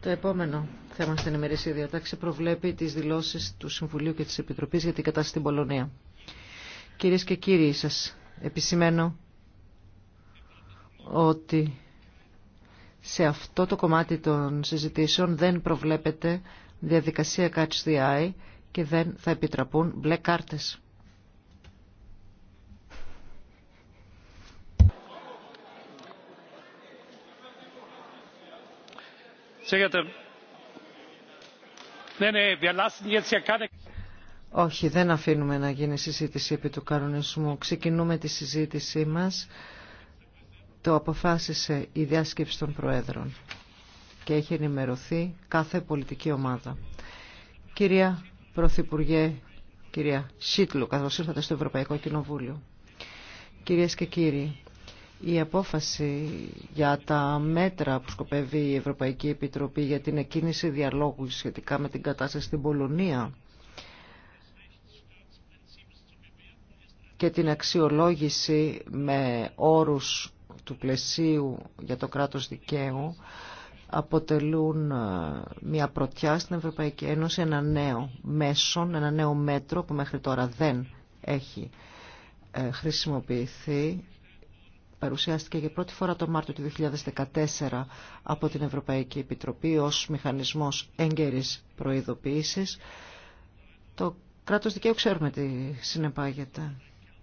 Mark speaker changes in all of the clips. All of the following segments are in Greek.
Speaker 1: Το επόμενο θέμα στην ημερήσια διατάξη προβλέπει τις δηλώσεις του Συμβουλίου και της Επιτροπής για την κατάσταση στην Πολωνία. Κυρίες και κύριοι σας, επισημαίνω ότι σε αυτό το κομμάτι των συζητήσεων δεν προβλέπεται διαδικασία catch the eye και δεν θα επιτραπούν μπλε κάρτες. Όχι, δεν αφήνουμε να γίνει συζήτηση επί του κανονισμού. Ξεκινούμε τη συζήτησή μας. Το αποφάσισε η διάσκεψη των Προέδρων και έχει ενημερωθεί κάθε πολιτική ομάδα. Κυρία Πρωθυπουργέ, κυρία Σίτλου, καθώς ήρθατε στο Ευρωπαϊκό Κοινοβούλιο. Κυρίες και κύριοι, η απόφαση για τα μέτρα που σκοπεύει η Ευρωπαϊκή Επιτροπή για την εκκίνηση διαλόγου σχετικά με την κατάσταση στην Πολωνία και την αξιολόγηση με όρους του πλαισίου για το κράτος δικαίου αποτελούν ε, μια πρωτιά στην Ευρωπαϊκή Ένωση, ένα νέο μέσο, ένα νέο μέτρο που μέχρι τώρα δεν έχει ε, χρησιμοποιηθεί παρουσιάστηκε για πρώτη φορά το Μάρτιο του 2014 από την Ευρωπαϊκή Επιτροπή ως μηχανισμός έγκαιρης προειδοποίησης. Το κράτος δικαίου ξέρουμε τι συνεπάγεται.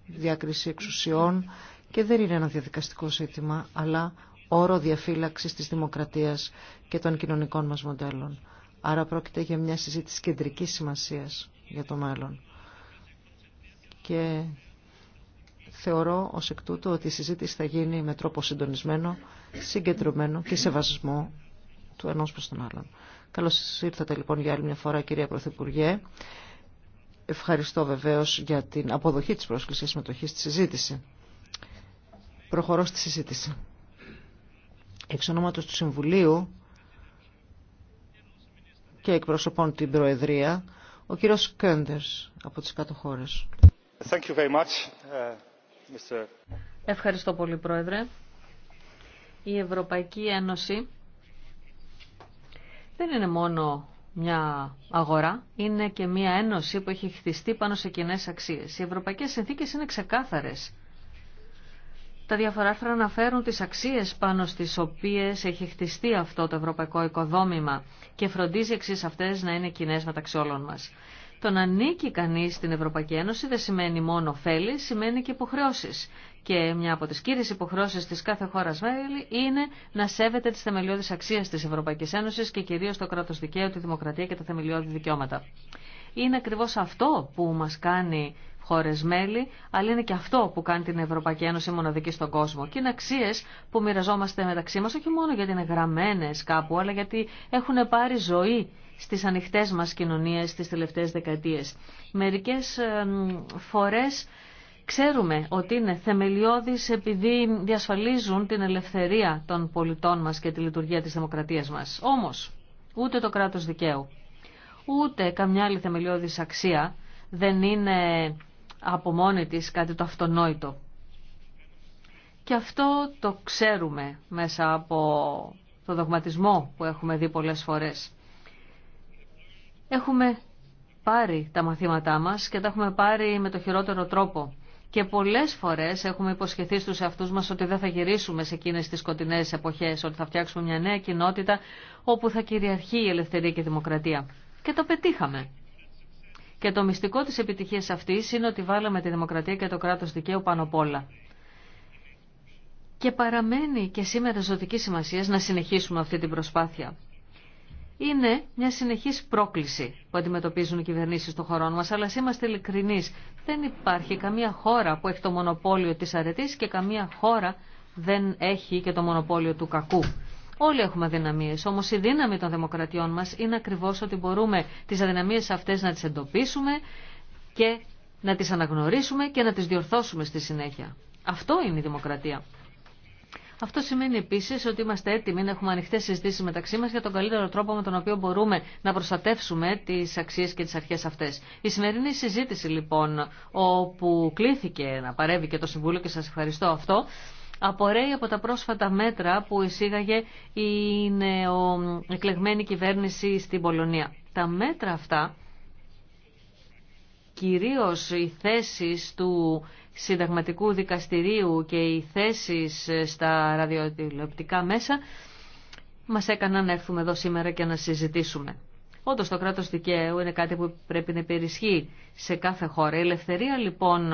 Speaker 1: Διάκριση εξουσιών και δεν είναι ένα διαδικαστικό ζήτημα, αλλά όρο διαφύλαξης της δημοκρατίας και των κοινωνικών μας μοντέλων. Άρα πρόκειται για μια συζήτηση κεντρικής σημασίας για το μέλλον. Και θεωρώ ως εκ τούτου ότι η συζήτηση θα γίνει με τρόπο συντονισμένο, συγκεντρωμένο και σεβασμό του ενός προς τον άλλον. Καλώς ήρθατε λοιπόν για άλλη μια φορά κυρία Πρωθυπουργέ. Ευχαριστώ βεβαίως για την αποδοχή της πρόσκλησης συμμετοχή στη συζήτηση. Προχωρώ στη συζήτηση. Εξ ονόματος του Συμβουλίου και εκπροσωπών την Προεδρία, ο κύριος Κέντερς από τις κάτω χώρες.
Speaker 2: Thank you very much.
Speaker 3: Ευχαριστώ πολύ, Πρόεδρε. Η Ευρωπαϊκή Ένωση δεν είναι μόνο μια αγορά, είναι και μια ένωση που έχει χτιστεί πάνω σε κοινέ αξίες. Οι ευρωπαϊκές συνθήκες είναι ξεκάθαρες. Τα διάφορα άρθρα αναφέρουν τις αξίες πάνω στις οποίες έχει χτιστεί αυτό το ευρωπαϊκό οικοδόμημα και φροντίζει εξή αυτές να είναι κοινέ μεταξύ όλων μας. Το να ανήκει κανεί στην Ευρωπαϊκή Ένωση δεν σημαίνει μόνο ωφέλη, σημαίνει και υποχρεώσει. Και μια από τι κύριε υποχρεώσει τη κάθε χώρα μέλη είναι να σέβεται τι θεμελιώδεις αξίες τη Ευρωπαϊκή Ένωση και κυρίω το κράτο δικαίου, τη δημοκρατία και τα θεμελιώδη δικαιώματα. Είναι ακριβώ αυτό που μα κάνει χώρε μέλη, αλλά είναι και αυτό που κάνει την Ευρωπαϊκή Ένωση μοναδική στον κόσμο. Και είναι αξίε που μοιραζόμαστε μεταξύ μα, όχι μόνο γιατί είναι γραμμένε κάπου, αλλά γιατί έχουν πάρει ζωή στις ανοιχτές μας κοινωνίες τις τελευταίες δεκαετίες. Μερικές φορές ξέρουμε ότι είναι θεμελιώδεις επειδή διασφαλίζουν την ελευθερία των πολιτών μας και τη λειτουργία της δημοκρατίας μας. Όμως, ούτε το κράτος δικαίου, ούτε καμιά άλλη θεμελιώδης αξία δεν είναι από μόνη της κάτι το αυτονόητο. Και αυτό το ξέρουμε μέσα από το δογματισμό που έχουμε δει πολλές φορές. Έχουμε πάρει τα μαθήματά μας και τα έχουμε πάρει με το χειρότερο τρόπο. Και πολλές φορές έχουμε υποσχεθεί στους εαυτούς μας ότι δεν θα γυρίσουμε σε εκείνες τις σκοτεινές εποχές, ότι θα φτιάξουμε μια νέα κοινότητα όπου θα κυριαρχεί η ελευθερία και η δημοκρατία. Και το πετύχαμε. Και το μυστικό της επιτυχίας αυτής είναι ότι βάλαμε τη δημοκρατία και το κράτος δικαίου πάνω απ' όλα. Και παραμένει και σήμερα ζωτική σημασία να συνεχίσουμε αυτή την προσπάθεια είναι μια συνεχής πρόκληση που αντιμετωπίζουν οι κυβερνήσεις των χωρών μα, αλλά είμαστε ειλικρινεί. Δεν υπάρχει καμία χώρα που έχει το μονοπόλιο της αρετής και καμία χώρα δεν έχει και το μονοπόλιο του κακού. Όλοι έχουμε αδυναμίε. όμως η δύναμη των δημοκρατιών μας είναι ακριβώς ότι μπορούμε τις αδυναμίες αυτέ να τι εντοπίσουμε και να τις αναγνωρίσουμε και να τις διορθώσουμε στη συνέχεια. Αυτό είναι η δημοκρατία. Αυτό σημαίνει επίση ότι είμαστε έτοιμοι να έχουμε ανοιχτέ συζητήσει μεταξύ μα για τον καλύτερο τρόπο με τον οποίο μπορούμε να προστατεύσουμε τι αξίε και τι αρχέ αυτέ. Η σημερινή συζήτηση λοιπόν, όπου κλήθηκε να παρεύει και το Συμβούλιο και σα ευχαριστώ αυτό, απορρέει από τα πρόσφατα μέτρα που εισήγαγε η νεοεκλεγμένη κυβέρνηση στην Πολωνία. Τα μέτρα αυτά κυρίως οι θέσεις του συνταγματικού δικαστηρίου και οι θέσεις στα ραδιοτηλεοπτικά μέσα μας έκαναν να έρθουμε εδώ σήμερα και να συζητήσουμε. Όντως το κράτος δικαίου είναι κάτι που πρέπει να υπερισχύει σε κάθε χώρα. Η ελευθερία λοιπόν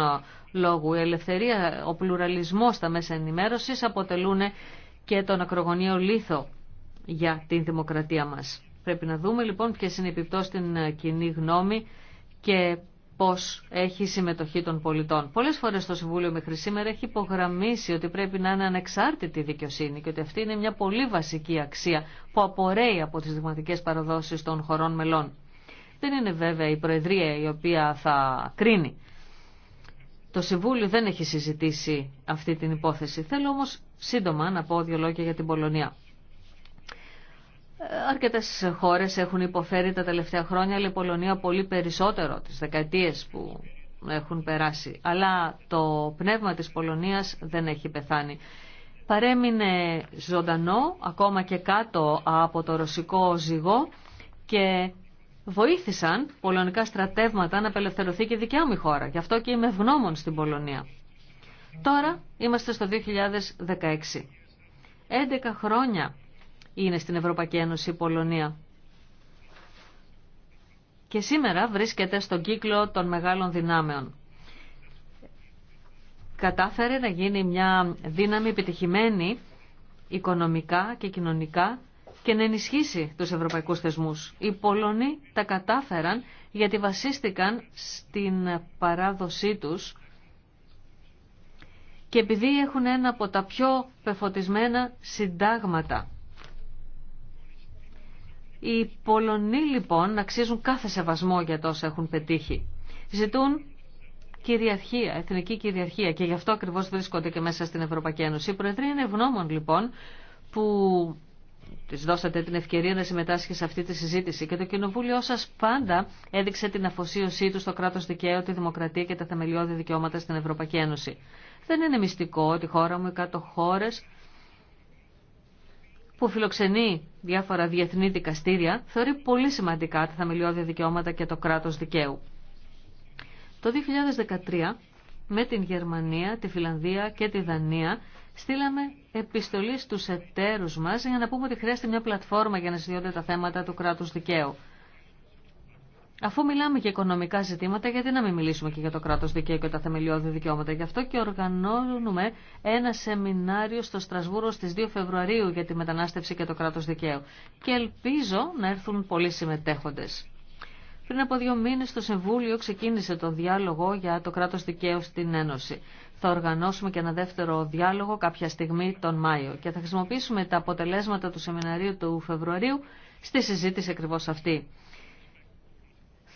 Speaker 3: λόγου, η ελευθερία, ο πλουραλισμός στα μέσα ενημέρωσης αποτελούν και τον ακρογωνίο λίθο για την δημοκρατία μας. Πρέπει να δούμε λοιπόν ποιες είναι οι επιπτώσεις στην κοινή γνώμη και πώς έχει συμμετοχή των πολιτών. Πολλές φορές το Συμβούλιο μέχρι σήμερα έχει υπογραμμίσει ότι πρέπει να είναι ανεξάρτητη η δικαιοσύνη και ότι αυτή είναι μια πολύ βασική αξία που απορρέει από τις δημοτικές παραδόσεις των χωρών μελών. Δεν είναι βέβαια η Προεδρία η οποία θα κρίνει. Το Συμβούλιο δεν έχει συζητήσει αυτή την υπόθεση. Θέλω όμως σύντομα να πω δύο λόγια για την Πολωνία. Αρκετές χώρες έχουν υποφέρει τα τελευταία χρόνια, αλλά η Πολωνία πολύ περισσότερο τις δεκαετίες που έχουν περάσει. Αλλά το πνεύμα της Πολωνίας δεν έχει πεθάνει. Παρέμεινε ζωντανό, ακόμα και κάτω από το ρωσικό ζυγό και βοήθησαν πολωνικά στρατεύματα να απελευθερωθεί και δικιά μου χώρα. Γι' αυτό και είμαι ευγνώμων στην Πολωνία. Τώρα είμαστε στο 2016. 11 χρόνια είναι στην Ευρωπαϊκή Ένωση η Πολωνία. Και σήμερα βρίσκεται στον κύκλο των μεγάλων δυνάμεων. Κατάφερε να γίνει μια δύναμη επιτυχημένη οικονομικά και κοινωνικά και να ενισχύσει τους ευρωπαϊκούς θεσμούς. Οι Πολωνοί τα κατάφεραν γιατί βασίστηκαν στην παράδοσή τους και επειδή έχουν ένα από τα πιο πεφωτισμένα συντάγματα οι Πολωνοί λοιπόν αξίζουν κάθε σεβασμό για τόσα έχουν πετύχει. Ζητούν κυριαρχία, εθνική κυριαρχία και γι' αυτό ακριβώς βρίσκονται και μέσα στην Ευρωπαϊκή Ένωση. Η Προεδρία είναι ευγνώμων λοιπόν που τη δώσατε την ευκαιρία να συμμετάσχει σε αυτή τη συζήτηση και το κοινοβούλιο σα πάντα έδειξε την αφοσίωσή του στο κράτο δικαίου, τη δημοκρατία και τα θεμελιώδη δικαιώματα στην Ευρωπαϊκή Ένωση. Δεν είναι μυστικό ότι η χώρα μου, οι κάτω χώρε που φιλοξενεί διάφορα διεθνή δικαστήρια, θεωρεί πολύ σημαντικά τα θεμελιώδη δικαιώματα και το κράτος δικαίου. Το 2013 με την Γερμανία, τη Φιλανδία και τη Δανία στείλαμε επιστολή στους εταίρους μας για να πούμε ότι χρειάζεται μια πλατφόρμα για να συζητιώνται τα θέματα του κράτους δικαίου. Αφού μιλάμε για οικονομικά ζητήματα, γιατί να μην μιλήσουμε και για το κράτο δικαίου και τα θεμελιώδη δικαιώματα. Γι' αυτό και οργανώνουμε ένα σεμινάριο στο Στρασβούρο στι 2 Φεβρουαρίου για τη μετανάστευση και το κράτο δικαίου. Και ελπίζω να έρθουν πολλοί συμμετέχοντε. Πριν από δύο μήνε το Συμβούλιο ξεκίνησε το διάλογο για το κράτο δικαίου στην Ένωση. Θα οργανώσουμε και ένα δεύτερο διάλογο κάποια στιγμή τον Μάιο και θα χρησιμοποιήσουμε τα αποτελέσματα του σεμιναρίου του Φεβρουαρίου στη συζήτηση ακριβώ αυτή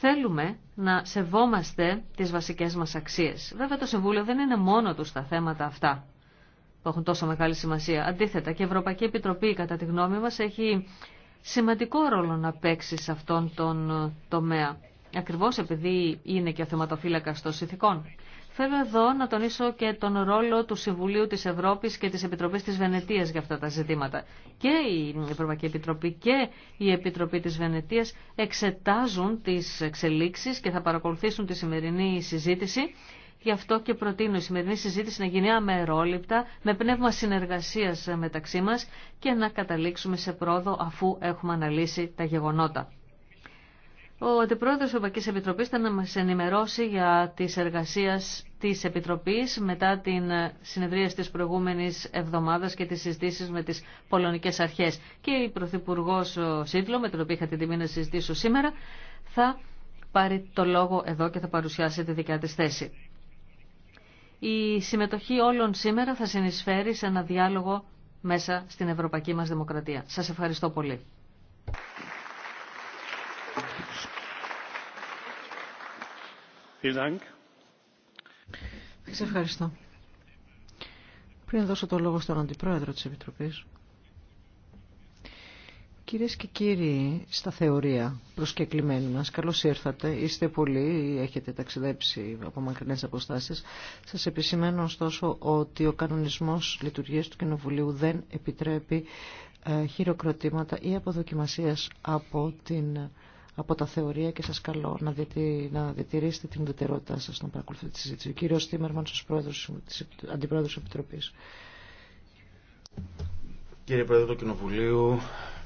Speaker 3: θέλουμε να σεβόμαστε τις βασικές μας αξίες. Βέβαια το Συμβούλιο δεν είναι μόνο του στα θέματα αυτά που έχουν τόσο μεγάλη σημασία. Αντίθετα και η Ευρωπαϊκή Επιτροπή κατά τη γνώμη μας έχει σημαντικό ρόλο να παίξει σε αυτόν τον τομέα. Ακριβώς επειδή είναι και ο θεματοφύλακας των συνθηκών. Θέλω εδώ να τονίσω και τον ρόλο του Συμβουλίου της Ευρώπης και της Επιτροπής της Βενετίας για αυτά τα ζητήματα. Και η Ευρωπαϊκή Επιτροπή και η Επιτροπή της Βενετίας εξετάζουν τις εξελίξεις και θα παρακολουθήσουν τη σημερινή συζήτηση. Γι' αυτό και προτείνω η σημερινή συζήτηση να γίνει αμερόληπτα, με πνεύμα συνεργασίας μεταξύ μας και να καταλήξουμε σε πρόοδο αφού έχουμε αναλύσει τα γεγονότα. Ο Αντιπρόεδρος της Ευρωπαϊκής Επιτροπής θα να μας ενημερώσει για τις εργασίες της Επιτροπής μετά την συνεδρία της προηγούμενης εβδομάδας και τις συζητήσεις με τις πολωνικές αρχές. Και η Πρωθυπουργό Σίτλο, με την οποία είχα την τιμή να συζητήσω σήμερα, θα πάρει το λόγο εδώ και θα παρουσιάσει τη δικιά της θέση. Η συμμετοχή όλων σήμερα θα συνεισφέρει σε ένα διάλογο μέσα στην ευρωπαϊκή μας δημοκρατία. Σας ευχαριστώ πολύ.
Speaker 4: Σας
Speaker 1: ευχαριστώ. Πριν δώσω το λόγο στον Αντιπρόεδρο της Επιτροπής. Κυρίες και κύριοι, στα θεωρία προσκεκλημένοι μας, καλώς ήρθατε, είστε πολλοί, έχετε ταξιδέψει από μακρινές αποστάσεις. Σας επισημαίνω ωστόσο ότι ο κανονισμός λειτουργίας του Κοινοβουλίου δεν επιτρέπει ε, χειροκροτήματα ή αποδοκιμασίας από την από τα θεωρία και σας καλώ να, να διατηρήσετε την ιδιαιτερότητά σας να παρακολουθείτε τη συζήτηση. Ο κύριος Τίμερμαν, ως πρόεδρος, της, αντιπρόεδρος Επιτροπής.
Speaker 2: Κύριε Πρόεδρε του Κοινοβουλίου,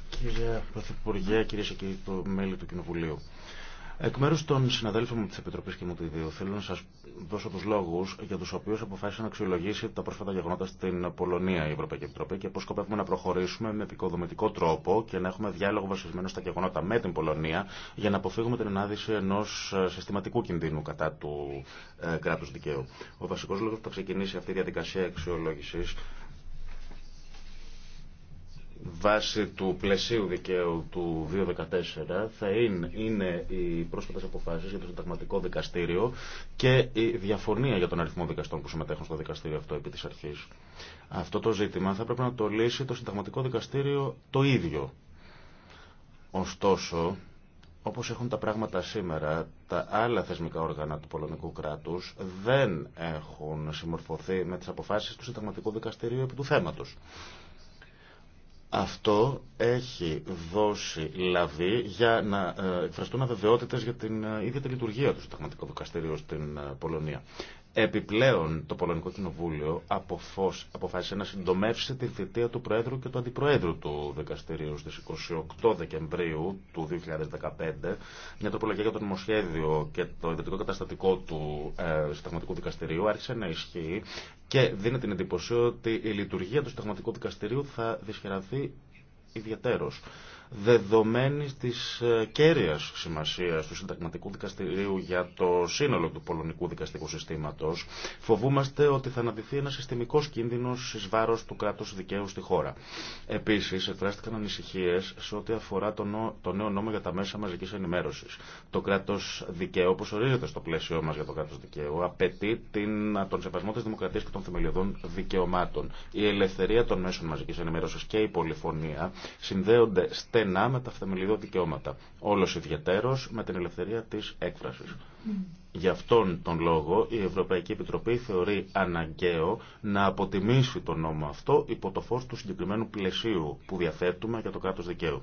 Speaker 2: κύριε Πρωθυπουργέ, κυρίε και κύριοι το μέλη του Κοινοβουλίου. Εκ μέρου των συναδέλφων μου τη Επιτροπή και μου του Ιδίου, θέλω να σα δώσω του λόγου για του οποίου αποφάσισα να αξιολογήσει τα πρόσφατα γεγονότα στην Πολωνία η Ευρωπαϊκή Επιτροπή και πώ σκοπεύουμε να προχωρήσουμε με επικοδομητικό τρόπο και να έχουμε διάλογο βασισμένο στα γεγονότα με την Πολωνία για να αποφύγουμε την ανάδυση ενό ε, συστηματικού κινδύνου κατά του ε, κράτου δικαίου. Ο βασικό λόγο που θα ξεκινήσει αυτή η διαδικασία αξιολόγηση βάσει του πλαισίου δικαίου του 2014 θα είναι, είναι οι πρόσφατες αποφάσεις για το συνταγματικό δικαστήριο και η διαφωνία για τον αριθμό δικαστών που συμμετέχουν στο δικαστήριο αυτό επί της αρχής. Αυτό το ζήτημα θα πρέπει να το λύσει το συνταγματικό δικαστήριο το ίδιο. Ωστόσο, όπως έχουν τα πράγματα σήμερα, τα άλλα θεσμικά όργανα του πολωνικού κράτους δεν έχουν συμμορφωθεί με τις αποφάσεις του συνταγματικού δικαστηρίου επί του θέματος. Αυτό έχει δώσει λαβή για να ε, εκφραστούν αβεβαιότητες για την ε, ίδια τη λειτουργία του Συνταγματικού Δικαστηρίου στην ε, Πολωνία. Επιπλέον, το Πολωνικό Κοινοβούλιο αποφάσισε να συντομεύσει τη θητεία του Προέδρου και του Αντιπροέδρου του Δικαστηρίου στις 28 Δεκεμβρίου του 2015 μια τροπολογία για το νομοσχέδιο και το ιδιωτικό καταστατικό του ε, Συνταγματικού Δικαστηρίου άρχισε να ισχύει και δίνει την εντύπωση ότι η λειτουργία του Συνταγματικού Δικαστηρίου θα δυσχεραθεί ιδιαίτερος δεδομένης της ε, κέρια σημασίας του συνταγματικού δικαστηρίου για το σύνολο του πολωνικού δικαστικού συστήματος, φοβούμαστε ότι θα αναδυθεί ένα συστημικός κίνδυνος εις βάρος του κράτους δικαίου στη χώρα. Επίσης, εκφράστηκαν ανησυχίες σε ό,τι αφορά το, νέο νόμο για τα μέσα μαζικής ενημέρωσης. Το κράτος δικαίου, όπως ορίζεται στο πλαίσιο μας για το κράτος δικαίου, απαιτεί την, τον σεβασμό της δημοκρατίας και των θεμελιωδών δικαιωμάτων. Η ελευθερία των μέσων μαζικής ενημέρωσης και η πολυφωνία συνδέονται στενά με τα θεμελιώδη δικαιώματα. Όλος ιδιαίτερος με την ελευθερία της έκφρασης. Γι' αυτόν τον λόγο η Ευρωπαϊκή Επιτροπή θεωρεί αναγκαίο να αποτιμήσει τον νόμο αυτό υπό το φως του συγκεκριμένου πλαισίου που διαθέτουμε για το κράτος δικαίου.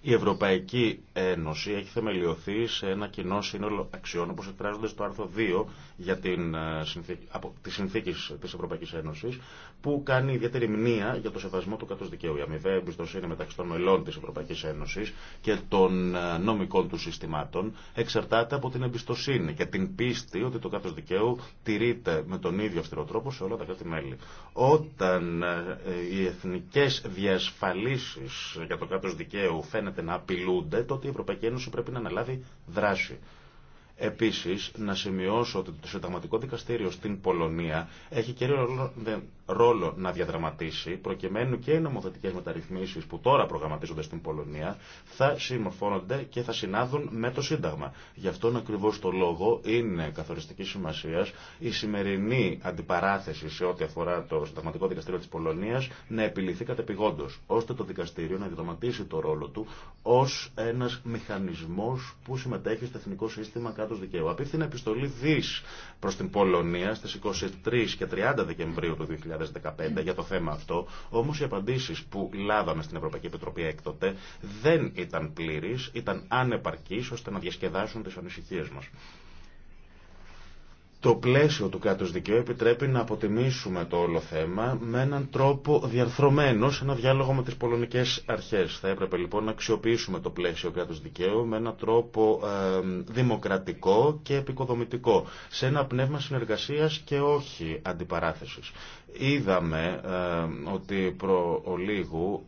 Speaker 2: Η Ευρωπαϊκή Ένωση έχει θεμελιωθεί σε ένα κοινό σύνολο αξιών όπως εκφράζονται στο άρθρο 2 για την ε, συνθήκη, από, τις συνθήκες της Ευρωπαϊκής Ένωσης που κάνει ιδιαίτερη μνήα για το σεβασμό του κάτω δικαίου. Η αμοιβαία εμπιστοσύνη μεταξύ των μελών της Ευρωπαϊκής Ένωσης και των ε, νομικών του συστημάτων εξαρτάται από την εμπιστοσύνη και την πίστη ότι το κάτω δικαίου τηρείται με τον ίδιο αυστηρό τρόπο σε όλα τα κράτη-μέλη. Όταν ε, οι εθνικές διασφαλίσεις για το κάτω δικαίου φαίνεται να απειλούνται, τότε η Ευρωπαϊκή Ένωση πρέπει να αναλάβει δράση. Επίσης, να σημειώσω ότι το Συνταγματικό Δικαστήριο στην Πολωνία έχει κύριο ρόλο να διαδραματίσει, προκειμένου και οι νομοθετικές μεταρρυθμίσεις που τώρα προγραμματίζονται στην Πολωνία θα συμμορφώνονται και θα συνάδουν με το Σύνταγμα. Γι' αυτόν ακριβώς το λόγο είναι καθοριστική σημασία η σημερινή αντιπαράθεση σε ό,τι αφορά το Συνταγματικό Δικαστήριο της Πολωνίας να επιληθεί κατεπηγόντως, ώστε το δικαστήριο να διαδραματίσει το ρόλο του ως ένας μηχανισμός που συμμετέχει στο εθνικό σύστημα κράτους δικαίου. Απίθυνε επιστολή δι προ την Πολωνία στι 23 και 30 Δεκεμβρίου του 2015 για το θέμα αυτό, όμω οι απαντήσει που λάβαμε στην Ευρωπαϊκή Επιτροπή έκτοτε δεν ήταν πλήρε, ήταν ανεπαρκεί ώστε να διασκεδάσουν τι ανησυχίε μα. Το πλαίσιο του κράτους δικαίου επιτρέπει να αποτιμήσουμε το όλο θέμα με έναν τρόπο διαρθρωμένο σε ένα διάλογο με τις πολωνικές αρχές. Θα έπρεπε λοιπόν να αξιοποιήσουμε το πλαίσιο κράτους δικαίου με έναν τρόπο δημοκρατικό και επικοδομητικό, σε ένα πνεύμα συνεργασίας και όχι αντιπαράθεσης. Είδαμε ε, ότι προ λίγου...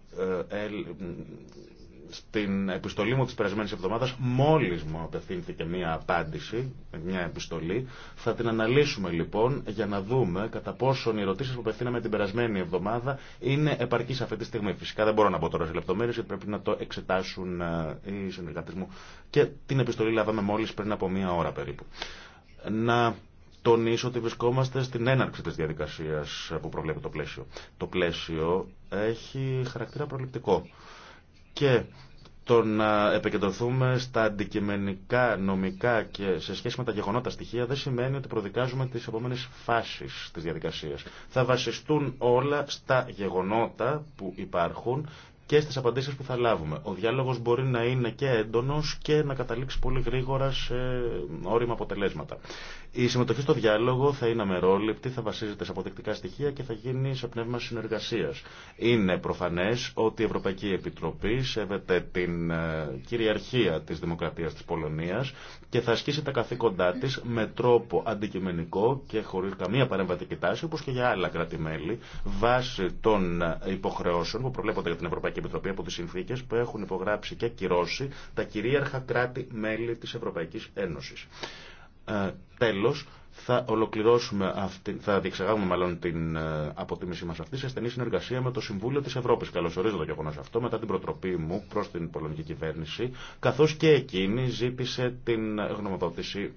Speaker 2: Ε, ε, στην επιστολή μου της περασμένης εβδομάδας μόλις μου απευθύνθηκε μία απάντηση, μία επιστολή. Θα την αναλύσουμε λοιπόν για να δούμε κατά πόσον οι ερωτήσεις που απευθύναμε την περασμένη εβδομάδα είναι επαρκείς αυτή τη στιγμή. Φυσικά δεν μπορώ να πω τώρα σε λεπτομέρειες γιατί πρέπει να το εξετάσουν ε, οι συνεργάτες μου και την επιστολή λάβαμε μόλις πριν από μία ώρα περίπου. Να τονίσω ότι βρισκόμαστε στην έναρξη της διαδικασίας που προβλέπει το πλαίσιο. Το πλαίσιο έχει χαρακτήρα προληπτικό και το να επικεντρωθούμε στα αντικειμενικά, νομικά και σε σχέση με τα γεγονότα στοιχεία δεν σημαίνει ότι προδικάζουμε τις επόμενες φάσεις της διαδικασίας. Θα βασιστούν όλα στα γεγονότα που υπάρχουν και στις απαντήσεις που θα λάβουμε. Ο διάλογος μπορεί να είναι και έντονος και να καταλήξει πολύ γρήγορα σε όριμα αποτελέσματα. Η συμμετοχή στο διάλογο θα είναι αμερόληπτη, θα βασίζεται σε αποδεικτικά στοιχεία και θα γίνει σε πνεύμα συνεργασίας. Είναι προφανές ότι η Ευρωπαϊκή Επιτροπή σέβεται την ε, κυριαρχία της Δημοκρατίας της Πολωνίας και θα ασκήσει τα καθήκοντά της με τρόπο αντικειμενικό και χωρίς καμία παρεμβατική τάση, όπως και για άλλα κράτη-μέλη, βάσει των ε, υποχρεώσεων που προβλέπονται για την Ευρωπαϊκή Ευρωπαϊκή Επιτροπή από τι συνθήκε που έχουν υπογράψει και κυρώσει τα κυρίαρχα κράτη-μέλη τη Ευρωπαϊκή Ένωση. Ε, τέλος, θα ολοκληρώσουμε θα διεξεγάγουμε μάλλον την ε, αποτίμησή μα αυτή σε στενή συνεργασία με το Συμβούλιο τη Ευρώπη. Καλωσορίζω το γεγονό αυτό μετά την προτροπή μου προ την πολωνική κυβέρνηση, καθώ και εκείνη ζήτησε την γνωμοδότηση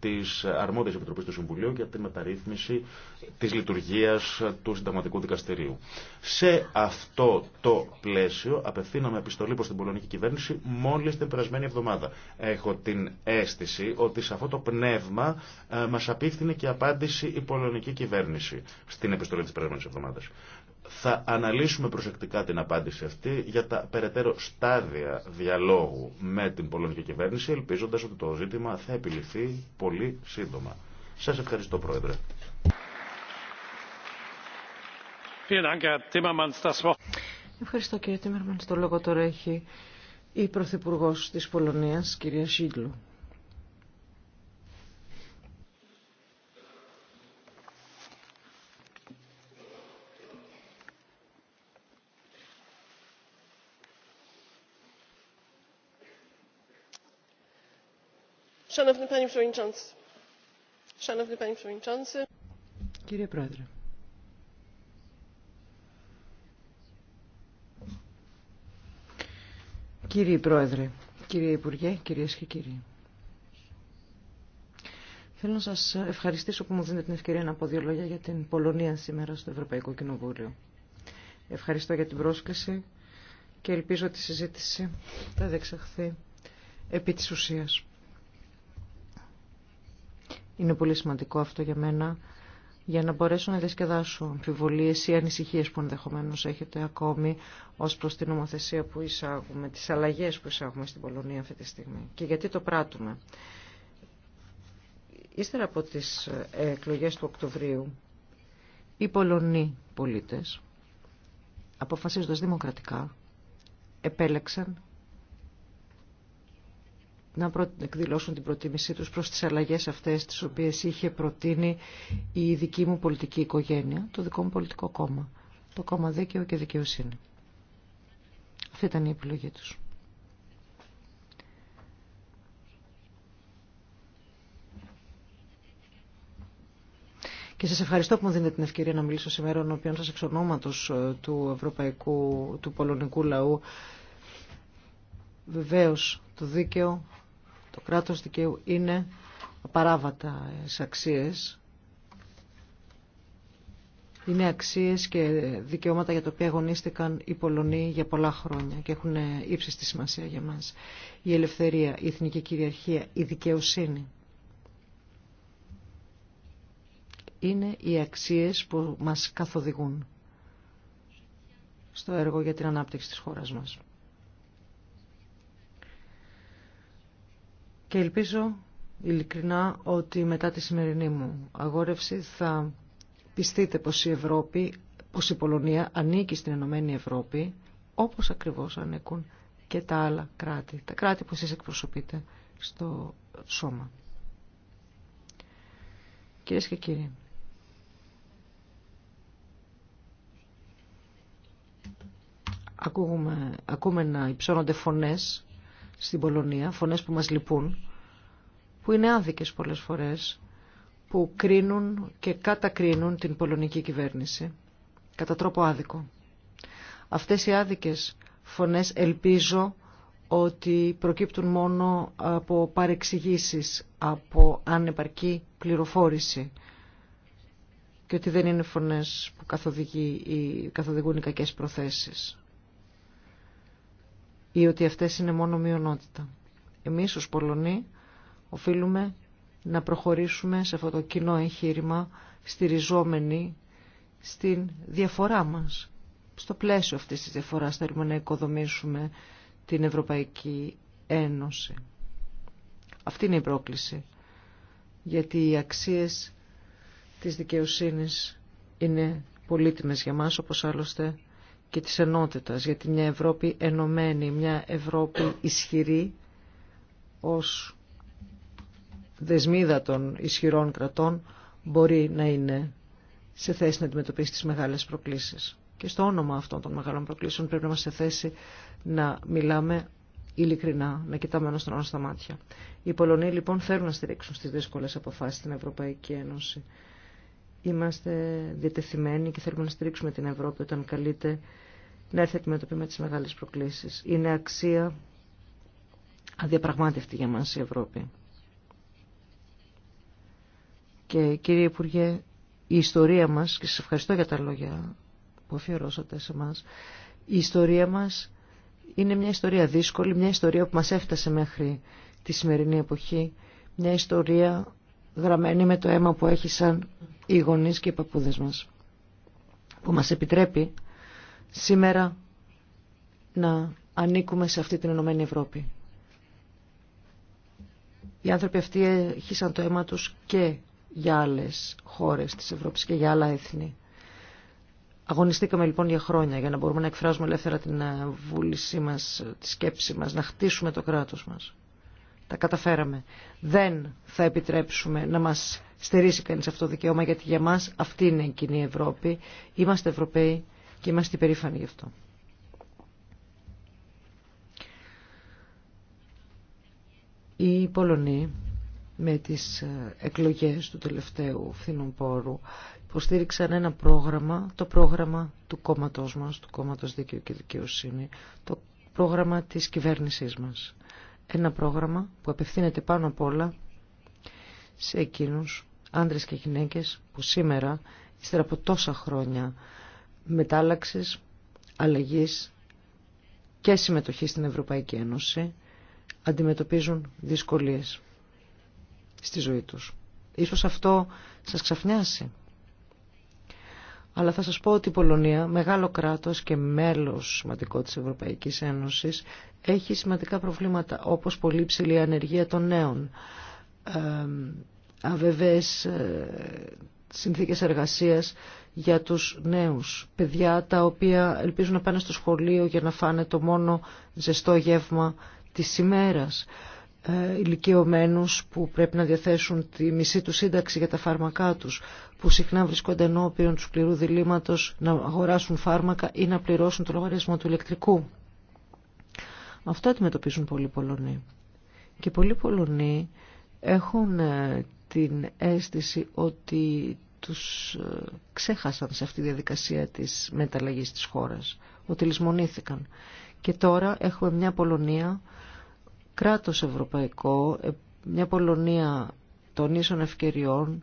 Speaker 2: τη αρμόδια επιτροπή του Συμβουλίου για τη μεταρρύθμιση τη λειτουργία του Συνταγματικού Δικαστηρίου. Σε αυτό το πλαίσιο απευθύναμε επιστολή προ την πολωνική κυβέρνηση μόλι την περασμένη εβδομάδα. Έχω την αίσθηση ότι σε αυτό το πνεύμα ε, μα απίφθινε και απάντηση η πολωνική κυβέρνηση στην επιστολή τη της εβδομάδας. Θα αναλύσουμε προσεκτικά την απάντηση αυτή για τα περαιτέρω στάδια διαλόγου με την πολωνική κυβέρνηση, ελπίζοντας ότι το ζήτημα θα επιληθεί πολύ
Speaker 4: σύντομα. Σας ευχαριστώ, Πρόεδρε.
Speaker 1: Ευχαριστώ κύριε Τίμερμαντ. Το λόγο τώρα έχει η Πρωθυπουργός της Πολωνίας, κυρία Σίγκλου. Κύριε Πρόεδρε. Κύριε Πρόεδρε, κύριε Υπουργέ, και κύριοι. Θέλω να σας ευχαριστήσω που μου δίνετε την ευκαιρία να πω δύο λόγια για την Πολωνία σήμερα στο Ευρωπαϊκό Κοινοβούλιο. Ευχαριστώ για την πρόσκληση και ελπίζω ότι η συζήτηση θα δεξαχθεί επί της ουσίας. Είναι πολύ σημαντικό αυτό για μένα για να μπορέσω να διασκεδάσω αμφιβολίε ή ανησυχίε που ενδεχομένω έχετε ακόμη ως προς την νομοθεσία που εισάγουμε, τις αλλαγέ που εισάγουμε στην Πολωνία αυτή τη στιγμή και γιατί το πράττουμε. Ύστερα από τις ε, εκλογέ του Οκτωβρίου, οι Πολωνοί πολίτες, αποφασίζοντα δημοκρατικά, επέλεξαν να εκδηλώσουν την προτίμησή τους προς τις αλλαγές αυτές τις οποίες είχε προτείνει η δική μου πολιτική οικογένεια, το δικό μου πολιτικό κόμμα, το κόμμα Δίκαιο και Δικαιοσύνη. Αυτή ήταν η επιλογή τους. Και σας ευχαριστώ που μου δίνετε την ευκαιρία να μιλήσω σήμερα, ο οποίος σας εξ ε, του ευρωπαϊκού, του πολωνικού λαού. Βεβαίως, το δίκαιο το κράτος δικαίου είναι απαράβατα σε αξίες. Είναι αξίες και δικαιώματα για τα οποία αγωνίστηκαν οι Πολωνοί για πολλά χρόνια και έχουν στη σημασία για μας. Η ελευθερία, η εθνική κυριαρχία, η δικαιοσύνη. Είναι οι αξίες που μας καθοδηγούν στο έργο για την ανάπτυξη της χώρας μας. και ελπίζω ειλικρινά ότι μετά τη σημερινή μου αγόρευση θα πιστείτε πως η Ευρώπη, πως η Πολωνία ανήκει στην Ενωμένη Ευρώπη όπως ακριβώς ανήκουν και τα άλλα κράτη, τα κράτη που εσείς εκπροσωπείτε στο σώμα. Κυρίες και κύριοι, ακούμε, ακούμε να υψώνονται φωνές στην Πολωνία, φωνές που μας λυπούν, που είναι άδικες πολλές φορές, που κρίνουν και κατακρίνουν την πολωνική κυβέρνηση, κατά τρόπο άδικο. Αυτές οι άδικες φωνές ελπίζω ότι προκύπτουν μόνο από παρεξηγήσεις, από ανεπαρκή πληροφόρηση και ότι δεν είναι φωνές που καθοδηγούν οι κακές προθέσεις ή ότι αυτές είναι μόνο μειονότητα. Εμείς ως Πολωνοί οφείλουμε να προχωρήσουμε σε αυτό το κοινό εγχείρημα στηριζόμενοι στην διαφορά μας. Στο πλαίσιο αυτής της διαφοράς θέλουμε να οικοδομήσουμε την Ευρωπαϊκή Ένωση. Αυτή είναι η πρόκληση. Γιατί οι αξίες της δικαιοσύνης είναι πολύτιμες για μας, όπως άλλωστε και της ενότητας, γιατί μια Ευρώπη ενωμένη, μια Ευρώπη ισχυρή ως δεσμίδα των ισχυρών κρατών μπορεί να είναι σε θέση να αντιμετωπίσει τις μεγάλες προκλήσεις. Και στο όνομα αυτών των μεγάλων προκλήσεων πρέπει να είμαστε σε θέση να μιλάμε ειλικρινά, να κοιτάμε ένα τον άλλο στα μάτια. Οι Πολωνοί λοιπόν θέλουν να στηρίξουν στις δύσκολες αποφάσεις στην Ευρωπαϊκή Ένωση είμαστε διατεθειμένοι και θέλουμε να στηρίξουμε την Ευρώπη όταν καλείται να έρθει το με τις μεγάλες προκλήσεις. Είναι αξία αδιαπραγμάτευτη για μας η Ευρώπη. Και κύριε Υπουργέ, η ιστορία μας, και σας ευχαριστώ για τα λόγια που αφιερώσατε σε μας, η ιστορία μας είναι μια ιστορία δύσκολη, μια ιστορία που μας έφτασε μέχρι τη σημερινή εποχή, μια ιστορία γραμμένη με το αίμα που έχησαν οι γονείς και οι παππούδες μας που μας επιτρέπει σήμερα να ανήκουμε σε αυτή την Ενωμένη Ευρώπη. Οι άνθρωποι αυτοί έχησαν το αίμα τους και για άλλες χώρες της Ευρώπης και για άλλα έθνη. Αγωνιστήκαμε λοιπόν για χρόνια για να μπορούμε να εκφράζουμε ελεύθερα την ε, βούλησή μας, ε, τη σκέψη μας, να χτίσουμε το κράτος μας τα καταφέραμε. Δεν θα επιτρέψουμε να μας στερήσει κανείς αυτό το δικαίωμα γιατί για μας αυτή είναι η κοινή Ευρώπη. Είμαστε Ευρωπαίοι και είμαστε υπερήφανοι γι' αυτό. Οι Πολωνοί με τις ε, εκλογές του τελευταίου πόρου υποστήριξαν ένα πρόγραμμα, το πρόγραμμα του κόμματός μας, του κόμματος Δίκαιο και Δικαιοσύνη, το πρόγραμμα της κυβέρνησής μας ένα πρόγραμμα που απευθύνεται πάνω απ' όλα σε εκείνους άντρες και γυναίκες που σήμερα, ύστερα από τόσα χρόνια μετάλλαξης, αλλαγής και συμμετοχή στην Ευρωπαϊκή Ένωση, αντιμετωπίζουν δυσκολίες στη ζωή τους. Ίσως αυτό σας ξαφνιάσει. Αλλά θα σας πω ότι η Πολωνία, μεγάλο κράτος και μέλος σημαντικό της Ευρωπαϊκής Ένωσης, έχει σημαντικά προβλήματα, όπως πολύ ψηλή ανεργία των νέων, αβεβές ε, συνθήκες εργασίας για τους νέους, παιδιά τα οποία ελπίζουν να πάνε στο σχολείο για να φάνε το μόνο ζεστό γεύμα της ημέρας. Ε, ηλικιωμένους που πρέπει να διαθέσουν τη μισή του σύνταξη για τα φάρμακά τους, που συχνά βρισκόνται ενώπιον του σκληρού διλήμματος να αγοράσουν φάρμακα ή να πληρώσουν το λογαριασμό του ηλεκτρικού. Αυτό αντιμετωπίζουν πολλοί Πολωνοί. Και πολλοί Πολωνοί έχουν ε, την αίσθηση ότι τους ε, ξέχασαν σε αυτή τη διαδικασία της μεταλλαγής της χώρας, ότι λησμονήθηκαν. Και τώρα έχουμε μια Πολωνία κράτος ευρωπαϊκό, ε, μια Πολωνία των ίσων ευκαιριών,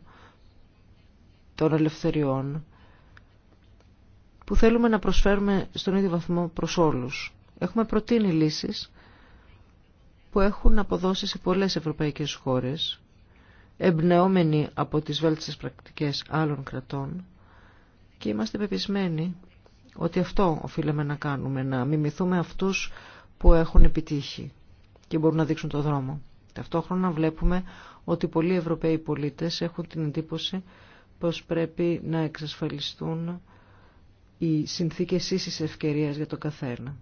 Speaker 1: των ελευθεριών, που θέλουμε να προσφέρουμε στον ίδιο βαθμό προς όλους. Έχουμε προτείνει λύσεις που έχουν αποδώσει σε πολλές ευρωπαϊκές χώρες, εμπνεόμενοι από τις βέλτιστες πρακτικές άλλων κρατών και είμαστε πεπισμένοι ότι αυτό οφείλαμε να κάνουμε, να μιμηθούμε αυτούς που έχουν επιτύχει και μπορούν να δείξουν το δρόμο. Ταυτόχρονα βλέπουμε ότι πολλοί Ευρωπαίοι πολίτες έχουν την εντύπωση πως πρέπει να εξασφαλιστούν οι συνθήκες ίσης ευκαιρίας για το καθένα.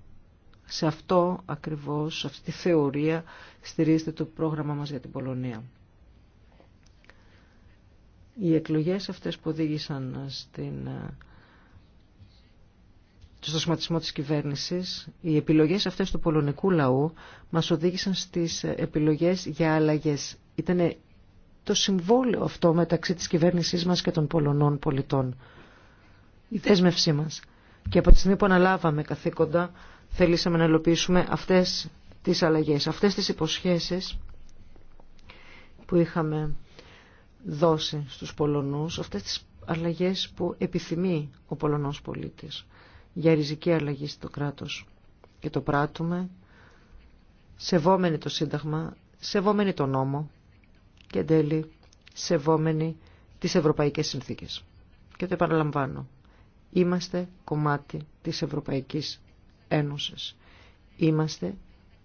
Speaker 1: Σε αυτό ακριβώς, σε αυτή τη θεωρία στηρίζεται το πρόγραμμα μας για την Πολωνία. Οι εκλογές αυτές που οδήγησαν στην ε, στο σχηματισμό της κυβέρνησης, οι επιλογές αυτές του πολωνικού λαού μας οδήγησαν στις επιλογές για αλλαγές. Ήταν το συμβόλαιο αυτό μεταξύ της κυβέρνησής μας και των πολωνών πολιτών. Η δέσμευσή μας. Και από τη στιγμή που αναλάβαμε καθήκοντα, θέλησαμε να ελοπίσουμε αυτές τις αλλαγές, αυτές τις υποσχέσεις που είχαμε δώσει στους Πολωνούς, αυτές τις αλλαγές που επιθυμεί ο Πολωνός πολίτης για ριζική αλλαγή στο κράτος. Και το πράττουμε σεβόμενοι το Σύνταγμα, σεβόμενοι το νόμο και εν τέλει σεβόμενοι τις ευρωπαϊκές συνθήκες. Και το επαναλαμβάνω. Είμαστε κομμάτι της Ευρωπαϊκής Ένωσης. Είμαστε,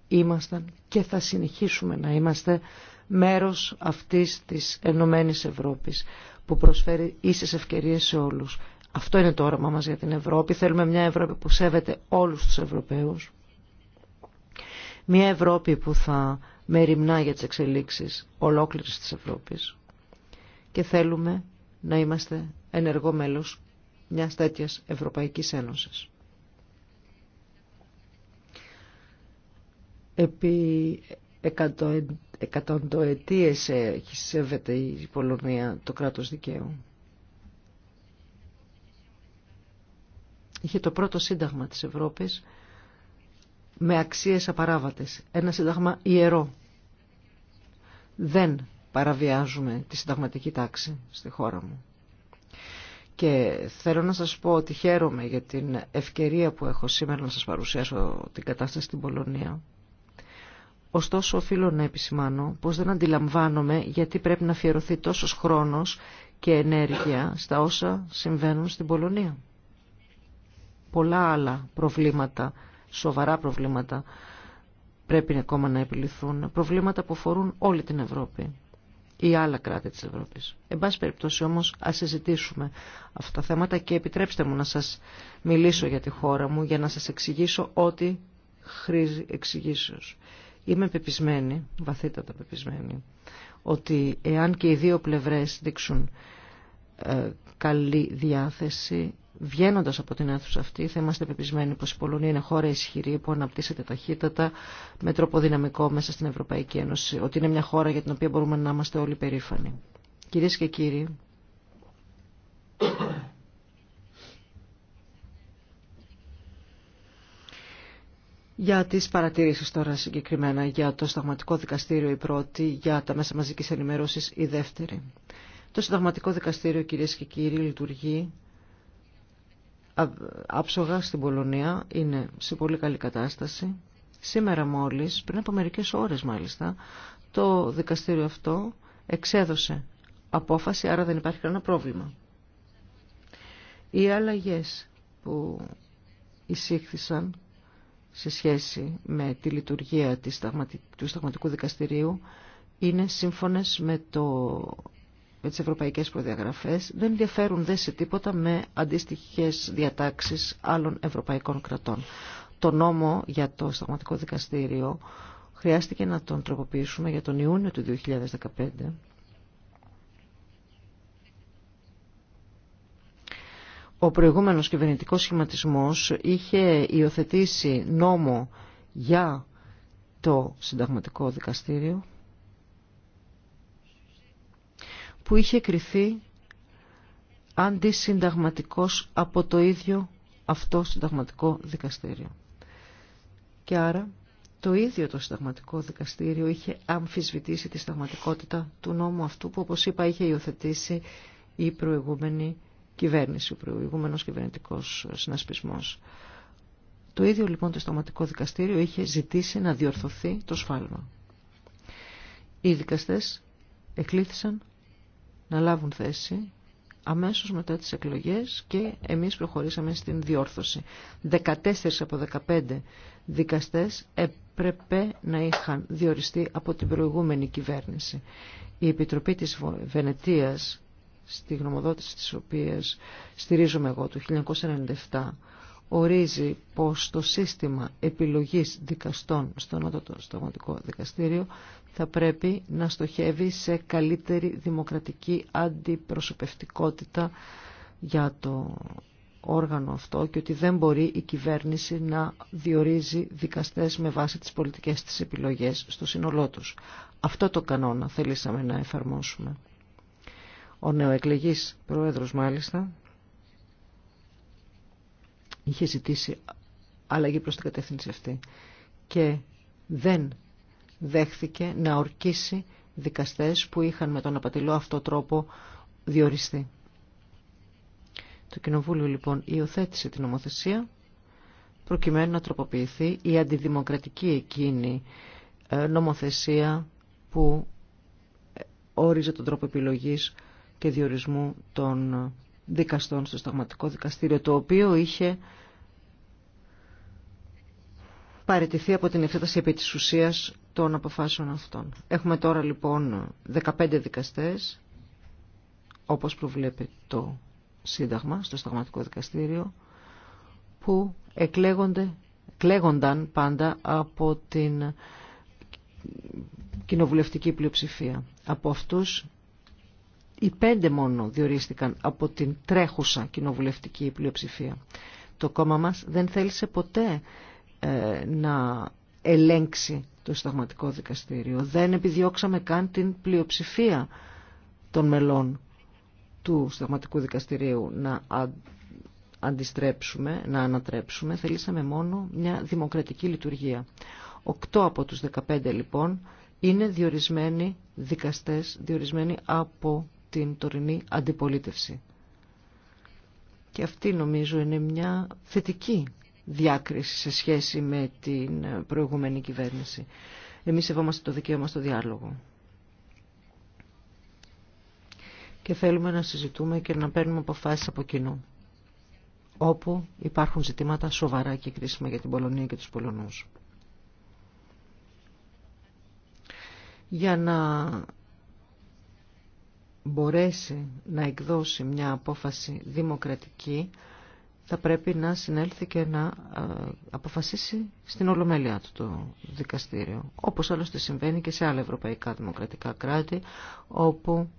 Speaker 1: ήμασταν και θα συνεχίσουμε να είμαστε μέρος αυτής της Ενωμένης Ευρώπης που προσφέρει ίσες ευκαιρίες σε όλους αυτό είναι το όραμά μας για την Ευρώπη. Θέλουμε μια Ευρώπη που σέβεται όλους τους Ευρωπαίους. Μια Ευρώπη που θα μεριμνά για τις εξελίξεις ολόκληρης της Ευρώπης. Και θέλουμε να είμαστε ενεργό μέλος μιας τέτοιας Ευρωπαϊκής Ένωσης. Επί εκατοντοετίες έχει σέβεται η Πολωνία το κράτος δικαίου. είχε το πρώτο σύνταγμα της Ευρώπης με αξίες απαράβατες. Ένα σύνταγμα ιερό. Δεν παραβιάζουμε τη συνταγματική τάξη στη χώρα μου. Και θέλω να σας πω ότι χαίρομαι για την ευκαιρία που έχω σήμερα να σας παρουσιάσω την κατάσταση στην Πολωνία. Ωστόσο, οφείλω να επισημάνω πως δεν αντιλαμβάνομαι γιατί πρέπει να αφιερωθεί τόσος χρόνος και ενέργεια στα όσα συμβαίνουν στην Πολωνία πολλά άλλα προβλήματα, σοβαρά προβλήματα πρέπει ακόμα να επιληθούν, προβλήματα που αφορούν όλη την Ευρώπη ή άλλα κράτη της Ευρώπης. Εν πάση περιπτώσει όμως ας συζητήσουμε αυτά τα θέματα και επιτρέψτε μου να σας μιλήσω για τη χώρα μου για να σας εξηγήσω ό,τι χρήζει εξηγήσεως. Είμαι πεπισμένη, βαθύτατα πεπισμένη, ότι εάν και οι δύο πλευρές δείξουν ε, καλή διάθεση Βγαίνοντα από την αίθουσα αυτή, θα είμαστε πεπισμένοι πω η Πολωνία είναι χώρα ισχυρή που αναπτύσσεται ταχύτατα με τρόπο δυναμικό μέσα στην Ευρωπαϊκή Ένωση, ότι είναι μια χώρα για την οποία μπορούμε να είμαστε όλοι περήφανοι. Κυρίε και κύριοι, Για τι παρατηρήσει τώρα συγκεκριμένα για το Σταγματικό Δικαστήριο η πρώτη, για τα μέσα μαζική ενημέρωση η δεύτερη. Το Συνταγματικό Δικαστήριο, κυρίε και κύριοι, λειτουργεί άψογα στην Πολωνία είναι σε πολύ καλή κατάσταση. Σήμερα μόλις, πριν από μερικές ώρες μάλιστα, το δικαστήριο αυτό εξέδωσε απόφαση, άρα δεν υπάρχει κανένα πρόβλημα. Οι αλλαγές που εισήχθησαν σε σχέση με τη λειτουργία του σταγματικού δικαστηρίου είναι σύμφωνες με το με τις ευρωπαϊκές προδιαγραφές δεν διαφέρουν δε σε τίποτα με αντίστοιχες διατάξεις άλλων ευρωπαϊκών κρατών. Το νόμο για το σταγματικό δικαστήριο χρειάστηκε να τον τροποποιήσουμε για τον Ιούνιο του 2015 Ο προηγούμενος κυβερνητικό σχηματισμός είχε υιοθετήσει νόμο για το συνταγματικό δικαστήριο που είχε κριθεί αντισυνταγματικός από το ίδιο αυτό συνταγματικό δικαστήριο. Και άρα το ίδιο το συνταγματικό δικαστήριο είχε αμφισβητήσει τη συνταγματικότητα του νόμου αυτού που όπως είπα είχε υιοθετήσει η προηγούμενη κυβέρνηση, ο προηγούμενος κυβερνητικός συνασπισμός. Το ίδιο λοιπόν το συνταγματικό δικαστήριο είχε ζητήσει να διορθωθεί το σφάλμα. Οι δικαστές εκλήθησαν να λάβουν θέση αμέσως μετά τις εκλογές και εμείς προχωρήσαμε στην διόρθωση. 14 από 15 δικαστές έπρεπε να είχαν διοριστεί από την προηγούμενη κυβέρνηση. Η Επιτροπή της Βενετίας, στη γνωμοδότηση της οποίας στηρίζομαι εγώ το 1997, ορίζει πως το σύστημα επιλογής δικαστών στο Ανώτατο Σταγματικό Δικαστήριο θα πρέπει να στοχεύει σε καλύτερη δημοκρατική αντιπροσωπευτικότητα για το όργανο αυτό και ότι δεν μπορεί η κυβέρνηση να διορίζει δικαστές με βάση τις πολιτικές της επιλογές στο σύνολό τους. Αυτό το κανόνα θέλησαμε να εφαρμόσουμε. Ο νεοεκλεγής πρόεδρος μάλιστα είχε ζητήσει αλλαγή προς την κατεύθυνση αυτή και δεν δέχθηκε να ορκίσει δικαστές που είχαν με τον απατηλό αυτό τρόπο διοριστεί. Το Κοινοβούλιο λοιπόν υιοθέτησε την νομοθεσία προκειμένου να τροποποιηθεί η αντιδημοκρατική εκείνη ε, νομοθεσία που ε, όριζε τον τρόπο επιλογής και διορισμού των ε, δικαστών στο σταγματικό δικαστήριο, το οποίο είχε παραιτηθεί από την εξέταση επί της ουσίας των αποφάσεων αυτών. Έχουμε τώρα λοιπόν 15 δικαστές, όπως προβλέπει το Σύνταγμα, στο Σταγματικό Δικαστήριο, που εκλέγονται, εκλέγονταν πάντα από την κοινοβουλευτική πλειοψηφία. Από αυτούς οι πέντε μόνο διορίστηκαν από την τρέχουσα κοινοβουλευτική πλειοψηφία. Το κόμμα μας δεν θέλησε ποτέ ε, να ελέγξει το συνταγματικό δικαστήριο. Δεν επιδιώξαμε καν την πλειοψηφία των μελών του συνταγματικού δικαστηρίου να αντιστρέψουμε, να ανατρέψουμε. Θελήσαμε μόνο μια δημοκρατική λειτουργία. Οκτώ από τους 15 λοιπόν είναι διορισμένοι δικαστές, διορισμένοι από την τωρινή αντιπολίτευση. Και αυτή νομίζω είναι μια θετική διάκριση σε σχέση με την προηγούμενη κυβέρνηση. Εμείς σεβόμαστε το δικαίωμα στο διάλογο. Και θέλουμε να συζητούμε και να παίρνουμε αποφάσεις από κοινού. Όπου υπάρχουν ζητήματα σοβαρά και κρίσιμα για την Πολωνία και τους Πολωνούς. Για να μπορέσει να εκδώσει μια απόφαση δημοκρατική θα πρέπει να συνέλθει και να ε, αποφασίσει στην ολομέλειά του το δικαστήριο. Όπως άλλωστε συμβαίνει και σε άλλα ευρωπαϊκά δημοκρατικά κράτη, όπου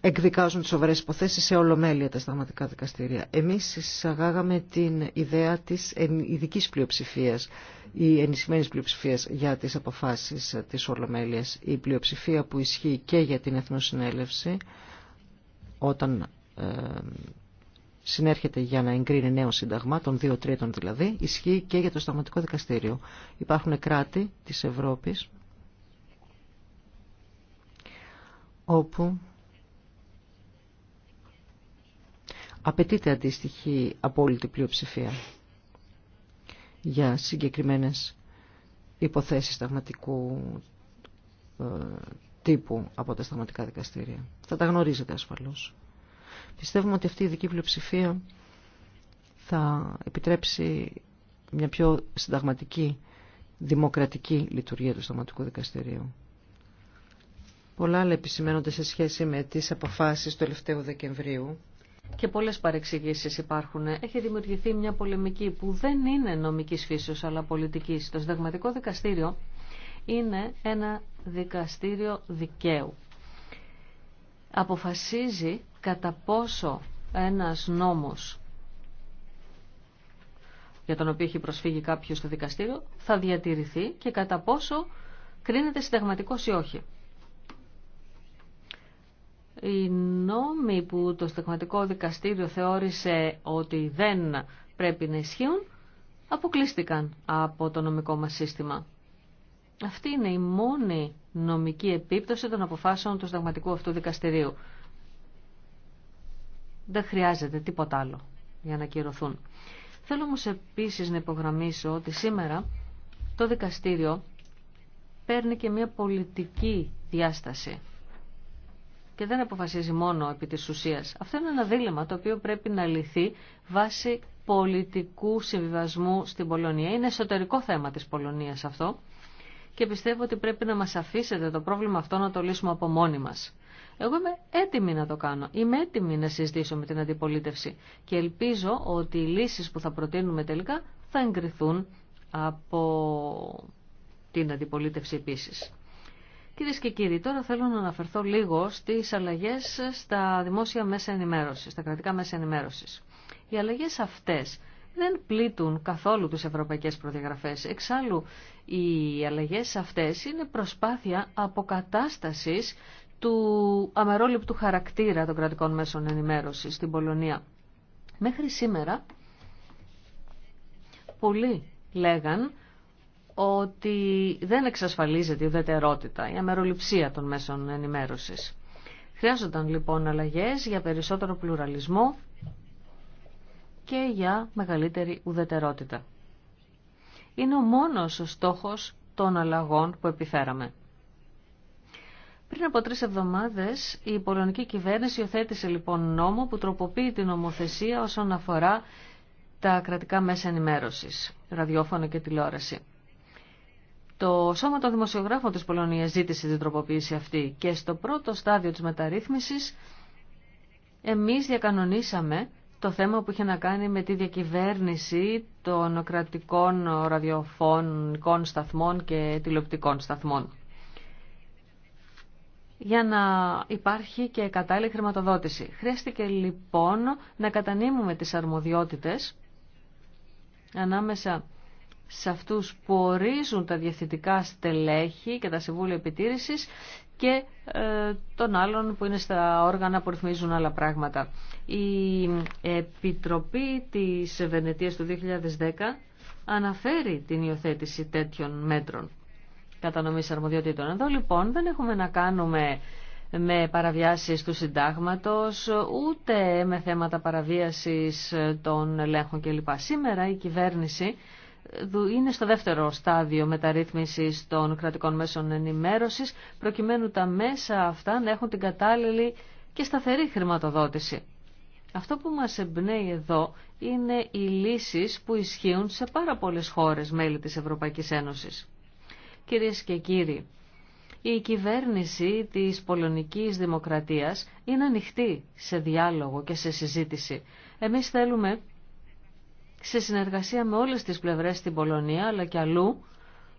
Speaker 1: εκδικάζουν τις σοβαρές υποθέσει σε ολομέλεια τα σταγματικά δικαστήρια. Εμείς εισαγάγαμε την ιδέα της ειδική πλειοψηφία ή ενισχυμένης πλειοψηφία για τις αποφάσεις της ολομέλειας. Η πλειοψηφία που ισχύει και για την Εθνοσυνέλευση, όταν ε, συνέρχεται για να εγκρίνει νέο σύνταγμα, των δύο τρίτων δηλαδή, ισχύει και για το σταματικό Δικαστήριο. Υπάρχουν κράτη της Ευρώπης όπου απαιτείται αντίστοιχη απόλυτη πλειοψηφία για συγκεκριμένες υποθέσεις σταγματικού ε, τύπου από τα σταματικά δικαστήρια. Θα τα γνωρίζετε ασφαλώς. Πιστεύουμε ότι αυτή η δική πλειοψηφία θα επιτρέψει μια πιο συνταγματική, δημοκρατική λειτουργία του σταματικού δικαστηρίου. Πολλά άλλα επισημαίνονται σε σχέση με τις αποφάσεις του τελευταίου
Speaker 3: Δεκεμβρίου και πολλές παρεξηγήσεις υπάρχουν. Έχει δημιουργηθεί μια πολεμική που δεν είναι νομικής φύσεως αλλά πολιτικής. Το συνταγματικό δικαστήριο είναι ένα Δικαστήριο Δικαίου. Αποφασίζει κατά πόσο ένας νόμος για τον οποίο έχει προσφύγει κάποιος στο δικαστήριο θα διατηρηθεί και κατά πόσο κρίνεται συνταγματικός ή όχι. Οι νόμοι που το συνταγματικό δικαστήριο θεώρησε ότι δεν πρέπει να ισχύουν αποκλείστηκαν από το νομικό μας σύστημα. Αυτή είναι η μόνη νομική επίπτωση των αποφάσεων του συνταγματικού αυτού δικαστηρίου. Δεν χρειάζεται τίποτα άλλο για να κυρωθούν. Θέλω όμω επίση να υπογραμμίσω ότι σήμερα το δικαστήριο παίρνει και μια πολιτική διάσταση και δεν αποφασίζει μόνο επί της ουσίας. Αυτό είναι ένα δίλημα το οποίο πρέπει να λυθεί βάσει πολιτικού συμβιβασμού στην Πολωνία. Είναι εσωτερικό θέμα της Πολωνίας αυτό και πιστεύω ότι πρέπει να μας αφήσετε το πρόβλημα αυτό να το λύσουμε από μόνοι μας. Εγώ είμαι έτοιμη να το κάνω, είμαι έτοιμη να συζητήσω με την αντιπολίτευση και ελπίζω ότι οι λύσεις που θα προτείνουμε τελικά θα εγκριθούν από την αντιπολίτευση επίσης. Κυρίε και κύριοι, τώρα θέλω να αναφερθώ λίγο στι αλλαγέ στα δημόσια μέσα ενημέρωση, στα κρατικά μέσα ενημέρωση. Οι αλλαγέ αυτέ δεν πλήττουν καθόλου τι ευρωπαϊκέ προδιαγραφέ. Οι αλλαγές αυτές είναι προσπάθεια αποκατάστασης του αμερόληπτου χαρακτήρα των κρατικών μέσων ενημέρωσης στην Πολωνία. Μέχρι σήμερα, πολλοί λέγαν ότι δεν εξασφαλίζεται η ουδετερότητα, η αμεροληψία των μέσων ενημέρωσης. Χρειάζονταν λοιπόν αλλαγές για περισσότερο πλουραλισμό και για μεγαλύτερη ουδετερότητα είναι ο μόνος ο στόχος των αλλαγών που επιφέραμε. Πριν από τρεις εβδομάδες η πολωνική κυβέρνηση υιοθέτησε λοιπόν νόμο που τροποποιεί την νομοθεσία όσον αφορά τα κρατικά μέσα ενημέρωσης, ραδιόφωνο και τηλεόραση. Το Σώμα των Δημοσιογράφων της Πολωνίας ζήτησε την τροποποίηση αυτή και στο πρώτο στάδιο της μεταρρύθμισης εμείς διακανονίσαμε το θέμα που είχε να κάνει με τη διακυβέρνηση των κρατικών ραδιοφωνικών σταθμών και τηλεοπτικών σταθμών. Για να υπάρχει και κατάλληλη χρηματοδότηση. Χρειάστηκε λοιπόν να κατανείμουμε τις αρμοδιότητες ανάμεσα σε αυτούς που ορίζουν τα διευθυντικά στελέχη και τα συμβούλια επιτήρησης και ε, των άλλων που είναι στα όργανα που ρυθμίζουν άλλα πράγματα. Η Επιτροπή της Βενετίας του 2010 αναφέρει την υιοθέτηση τέτοιων μέτρων κατανομής αρμοδιοτήτων. Εδώ λοιπόν δεν έχουμε να κάνουμε με παραβιάσεις του συντάγματος, ούτε με θέματα παραβίασης των ελέγχων κλπ. Σήμερα η κυβέρνηση είναι στο δεύτερο στάδιο μεταρρύθμισης των κρατικών μέσων ενημέρωσης, προκειμένου τα μέσα αυτά να έχουν την κατάλληλη και σταθερή χρηματοδότηση. Αυτό που μας εμπνέει εδώ είναι οι λύσεις που ισχύουν σε πάρα πολλές χώρες μέλη της Ευρωπαϊκής Ένωσης. Κυρίες και κύριοι, η κυβέρνηση της πολωνικής δημοκρατίας είναι ανοιχτή σε διάλογο και σε συζήτηση. Εμείς θέλουμε σε συνεργασία με όλες τις πλευρές στην Πολωνία αλλά και αλλού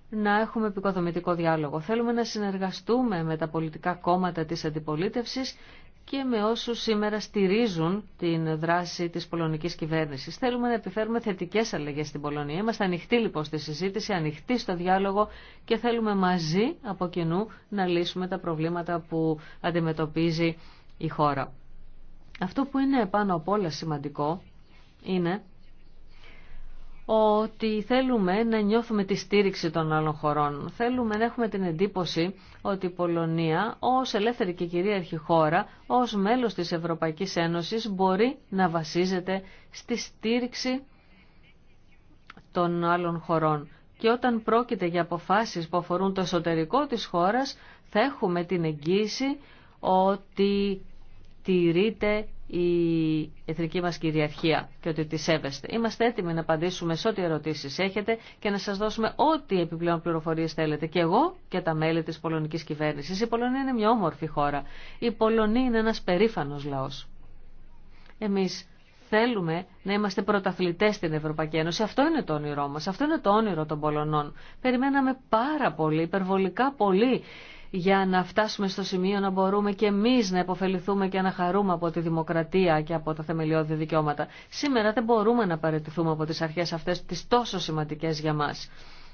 Speaker 3: να έχουμε επικοδομητικό διάλογο. Θέλουμε να συνεργαστούμε με τα πολιτικά κόμματα της αντιπολίτευσης και με όσους σήμερα στηρίζουν την δράση της πολωνικής κυβέρνησης. Θέλουμε να επιφέρουμε θετικές αλλαγές στην Πολωνία. Είμαστε ανοιχτοί λοιπόν στη συζήτηση, ανοιχτοί στο διάλογο και θέλουμε μαζί από κοινού να λύσουμε τα προβλήματα που αντιμετωπίζει η χώρα. Αυτό που είναι πάνω απ' όλα σημαντικό είναι ότι θέλουμε να νιώθουμε τη στήριξη των άλλων χωρών. Θέλουμε να έχουμε την εντύπωση ότι η Πολωνία ως ελεύθερη και κυρίαρχη χώρα, ως μέλος της Ευρωπαϊκής Ένωσης μπορεί να βασίζεται στη στήριξη των άλλων χωρών. Και όταν πρόκειται για αποφάσεις που αφορούν το εσωτερικό της χώρας, θα έχουμε την εγγύηση ότι τηρείται η εθνική μας κυριαρχία και ότι τη σέβεστε. Είμαστε έτοιμοι να απαντήσουμε σε ό,τι ερωτήσεις έχετε και να σας δώσουμε ό,τι επιπλέον πληροφορίες θέλετε. Και εγώ και τα μέλη της πολωνικής κυβέρνησης. Η Πολωνία είναι μια όμορφη χώρα. Η Πολωνία είναι ένας περήφανος λαός. Εμείς θέλουμε να είμαστε πρωταθλητές στην Ευρωπαϊκή Ένωση. Αυτό είναι το όνειρό μας. Αυτό είναι το όνειρο των Πολωνών. Περιμέναμε πάρα πολύ, υπερβολικά πολύ για να φτάσουμε στο σημείο να μπορούμε και εμεί να υποφεληθούμε και να χαρούμε από τη δημοκρατία και από τα θεμελιώδη δικαιώματα. Σήμερα δεν μπορούμε να παραιτηθούμε από τις αρχές αυτές τι τόσο σημαντικές για μας.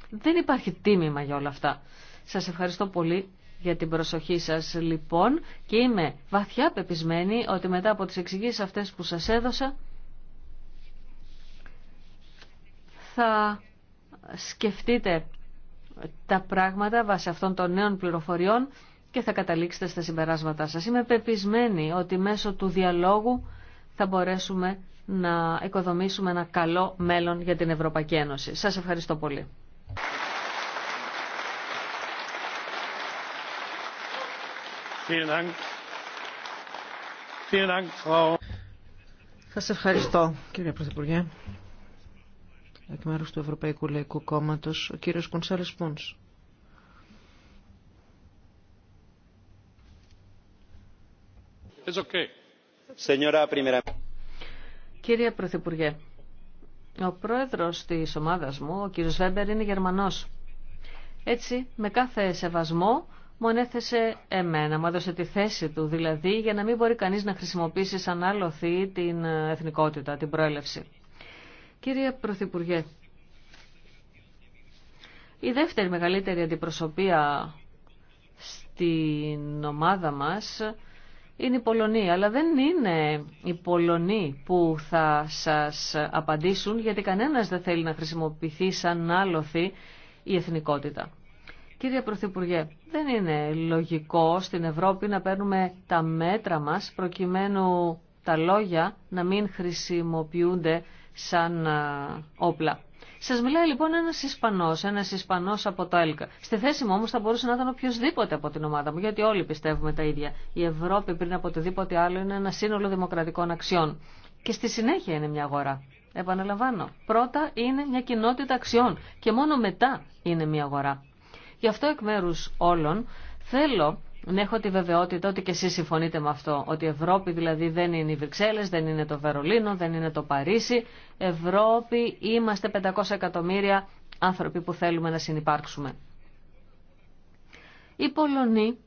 Speaker 3: Δεν υπάρχει τίμημα για όλα αυτά. Σας ευχαριστώ πολύ για την προσοχή σας λοιπόν και είμαι βαθιά πεπισμένη ότι μετά από τις εξηγήσεις αυτές που σας έδωσα θα σκεφτείτε τα πράγματα βάσει αυτών των νέων πληροφοριών και θα καταλήξετε στα συμπεράσματά σας. Είμαι πεπισμένη ότι μέσω του διαλόγου θα μπορέσουμε να οικοδομήσουμε ένα καλό μέλλον για την Ευρωπαϊκή Ένωση. Σας ευχαριστώ πολύ.
Speaker 1: Σας ευχαριστώ κύριε Πρωθυπουργέ εκ μέρου του Ευρωπαϊκού Λαϊκού Κόμματος, ο κύριο Κονσάλε Πόνς.
Speaker 3: Κύριε Πρωθυπουργέ, ο πρόεδρος της ομάδας μου, ο κύριος Βέμπερ, είναι Γερμανός. Έτσι, με κάθε σεβασμό, μου ανέθεσε εμένα, μου έδωσε τη θέση του, δηλαδή για να μην μπορεί κανείς να χρησιμοποιήσει σαν άλλο την εθνικότητα, την προέλευση. Κύριε Πρωθυπουργέ, η δεύτερη μεγαλύτερη αντιπροσωπεία στην ομάδα μας είναι η Πολωνία, αλλά δεν είναι οι Πολωνοί που θα σας απαντήσουν, γιατί κανένας δεν θέλει να χρησιμοποιηθεί σαν άλοθη η εθνικότητα. Κύριε Πρωθυπουργέ, δεν είναι λογικό στην Ευρώπη να παίρνουμε τα μέτρα μας προκειμένου τα λόγια να μην χρησιμοποιούνται σαν όπλα. Σας μιλάει λοιπόν ένας Ισπανός, ένας Ισπανός από το ΕΛΚΑ. Στη θέση μου όμως θα μπορούσε να ήταν οποιοδήποτε από την ομάδα μου, γιατί όλοι πιστεύουμε τα ίδια. Η Ευρώπη πριν από οτιδήποτε άλλο είναι ένα σύνολο δημοκρατικών αξιών. Και στη συνέχεια είναι μια αγορά. Επαναλαμβάνω, πρώτα είναι μια κοινότητα αξιών και μόνο μετά είναι μια αγορά. Γι' αυτό εκ μέρου όλων θέλω ναι, έχω τη βεβαιότητα ότι και εσείς συμφωνείτε με αυτό, ότι η Ευρώπη δηλαδή δεν είναι οι Βρυξέλλες, δεν είναι το Βερολίνο, δεν είναι το Παρίσι. Ευρώπη είμαστε 500 εκατομμύρια άνθρωποι που θέλουμε να συνεπάρξουμε. Οι Πολωνοί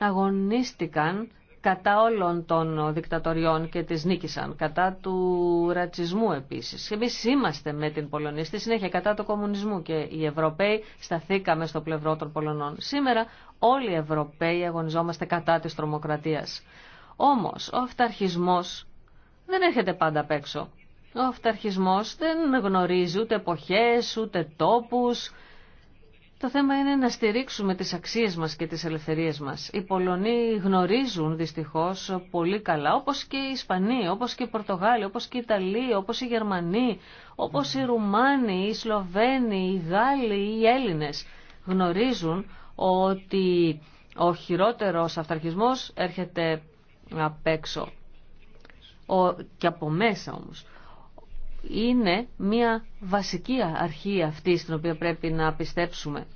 Speaker 3: αγωνίστηκαν κατά όλων των δικτατοριών και τις νίκησαν, κατά του ρατσισμού επίσης. Εμείς είμαστε με την Πολωνία στη συνέχεια κατά του κομμουνισμού και οι Ευρωπαίοι σταθήκαμε στο πλευρό των Πολωνών. Σήμερα όλοι οι Ευρωπαίοι αγωνιζόμαστε κατά της τρομοκρατίας. Όμως ο αυταρχισμός δεν έρχεται πάντα απ' έξω. Ο αυταρχισμός δεν γνωρίζει ούτε εποχές, ούτε τόπους, το θέμα είναι να στηρίξουμε τις αξίες μας και τις ελευθερίες μας. Οι Πολωνοί γνωρίζουν δυστυχώς πολύ καλά, όπως και οι Ισπανοί, όπως και οι Πορτογάλοι, όπως και οι Ιταλοί, όπως οι Γερμανοί, όπως οι Ρουμάνοι, οι Σλοβαίνοι, οι Γάλλοι, οι Έλληνες. Γνωρίζουν ότι ο χειρότερος αυταρχισμός έρχεται απ' έξω και από μέσα όμως είναι μια βασική αρχή αυτή στην οποία πρέπει να πιστέψουμε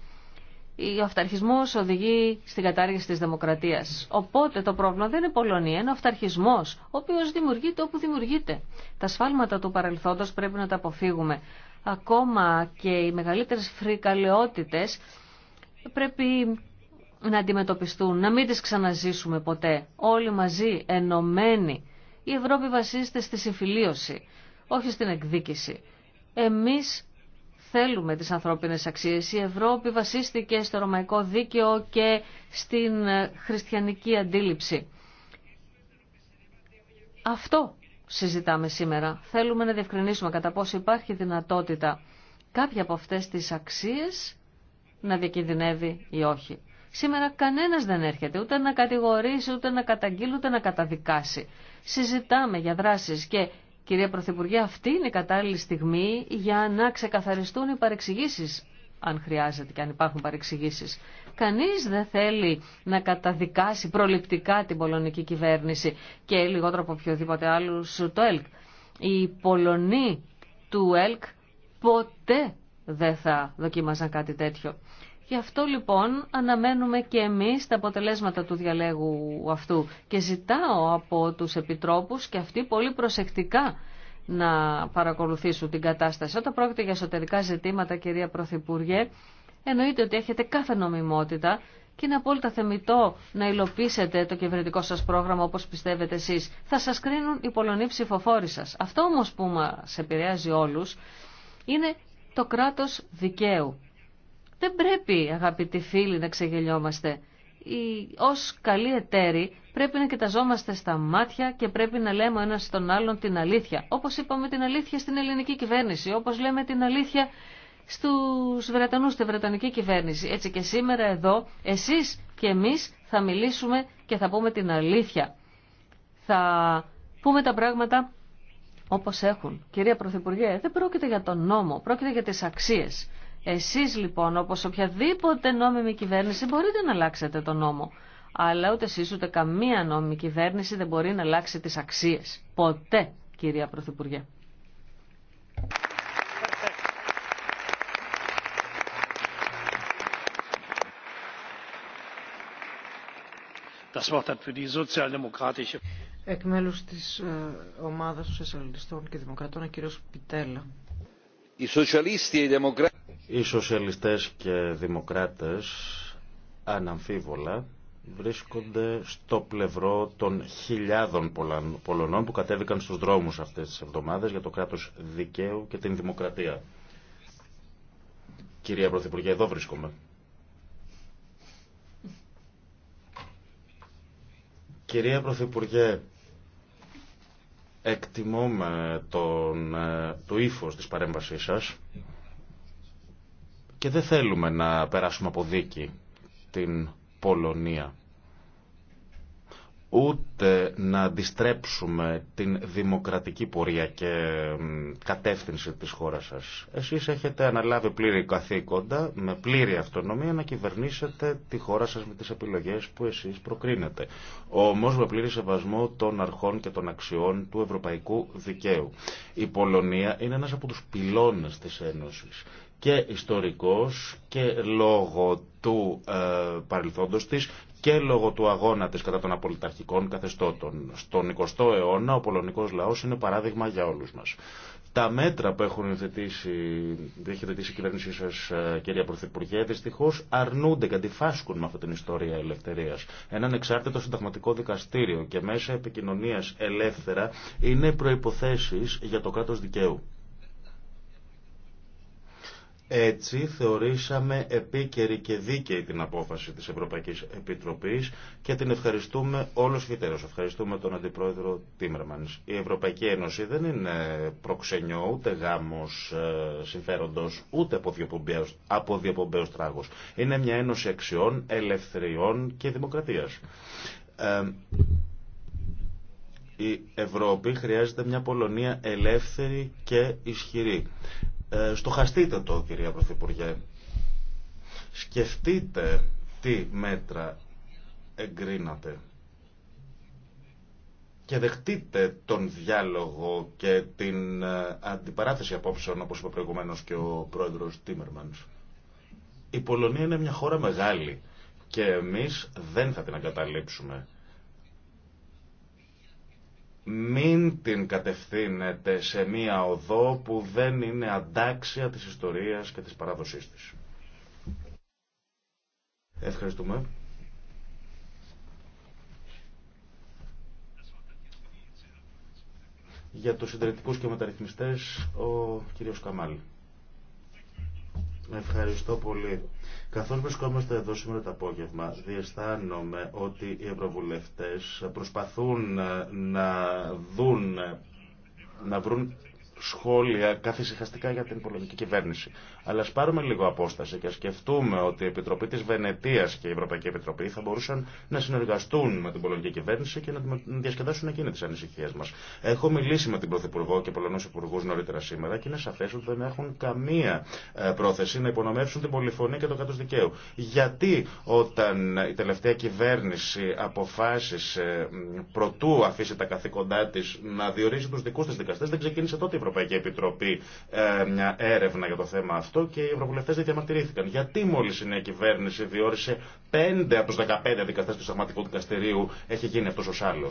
Speaker 3: ο αυταρχισμός οδηγεί στην κατάργηση της δημοκρατίας. Οπότε το πρόβλημα δεν είναι Πολωνία, είναι ο αυταρχισμός, ο οποίος δημιουργείται όπου δημιουργείται. Τα σφάλματα του παρελθόντος πρέπει να τα αποφύγουμε. Ακόμα και οι μεγαλύτερες φρικαλαιότητες πρέπει να αντιμετωπιστούν, να μην τις ξαναζήσουμε ποτέ. Όλοι μαζί, ενωμένοι. Η Ευρώπη βασίζεται στη συμφιλίωση, όχι στην εκδίκηση. Εμείς θέλουμε τις ανθρώπινες αξίες. Η Ευρώπη βασίστηκε στο ρωμαϊκό δίκαιο και στην ε, χριστιανική αντίληψη. Αυτό συζητάμε σήμερα. Θέλουμε να διευκρινίσουμε κατά πόσο υπάρχει δυνατότητα κάποια από αυτές τις αξίες να διακινδυνεύει ή όχι. Σήμερα κανένας δεν έρχεται ούτε να κατηγορήσει, ούτε να καταγγείλει, ούτε να καταδικάσει. Συζητάμε για δράσεις και Κυρία Πρωθυπουργέ, αυτή είναι η κατάλληλη στιγμή για να ξεκαθαριστούν οι παρεξηγήσεις, αν χρειάζεται και αν υπάρχουν παρεξηγήσεις. Κανείς δεν θέλει να καταδικάσει προληπτικά την πολωνική κυβέρνηση και λιγότερο από οποιοδήποτε άλλους το ΕΛΚ. Οι Πολωνοί του ΕΛΚ ποτέ δεν θα δοκίμαζαν κάτι τέτοιο. Γι' αυτό λοιπόν αναμένουμε και εμείς τα αποτελέσματα του διαλέγου αυτού και ζητάω από τους επιτρόπους και αυτοί πολύ προσεκτικά να παρακολουθήσουν την κατάσταση. Όταν πρόκειται για εσωτερικά ζητήματα, κυρία Πρωθυπουργέ, εννοείται ότι έχετε κάθε νομιμότητα και είναι απόλυτα θεμητό να υλοποιήσετε το κυβερνητικό σας πρόγραμμα όπως πιστεύετε εσείς. Θα σας κρίνουν οι Πολωνοί ψηφοφόροι σας. Αυτό όμως που μας επηρεάζει όλους είναι το κράτος δικαίου δεν πρέπει, αγαπητοί φίλοι, να ξεγελιόμαστε. Οι, ως καλή εταίροι πρέπει να κοιταζόμαστε στα μάτια και πρέπει να λέμε ένας στον άλλον την αλήθεια. Όπως είπαμε την αλήθεια στην ελληνική κυβέρνηση, όπως λέμε την αλήθεια στους Βρετανούς, στη Βρετανική κυβέρνηση. Έτσι και σήμερα εδώ, εσείς και εμείς θα μιλήσουμε και θα πούμε την αλήθεια. Θα πούμε τα πράγματα όπως έχουν. Κυρία Πρωθυπουργέ, δεν πρόκειται για τον νόμο, πρόκειται για τις αξίες. Εσείς λοιπόν, όπως οποιαδήποτε νόμιμη κυβέρνηση, μπορείτε να αλλάξετε τον νόμο. Αλλά ούτε εσείς ούτε καμία νόμιμη κυβέρνηση δεν μπορεί να αλλάξει τις αξίες. Ποτέ, κυρία Πρωθυπουργέ.
Speaker 1: Εκ μέλους της ε, ομάδα των Σοσιαλιστών και Δημοκρατών, ο κύριος Πιτέλα.
Speaker 4: Οι
Speaker 2: οι σοσιαλιστές και δημοκράτες αναμφίβολα βρίσκονται στο πλευρό των χιλιάδων Πολωνών που κατέβηκαν στους δρόμους αυτές τις εβδομάδες για το κράτος δικαίου και την δημοκρατία. Κυρία Πρωθυπουργέ, εδώ βρίσκομαι. Κυρία Πρωθυπουργέ, εκτιμώ με τον, ε, το ύφος της παρέμβασής σας. Και δεν θέλουμε να περάσουμε από δίκη την Πολωνία. Ούτε να αντιστρέψουμε την δημοκρατική πορεία και κατεύθυνση της χώρας σας. Εσείς έχετε αναλάβει πλήρη καθήκοντα, με πλήρη αυτονομία, να κυβερνήσετε τη χώρα σας με τις επιλογές που εσείς προκρίνετε. Όμως με πλήρη σεβασμό των αρχών και των αξιών του ευρωπαϊκού δικαίου. Η Πολωνία είναι ένας από τους πυλώνες της Ένωσης και ιστορικός και λόγω του ε, παρελθόντος της και λόγω του αγώνα της κατά των απολυταρχικών καθεστώτων. Στον 20ο αιώνα ο πολωνικός λαός είναι παράδειγμα για όλους μας. Τα μέτρα που έχουν υιοθετήσει, η κυβέρνησή σα, ε, κυρία Πρωθυπουργέ, δυστυχώ αρνούνται και αντιφάσκουν με αυτή την ιστορία ελευθερία. Έναν εξάρτητο συνταγματικό δικαστήριο και μέσα επικοινωνία ελεύθερα είναι προποθέσει για το κράτο δικαίου. Έτσι θεωρήσαμε επίκαιρη και δίκαιη την απόφαση της Ευρωπαϊκής Επιτροπής και την ευχαριστούμε όλους ιδιαίτερως. Ευχαριστούμε τον Αντιπρόεδρο Τίμερμανς. Η Ευρωπαϊκή Ένωση δεν είναι προξενιό, ούτε γάμος ε, συμφέροντος, ούτε από τράγος. Είναι μια ένωση αξιών, ελευθεριών και δημοκρατίας. Ε, η Ευρώπη χρειάζεται μια Πολωνία ελεύθερη και ισχυρή. Ε, στοχαστείτε το, κυρία Πρωθυπουργέ. Σκεφτείτε τι μέτρα εγκρίνατε και δεχτείτε τον διάλογο και την ε, αντιπαράθεση απόψεων, όπως είπε προηγουμένως και ο πρόεδρος Τίμερμανς. Η Πολωνία είναι μια χώρα μεγάλη και εμείς δεν θα την αγκαταλείψουμε μην την κατευθύνετε σε μία οδό που δεν είναι αντάξια της ιστορίας και της παράδοσής της. Ευχαριστούμε. Για τους συντηρητικούς και μεταρρυθμιστές, ο κύριος Καμάλη. Ευχαριστώ πολύ. Καθώς βρισκόμαστε εδώ σήμερα το απόγευμα, διαισθάνομαι ότι οι ευρωβουλευτές προσπαθούν ε, να δουν, ε, να βρουν σχόλια καθησυχαστικά για την πολιτική κυβέρνηση. Αλλά α πάρουμε λίγο απόσταση και α σκεφτούμε ότι η Επιτροπή τη Βενετία και η Ευρωπαϊκή Επιτροπή θα μπορούσαν να συνεργαστούν με την πολωνική κυβέρνηση και να διασκεδάσουν εκείνη τι ανησυχίε μα. Έχω μιλήσει με την Πρωθυπουργό και πολλού υπουργού νωρίτερα σήμερα και είναι σαφέ ότι δεν έχουν καμία ε, πρόθεση να υπονομεύσουν την πολυφωνία και το κράτο δικαίου. Γιατί όταν η τελευταία κυβέρνηση αποφάσισε προτού αφήσει τα καθήκοντά τη να διορίζει του δικού τη δικαστέ, δεν ξεκίνησε τότε η Ευρωπαϊκή Επιτροπή ε, έρευνα για το θέμα αυτό και οι ευρωβουλευτέ δεν διαμαρτυρήθηκαν. Γιατί μόλι η νέα κυβέρνηση διόρισε πέντε από του 15 δικαστέ του Συνταγματικού Δικαστηρίου έχει γίνει αυτό ο άλλο.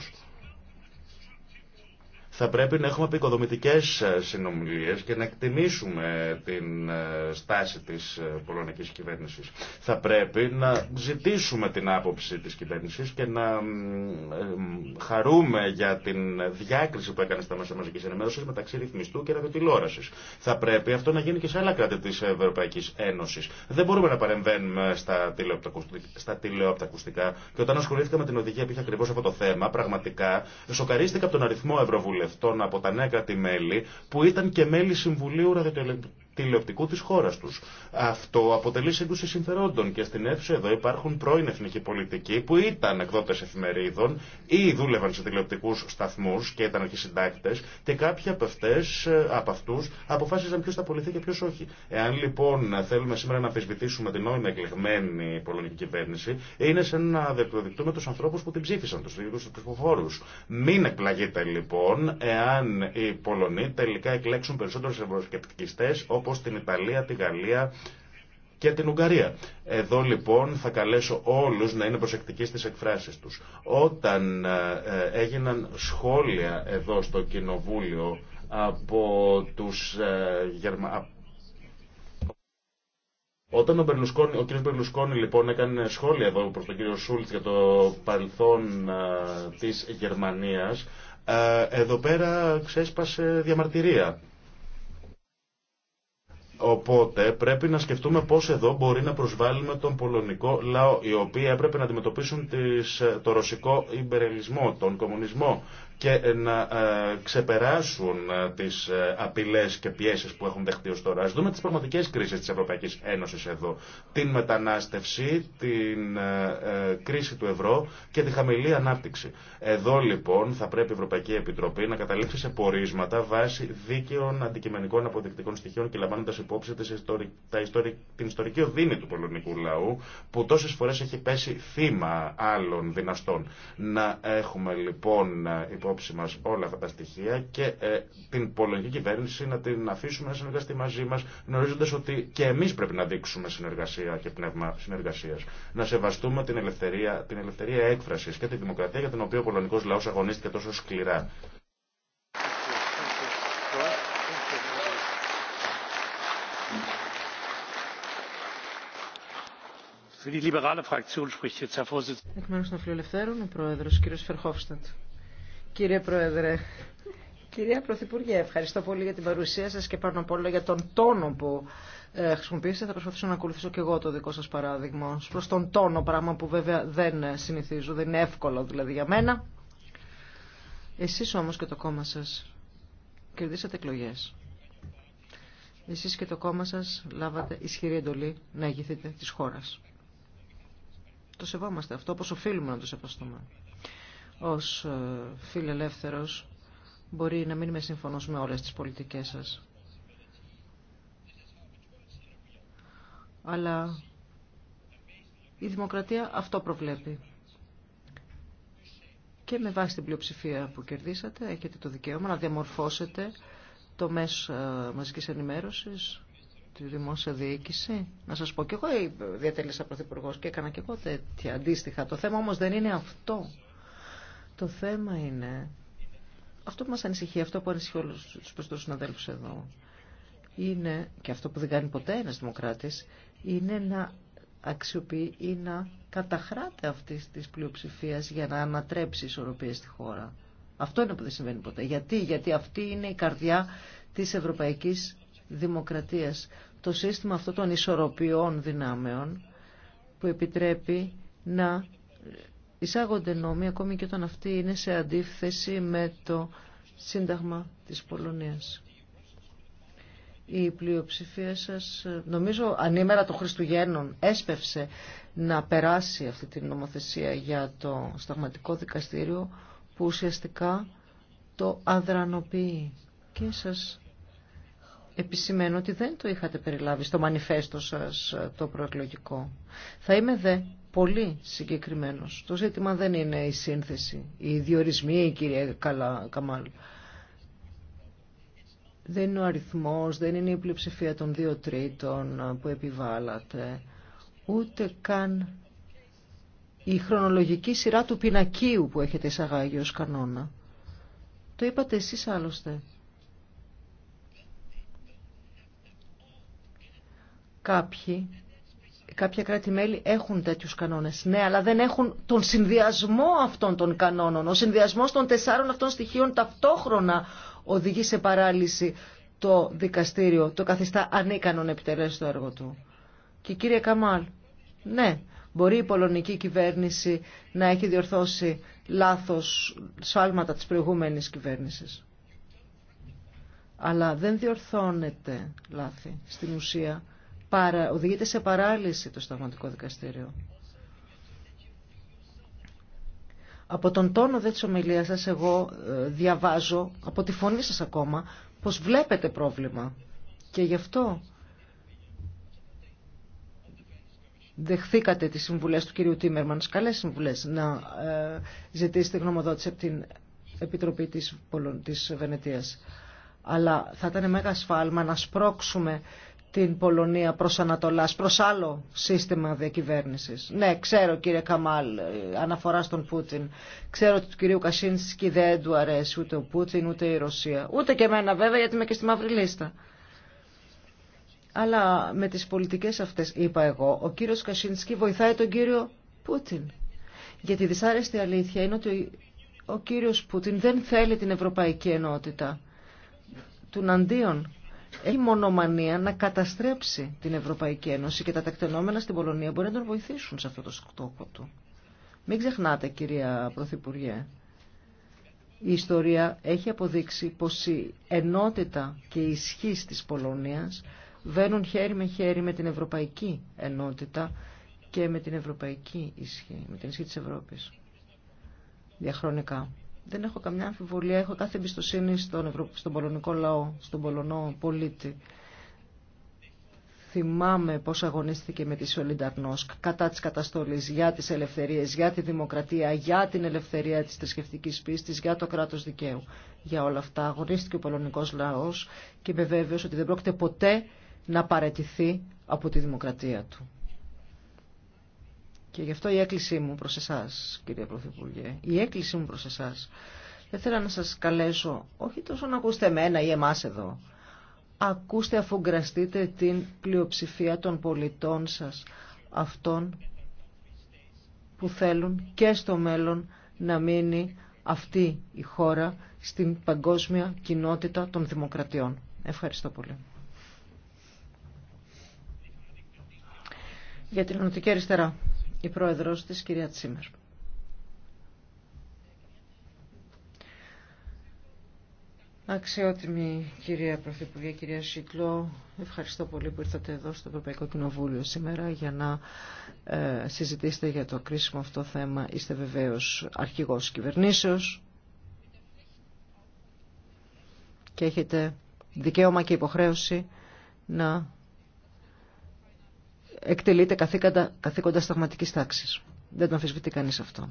Speaker 2: Θα πρέπει να έχουμε επικοδομητικές ε, συνομιλίες και να εκτιμήσουμε την ε, στάση της ε, πολωνικής κυβέρνησης. Θα πρέπει να ζητήσουμε την άποψη της κυβέρνησης και να χαρούμε για την διάκριση που έκανε στα μέσα μαζικής ενημέρωσης μεταξύ ρυθμιστού και ραδιοτηλόρασης. Θα πρέπει αυτό να γίνει και σε άλλα κράτη της Ευρωπαϊκής Ένωσης. Δεν μπορούμε να παρεμβαίνουμε στα τηλεοπτακουστικά, και όταν ασχολήθηκα με την οδηγία που είχε ακριβώς αυτό το θέμα, πραγματικά σοκαρίστηκα από τον αριθμό ευρωβουλευτών βουλευτών από τα νέα κράτη-μέλη που ήταν και μέλη Συμβουλίου τηλεοπτικού της χώρας τους. Αυτό αποτελεί σύγκρουση συμφερόντων και στην αίθουσα εδώ υπάρχουν πρώην εθνικοί πολιτικοί που ήταν εκδότες εφημερίδων ή δούλευαν σε τηλεοπτικούς σταθμούς και ήταν όχι συντάκτες και κάποιοι από, αυτές, από αυτούς αποφάσιζαν ποιος θα απολυθεί και ποιος όχι. Εάν λοιπόν θέλουμε σήμερα να αμφισβητήσουμε την νόημα εκλεγμένη πολωνική κυβέρνηση είναι σαν να διεκδικητούμε τους ανθρώπους που την ψήφισαν, τους ίδιους τους Μην εκπλαγείτε λοιπόν εάν οι Πολωνοί τελικά εκλέξουν περισσότερους ευρωσκεπτικιστές όπως την Ιταλία, τη Γαλλία και την Ουγγαρία. Εδώ λοιπόν θα καλέσω όλους να είναι προσεκτικοί στις εκφράσεις τους. Όταν ε, έγιναν σχόλια εδώ στο Κοινοβούλιο από τους ε, Γερμα... Όταν ο, ο κ. Μπερλουσκόνη λοιπόν έκανε σχόλια εδώ προς τον κ. Σούλτ για το παρελθόν ε, της Γερμανίας, εδώ πέρα ξέσπασε διαμαρτυρία Οπότε πρέπει να σκεφτούμε πώ εδώ μπορεί να προσβάλλουμε τον πολωνικό λαό, οι οποίοι έπρεπε να αντιμετωπίσουν τις, το ρωσικό υπερελισμό, τον κομμουνισμό, και ε, να ε, ξεπεράσουν ε, τις απειλές και πιέσεις που έχουν δεχτεί ως τώρα. Ας δούμε τις πραγματικές κρίσεις της Ευρωπαϊκής Ένωσης εδώ. Την μετανάστευση, την κρίση του ευρώ και τη χαμηλή ανάπτυξη. Εδώ λοιπόν θα πρέπει η Ευρωπαϊκή Επιτροπή να καταλήξει σε πορίσματα βάσει δίκαιων αντικειμενικών αποδεικτικών στοιχείων και λαμβάνοντα υπόψη την ιστορική οδύνη του πολωνικού λαού που τόσες φορές έχει πέσει θύμα άλλων δυναστών. Να έχουμε λοιπόν υπόψη όλα αυτά τα στοιχεία και ε, την πολιτική κυβέρνηση να την αφήσουμε να συνεργαστεί μαζί μας γνωρίζοντας ότι και εμείς πρέπει να δείξουμε συνεργασία και πνεύμα συνεργασίας. Να σεβαστούμε την ελευθερία, την ελευθερία έκφρασης και τη δημοκρατία για την οποία ο πολωνικός λαός αγωνίστηκε τόσο σκληρά.
Speaker 1: εκ μέρους των φιλελευθέρων ο πρόεδρος κ. Φερχόφστατ. Κύριε Πρόεδρε, κυρία Πρωθυπουργέ, ευχαριστώ πολύ για την παρουσία σας και πάνω απ' όλα για τον τόνο που ε, χρησιμοποιήσατε. Θα προσπαθήσω να ακολουθήσω και εγώ το δικό σας παράδειγμα. προς τον τόνο, πράγμα που βέβαια δεν συνηθίζω, δεν είναι εύκολο δηλαδή για μένα. Εσείς όμως και το κόμμα σας κερδίσατε εκλογέ. Εσείς και το κόμμα σας λάβατε ισχυρή εντολή να ηγηθείτε της χώρας. Το σεβόμαστε αυτό, όπως οφείλουμε να το σεβαστούμε ως ε, φιλελεύθερος μπορεί να μην με συμφωνώ με όλες τις πολιτικές σας. Αλλά η δημοκρατία αυτό προβλέπει. Και με βάση την πλειοψηφία που κερδίσατε έχετε το δικαίωμα να διαμορφώσετε το μέσο ε, μαζικής ενημέρωσης, τη δημόσια διοίκηση. Να σας πω, και εγώ ε, διατέλεσα πρωθυπουργός και έκανα και εγώ τέτοια αντίστοιχα. Το θέμα όμως δεν είναι αυτό. Το θέμα είναι, αυτό που μας ανησυχεί, αυτό που ανησυχεί όλους τους να συναδέλφους εδώ, είναι, και αυτό που δεν κάνει ποτέ ένας δημοκράτης, είναι να αξιοποιεί ή να καταχράται αυτή της πλειοψηφία για να ανατρέψει ισορροπία στη χώρα. Αυτό είναι που δεν συμβαίνει ποτέ. Γιατί, Γιατί αυτή είναι η καρδιά της ευρωπαϊκής δημοκρατίας. Το σύστημα αυτό των ισορροπιών δυνάμεων που επιτρέπει να εισάγονται νόμοι ακόμη και όταν αυτοί είναι σε αντίθεση με το Σύνταγμα της Πολωνίας. Η πλειοψηφία σας, νομίζω ανήμερα των Χριστουγέννων, έσπευσε να περάσει αυτή την νομοθεσία για το σταγματικό δικαστήριο που ουσιαστικά το αδρανοποιεί. Και σας επισημαίνω ότι δεν το είχατε περιλάβει στο μανιφέστο σας το προεκλογικό. Θα είμαι δε πολύ συγκεκριμένος. Το ζήτημα δεν είναι η σύνθεση, οι διορισμοί, κυρία Καλά, Καμάλ. Δεν είναι ο αριθμός, δεν είναι η πλειοψηφία των δύο τρίτων ε, που επιβάλλατε, ούτε καν η χρονολογική σειρά του πινακίου που έχετε εισαγάγει ως κανόνα. Το είπατε εσείς άλλωστε. Κάποιοι κάποια κράτη-μέλη έχουν τέτοιου κανόνες. Ναι, αλλά δεν έχουν τον συνδυασμό αυτών των κανόνων. Ο συνδυασμός των τεσσάρων αυτών στοιχείων ταυτόχρονα οδηγεί σε παράλυση το δικαστήριο, το καθιστά ανίκανον επιτελέσει το έργο του. Και κύριε Καμάλ, ναι, μπορεί η πολωνική κυβέρνηση να έχει διορθώσει λάθος σφάλματα τη προηγούμενη κυβέρνηση. Αλλά δεν διορθώνεται λάθη στην ουσία παρα, οδηγείται σε παράλυση το Σταγματικό Δικαστήριο. Από τον τόνο δε της ομιλίας σας εγώ ε, διαβάζω, από τη φωνή σας ακόμα, πως βλέπετε πρόβλημα. Και γι' αυτό δεχθήκατε τις συμβουλές του κυρίου τις καλές συμβουλές, να ε, ζητήσετε γνωμοδότηση από την Επιτροπή της, της Βενετίας. Αλλά θα ήταν μεγάλο σφάλμα να σπρώξουμε την Πολωνία προς Ανατολάς, προς άλλο σύστημα διακυβέρνησης. Ναι, ξέρω κύριε Καμάλ, ε, αναφορά στον Πούτιν. Ξέρω ότι του κυρίου Κασίνσκι δεν του αρέσει ούτε ο Πούτιν ούτε η Ρωσία. Ούτε και εμένα βέβαια γιατί είμαι και στη μαύρη λίστα. Αλλά με τις πολιτικές αυτές, είπα εγώ, ο κύριος Κασίνσκι βοηθάει τον κύριο Πούτιν. Γιατί η δυσάρεστη αλήθεια είναι ότι ο κύριος Πούτιν δεν θέλει την Ευρωπαϊκή Ενότητα. Τουναντίον έχει μονομανία να καταστρέψει την Ευρωπαϊκή Ένωση και τα τακτενόμενα στην Πολωνία μπορεί να τον βοηθήσουν σε αυτό το στόχο του. Μην ξεχνάτε κυρία Πρωθυπουργέ, η ιστορία έχει αποδείξει πως η ενότητα και η ισχύ της Πολωνίας βαίνουν χέρι με χέρι με την ευρωπαϊκή ενότητα και με την ευρωπαϊκή ισχύ, με την ισχύ της Ευρώπης διαχρονικά δεν έχω καμιά αμφιβολία, έχω κάθε εμπιστοσύνη στον, Ευρω... στον πολωνικό λαό, στον πολωνό πολίτη. Θυμάμαι πώς αγωνίστηκε με τη Σολινταρνόσκ κατά της καταστολής, για τις ελευθερίες, για τη δημοκρατία, για την ελευθερία της θρησκευτική πίστης, για το κράτος δικαίου. Για όλα αυτά αγωνίστηκε ο πολωνικός λαός και είμαι βέβαιος ότι δεν πρόκειται ποτέ να παρετηθεί από τη δημοκρατία του. Και γι' αυτό η έκκλησή μου προς εσάς, κυρία Πρωθυπουργέ, η έκκλησή μου προς εσάς, δεν θέλω να σας καλέσω, όχι τόσο να ακούσετε εμένα ή εμάς εδώ, ακούστε αφού την πλειοψηφία των πολιτών σας, αυτών που θέλουν και στο μέλλον να μείνει αυτή η χώρα στην παγκόσμια κοινότητα των δημοκρατιών. Ευχαριστώ πολύ. Για την Ανωτική Αριστερά η πρόεδρος της κυρία Τσίμερ. Αξιότιμη κυρία Πρωθυπουργέ, κυρία Σίτλο, ευχαριστώ πολύ που ήρθατε εδώ στο Ευρωπαϊκό Κοινοβούλιο σήμερα για να ε, συζητήσετε για το κρίσιμο αυτό θέμα. Είστε βεβαίως αρχηγός κυβερνήσεως και έχετε δικαίωμα και υποχρέωση να εκτελείται καθήκοντα, καθήκοντα σταγματικής τάξης. Δεν το αμφισβητεί κανείς αυτό.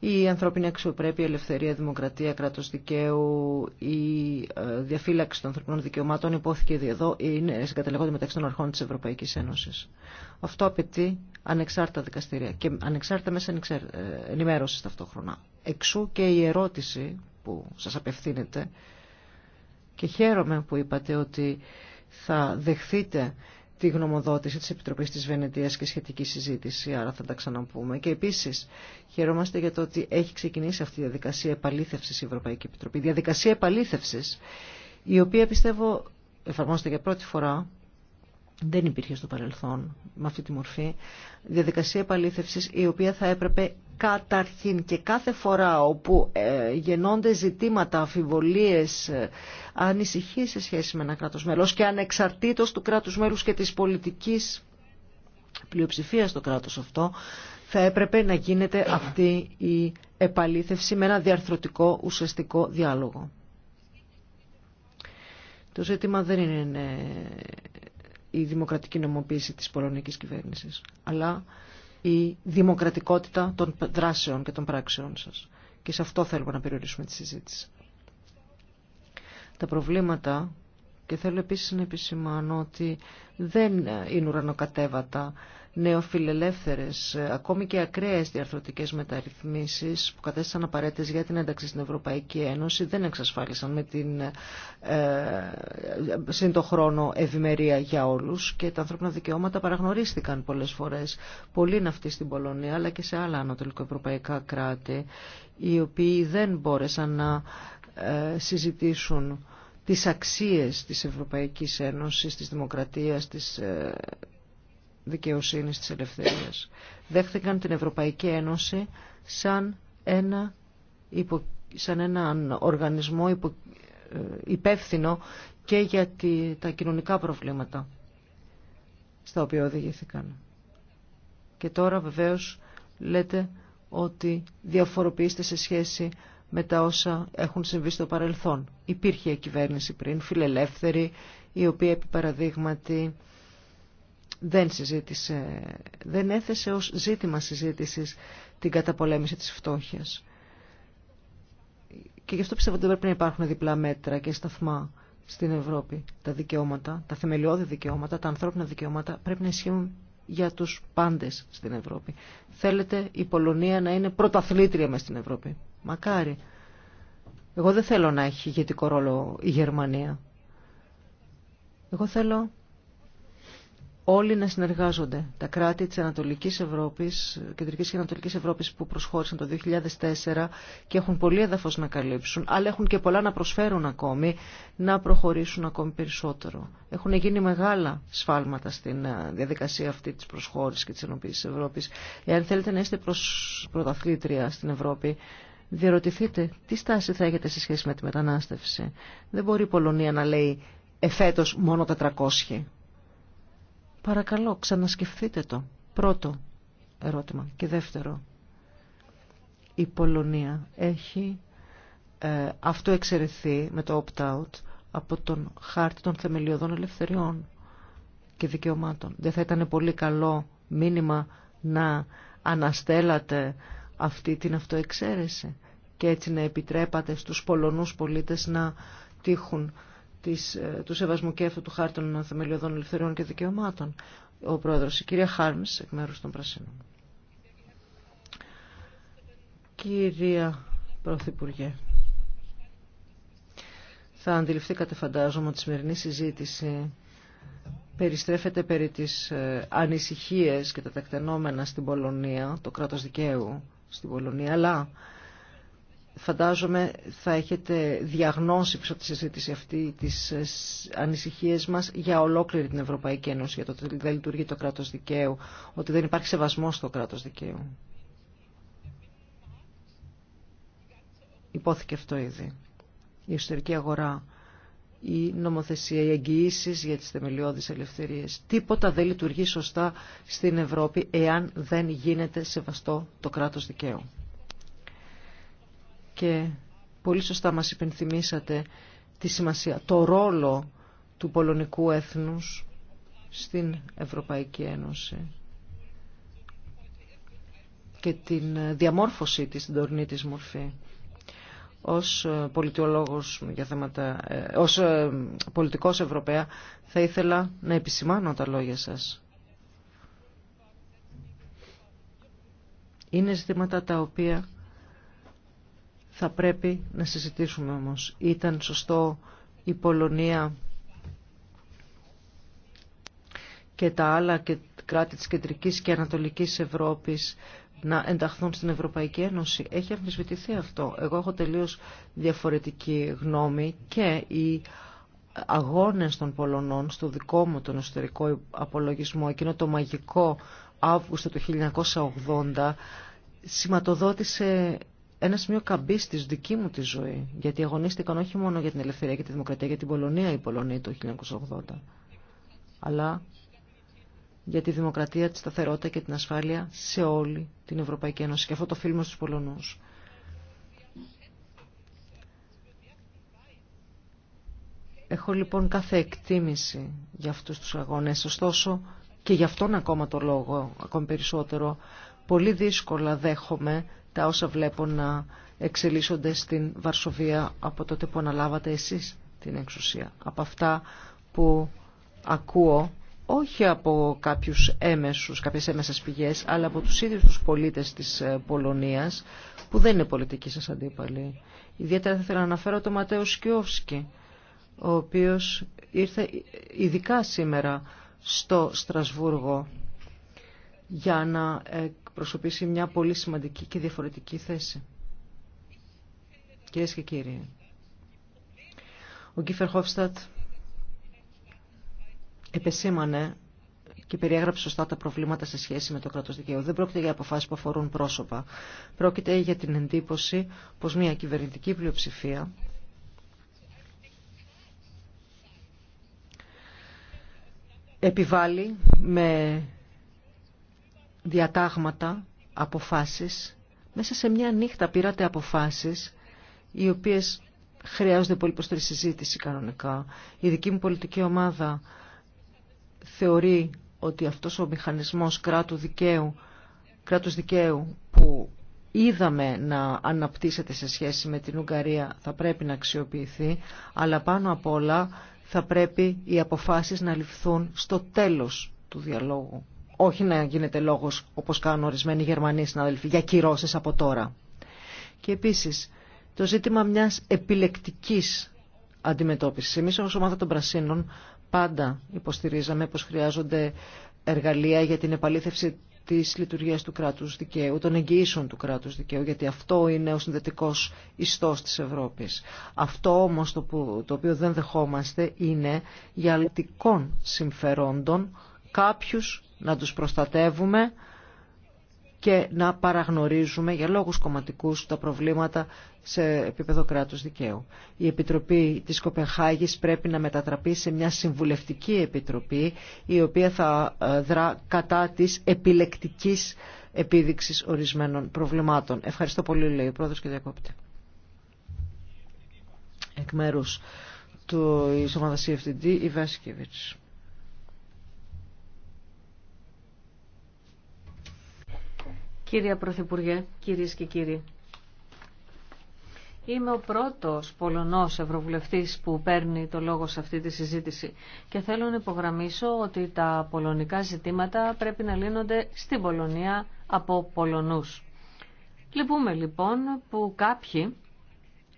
Speaker 1: Η ανθρώπινη αξιοπρέπεια, η ελευθερία, η δημοκρατία, κράτος δικαίου, η ε, διαφύλαξη των ανθρωπινών δικαιωμάτων υπόθηκε εδώ, είναι συγκαταλεγόντα μεταξύ των αρχών της Ευρωπαϊκής Ένωσης. Αυτό απαιτεί ανεξάρτητα δικαστήρια και ανεξάρτητα μέσα ε, ενημέρωσης ταυτόχρονα. Εξού και η ερώτηση που σας απευθύνεται και χαίρομαι που είπατε ότι θα δεχθείτε τη γνωμοδότηση της Επιτροπής της Βενετίας και σχετική συζήτηση, άρα θα τα ξαναπούμε. Και επίσης χαιρόμαστε για το ότι έχει ξεκινήσει αυτή η διαδικασία επαλήθευσης η Ευρωπαϊκή Επιτροπή. διαδικασία επαλήθευσης, η οποία πιστεύω εφαρμόζεται για πρώτη φορά, δεν υπήρχε στο παρελθόν με αυτή τη μορφή, διαδικασία επαλήθευσης η οποία θα έπρεπε Καταρχήν και κάθε φορά όπου ε, γεννώνται ζητήματα, αφιβολίες ε, ανησυχίες σε σχέση με ένα κράτος μέλος και ανεξαρτήτως του κράτους μέλους και της πολιτικής πλειοψηφίας στο κράτος αυτό, θα έπρεπε να γίνεται αυτή η επαλήθευση με ένα διαρθρωτικό ουσιαστικό διάλογο. Το ζήτημα δεν είναι ε, η δημοκρατική νομοποίηση της πολωνικής κυβέρνησης, αλλά η δημοκρατικότητα των δράσεων και των πράξεων σας. Και σε αυτό θέλουμε να περιορίσουμε τη συζήτηση. Τα προβλήματα, και θέλω επίσης να επισημάνω ότι δεν ε, είναι ουρανοκατέβατα, νεοφιλελεύθερες, ακόμη και ακραίες διαρθρωτικές μεταρρυθμίσεις που κατέστησαν απαραίτητες για την ένταξη στην Ευρωπαϊκή Ένωση δεν εξασφάλισαν με την ε, χρόνο ευημερία για όλους και τα ανθρώπινα δικαιώματα παραγνωρίστηκαν πολλές φορές. Πολύ είναι αυτοί στην Πολωνία αλλά και σε άλλα ανατολικοευρωπαϊκά κράτη οι οποίοι δεν μπόρεσαν να ε, συζητήσουν τις αξίες της Ευρωπαϊκής Ένωσης, της δημοκρατίας, της ε, δικαιοσύνης της ελευθερίας. Δέχθηκαν την Ευρωπαϊκή Ένωση σαν ένα, υπο, σαν έναν οργανισμό ε, υπεύθυνο και για τα κοινωνικά προβλήματα στα οποία οδηγήθηκαν. Και τώρα βεβαίως λέτε ότι διαφοροποιήστε σε σχέση με τα όσα έχουν συμβεί στο παρελθόν. Υπήρχε η κυβέρνηση πριν, φιλελεύθερη, η οποία επί παραδείγματι δεν συζήτησε, δεν έθεσε ως ζήτημα συζήτησης την καταπολέμηση της φτώχειας. Και γι' αυτό πιστεύω ότι πρέπει να υπάρχουν διπλά μέτρα και σταθμά στην Ευρώπη. Τα δικαιώματα, τα θεμελιώδη δικαιώματα, τα ανθρώπινα δικαιώματα πρέπει να ισχύουν για τους πάντες στην Ευρώπη. Θέλετε η Πολωνία να είναι πρωταθλήτρια μες στην Ευρώπη. Μακάρι. Εγώ δεν θέλω να έχει ηγετικό ρόλο η Γερμανία. Εγώ θέλω όλοι να συνεργάζονται. Τα κράτη της Ανατολικής Ευρώπης, Κεντρικής και Ανατολικής Ευρώπης που προσχώρησαν το 2004 και έχουν πολύ έδαφος να καλύψουν, αλλά έχουν και πολλά να προσφέρουν ακόμη, να προχωρήσουν ακόμη περισσότερο. Έχουν γίνει μεγάλα σφάλματα στην ε, διαδικασία αυτή της προσχώρησης και της Ενωπής Ευρώπης. Εάν θέλετε να είστε προς πρωταθλήτρια στην Ευρώπη, διαρωτηθείτε τι στάση θα έχετε σε σχέση με τη μετανάστευση. Δεν μπορεί η Πολωνία να λέει εφέτος μόνο 400 Παρακαλώ, ξανασκεφτείτε το. Πρώτο ερώτημα. Και δεύτερο, η Πολωνία έχει ε, αυτοεξαιρεθεί με το opt-out από τον χάρτη των θεμελιωδών ελευθεριών και δικαιωμάτων. Δεν θα ήταν πολύ καλό μήνυμα να αναστέλατε αυτή την αυτοεξαίρεση και έτσι να επιτρέπατε στους Πολωνούς πολίτες να τύχουν της, ε, του σεβασμού και αυτού του χάρτη των θεμελιωδών ελευθεριών και δικαιωμάτων. Ο πρόεδρος, η κυρία Χάρμς, εκ μέρους των Πρασίνων. Κυρία Πρωθυπουργέ, θα αντιληφθήκατε φαντάζομαι ότι η σημερινή συζήτηση περιστρέφεται περί της ε, ανησυχίες και τα τεκτενόμενα στην Πολωνία, το κράτος δικαίου στην Πολωνία, αλλά Φαντάζομαι θα έχετε διαγνώσει πίσω από τη συζήτηση αυτή τις ε, ανησυχίες μας για ολόκληρη την Ευρωπαϊκή Ένωση, για το ότι δεν λειτουργεί το κράτος δικαίου, ότι δεν υπάρχει σεβασμός στο κράτος δικαίου. Υπόθηκε αυτό ήδη. Η εσωτερική αγορά, η νομοθεσία, οι εγγυήσει για τις θεμελιώδεις ελευθερίες. Τίποτα δεν λειτουργεί σωστά στην Ευρώπη εάν δεν γίνεται σεβαστό το κράτος δικαίου και πολύ σωστά μας υπενθυμίσατε τη σημασία, το ρόλο του πολωνικού έθνους στην Ευρωπαϊκή Ένωση και την διαμόρφωσή της, την τωρινή της μορφή. Ως ε, πολιτιολόγος για θέματα, ε, ως ε, πολιτικός Ευρωπαία θα ήθελα να επισημάνω τα λόγια σας. Είναι ζητήματα τα οποία θα πρέπει να συζητήσουμε όμως. Ήταν σωστό η Πολωνία και τα άλλα κράτη της κεντρικής και ανατολικής Ευρώπης να ενταχθούν στην Ευρωπαϊκή Ένωση. Έχει αμφισβητηθεί αυτό. Εγώ έχω τελείως διαφορετική γνώμη και οι αγώνες των Πολωνών στο δικό μου τον εσωτερικό απολογισμό, εκείνο το μαγικό Αύγουστο του 1980, σηματοδότησε ένα σημείο καμπή δική μου τη ζωή, γιατί αγωνίστηκαν όχι μόνο για την ελευθερία και τη δημοκρατία, για την Πολωνία οι Πολωνοί το 1980, αλλά για τη δημοκρατία, τη σταθερότητα και την ασφάλεια σε όλη την Ευρωπαϊκή Ένωση. Και αυτό το φίλμα στους Πολωνούς. Έχω λοιπόν κάθε εκτίμηση για αυτούς τους αγώνες, ωστόσο και γι' αυτόν ακόμα το λόγο, ακόμη περισσότερο, πολύ δύσκολα δέχομαι τα όσα βλέπω να εξελίσσονται στην Βαρσοβία από τότε που αναλάβατε εσείς την εξουσία. Από αυτά που ακούω όχι από κάποιους έμεσους, κάποιες έμεσες πηγές, αλλά από τους ίδιους τους πολίτες της ε, Πολωνίας, που δεν είναι πολιτικοί σας αντίπαλοι. Ιδιαίτερα θα ήθελα να αναφέρω τον Ματέο Σκιώφσκι, ο οποίος ήρθε ειδικά σήμερα στο Στρασβούργο για να ε, προσωπήσει μια πολύ σημαντική και διαφορετική θέση. Κυρίες και κύριοι, ο Γκίφερ Χόφστατ επεσήμανε και περιέγραψε σωστά τα προβλήματα σε σχέση με το κράτο δικαίου. Δεν πρόκειται για αποφάσει που αφορούν πρόσωπα. Πρόκειται για την εντύπωση πω μια κυβερνητική πλειοψηφία επιβάλλει με διατάγματα, αποφάσεις. Μέσα σε μια νύχτα πήρατε αποφάσεις οι οποίες χρειάζονται πολύ τη συζήτηση κανονικά. Η δική μου πολιτική ομάδα θεωρεί ότι αυτός ο μηχανισμός κράτου δικαίου, κράτους δικαίου που είδαμε να αναπτύσσεται σε σχέση με την Ουγγαρία θα πρέπει να αξιοποιηθεί, αλλά πάνω απ' όλα θα πρέπει οι αποφάσεις να ληφθούν στο τέλος του διαλόγου όχι να γίνεται λόγος, όπως κάνουν ορισμένοι Γερμανοί συναδελφοί, για κυρώσεις από τώρα. Και επίσης, το ζήτημα μιας επιλεκτικής αντιμετώπισης. Εμείς ως ομάδα των Πρασίνων πάντα υποστηρίζαμε πως χρειάζονται εργαλεία για την επαλήθευση τη λειτουργία του κράτου δικαίου, των εγγυήσεων του κράτου δικαίου, γιατί αυτό είναι ο συνδετικό ιστό τη Ευρώπη. Αυτό όμω, το, το οποίο δεν δεχόμαστε είναι για αλλητικών συμφερόντων κάποιους να τους προστατεύουμε και να παραγνωρίζουμε για λόγους κομματικούς τα προβλήματα σε επίπεδο κράτους δικαίου. Η Επιτροπή της Κοπεχάγης πρέπει να μετατραπεί σε μια συμβουλευτική επιτροπή η οποία θα ε, δρά κατά της επιλεκτικής επίδειξης ορισμένων προβλημάτων. Ευχαριστώ πολύ, λέει ο Πρόεδρος και διακόπτη. Εκ του
Speaker 3: Κύριε Πρωθυπουργέ, κυρίες και κύριοι. Είμαι ο πρώτος Πολωνός Ευρωβουλευτής που παίρνει το λόγο σε αυτή τη συζήτηση και θέλω να υπογραμμίσω ότι τα πολωνικά ζητήματα πρέπει να λύνονται στην Πολωνία από Πολωνούς. Λυπούμε λοιπόν που κάποιοι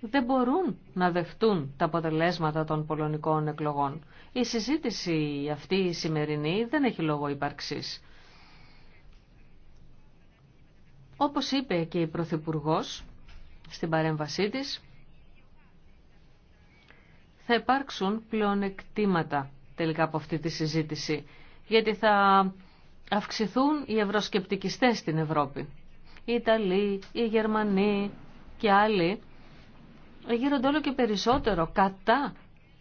Speaker 3: δεν μπορούν να δεχτούν τα αποτελέσματα των πολωνικών εκλογών. Η συζήτηση αυτή η σημερινή δεν έχει λόγο ύπαρξης. Όπως είπε και η Πρωθυπουργό στην παρέμβασή της, θα υπάρξουν πλεονεκτήματα τελικά από αυτή τη συζήτηση, γιατί θα αυξηθούν οι ευρωσκεπτικιστές στην Ευρώπη. Οι Ιταλοί, οι Γερμανοί και άλλοι γίνονται όλο και περισσότερο κατά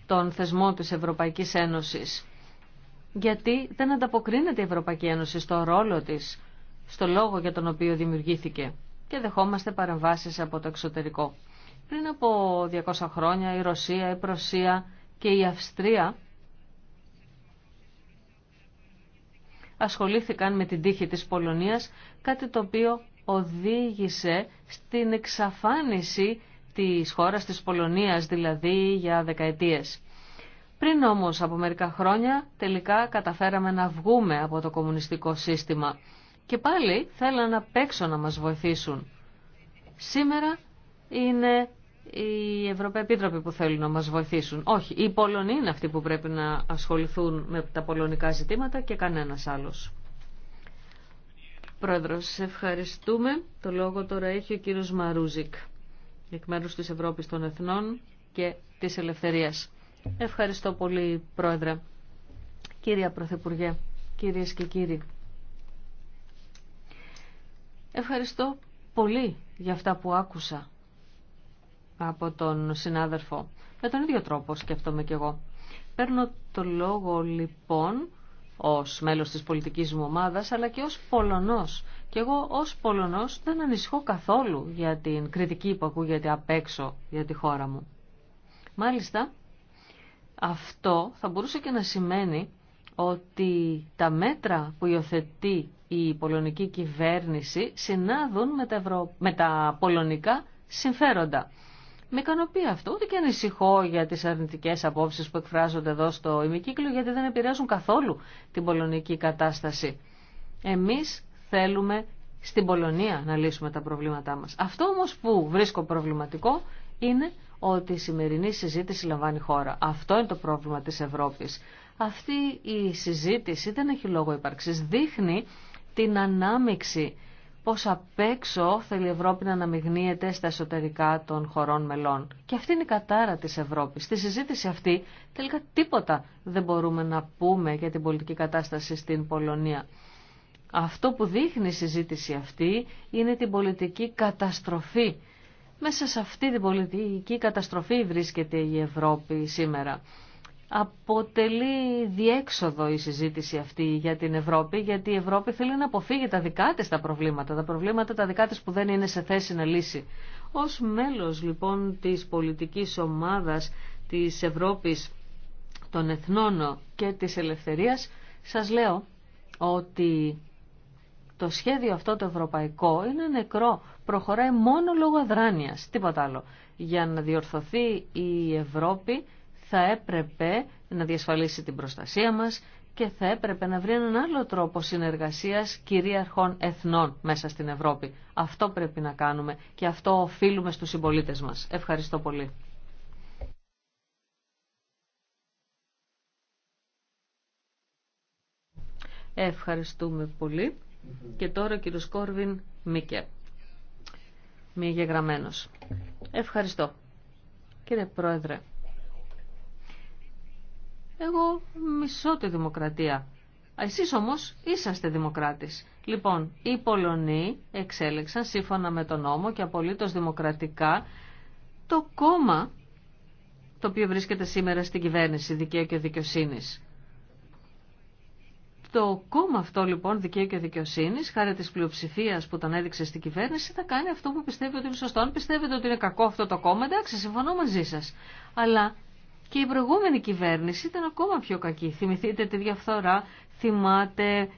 Speaker 3: τον θεσμό της Ευρωπαϊκής Ένωσης. Γιατί δεν ανταποκρίνεται η Ευρωπαϊκή Ένωση στο ρόλο της στο λόγο για τον οποίο δημιουργήθηκε και δεχόμαστε παρεμβάσεις από το εξωτερικό. Πριν από 200 χρόνια η Ρωσία, η Προσία και η Αυστρία ασχολήθηκαν με την τύχη της Πολωνίας, κάτι το οποίο οδήγησε στην εξαφάνιση της χώρας της Πολωνίας, δηλαδή για δεκαετίες. Πριν όμως από μερικά χρόνια τελικά καταφέραμε να βγούμε από το κομμουνιστικό σύστημα και πάλι θέλαν να παίξω να μας βοηθήσουν. Σήμερα είναι οι Ευρωπαίοι Επίτροποι που θέλουν να μας βοηθήσουν. Όχι, οι Πολωνοί είναι αυτοί που πρέπει να ασχοληθούν με τα πολωνικά ζητήματα και κανένας άλλος. Πρόεδρος, ευχαριστούμε. Το λόγο τώρα έχει ο κύριος Μαρούζικ, εκ μέρους της Ευρώπης των Εθνών και της Ελευθερίας. Ευχαριστώ πολύ, Πρόεδρε. Κύρια Πρωθυπουργέ, κυρίες και κύριοι. Ευχαριστώ πολύ για αυτά που άκουσα από τον συνάδελφο. Με τον ίδιο τρόπο σκέφτομαι κι εγώ. Παίρνω το λόγο λοιπόν ως μέλος της πολιτικής μου ομάδας, αλλά και ως Πολωνός. Και εγώ ως Πολωνός δεν ανησυχώ καθόλου για την κριτική που ακούγεται απ' έξω για τη χώρα μου. Μάλιστα, αυτό θα μπορούσε και να σημαίνει ότι τα μέτρα που υιοθετεί η πολωνική κυβέρνηση συνάδουν με τα, με τα πολωνικά συμφέροντα. Με ικανοποιεί αυτό, ούτε και ανησυχώ για τις αρνητικές απόψεις που εκφράζονται εδώ στο ημικύκλιο, γιατί δεν επηρεάζουν καθόλου την πολωνική κατάσταση. Εμείς θέλουμε στην Πολωνία να λύσουμε τα προβλήματά μας. Αυτό όμως που βρίσκω προβληματικό είναι ότι η σημερινή συζήτηση λαμβάνει χώρα. Αυτό είναι το πρόβλημα της Ευρώπης. Αυτή η συζήτηση δεν έχει λόγο ύπαρξης. Δείχνει την ανάμειξη. Πώς απ' έξω θέλει η Ευρώπη να αναμειγνύεται στα εσωτερικά των χωρών μελών. Και αυτή είναι η κατάρα της Ευρώπης. Στη συζήτηση αυτή τελικά τίποτα δεν μπορούμε να πούμε για την πολιτική κατάσταση στην Πολωνία. Αυτό που δείχνει η συζήτηση αυτή είναι την πολιτική καταστροφή. Μέσα σε αυτή την πολιτική καταστροφή βρίσκεται η Ευρώπη σήμερα αποτελεί διέξοδο η συζήτηση αυτή για την Ευρώπη, γιατί η Ευρώπη θέλει να αποφύγει τα δικά της τα προβλήματα, τα προβλήματα τα δικά της που δεν είναι σε θέση να λύσει. Ως μέλος λοιπόν της πολιτικής ομάδας της Ευρώπης των Εθνών και της Ελευθερίας, σας λέω ότι το σχέδιο αυτό το ευρωπαϊκό είναι νεκρό. Προχωράει μόνο λόγω αδράνειας, τίποτα άλλο. Για να διορθωθεί η Ευρώπη θα έπρεπε να διασφαλίσει την προστασία μας και θα έπρεπε να βρει έναν άλλο τρόπο συνεργασίας κυρίαρχων εθνών μέσα στην Ευρώπη. Αυτό πρέπει να κάνουμε και αυτό οφείλουμε στους συμπολίτε μας. Ευχαριστώ πολύ. Ευχαριστούμε πολύ. Και τώρα ο κύριος Κόρβιν Μίκε. Μη γεγραμμένος. Ευχαριστώ. Κύριε Πρόεδρε, εγώ μισώ τη δημοκρατία. Εσείς όμως είσαστε δημοκράτης. Λοιπόν, οι Πολωνοί εξέλεξαν σύμφωνα με τον νόμο και απολύτως δημοκρατικά το κόμμα το οποίο βρίσκεται σήμερα στην κυβέρνηση δικαίου και δικαιοσύνης. Το κόμμα αυτό λοιπόν δικαίου και δικαιοσύνης χάρη της πλειοψηφίας που τον έδειξε στην κυβέρνηση, θα κάνει αυτό που πιστεύει ότι είναι σωστό. Αν πιστεύετε ότι είναι κακό αυτό το κόμμα, εντάξει, συμφωνώ μαζί σα. Αλλά και η προηγούμενη κυβέρνηση ήταν ακόμα πιο κακή. Θυμηθείτε τη διαφθορά, θυμάτε,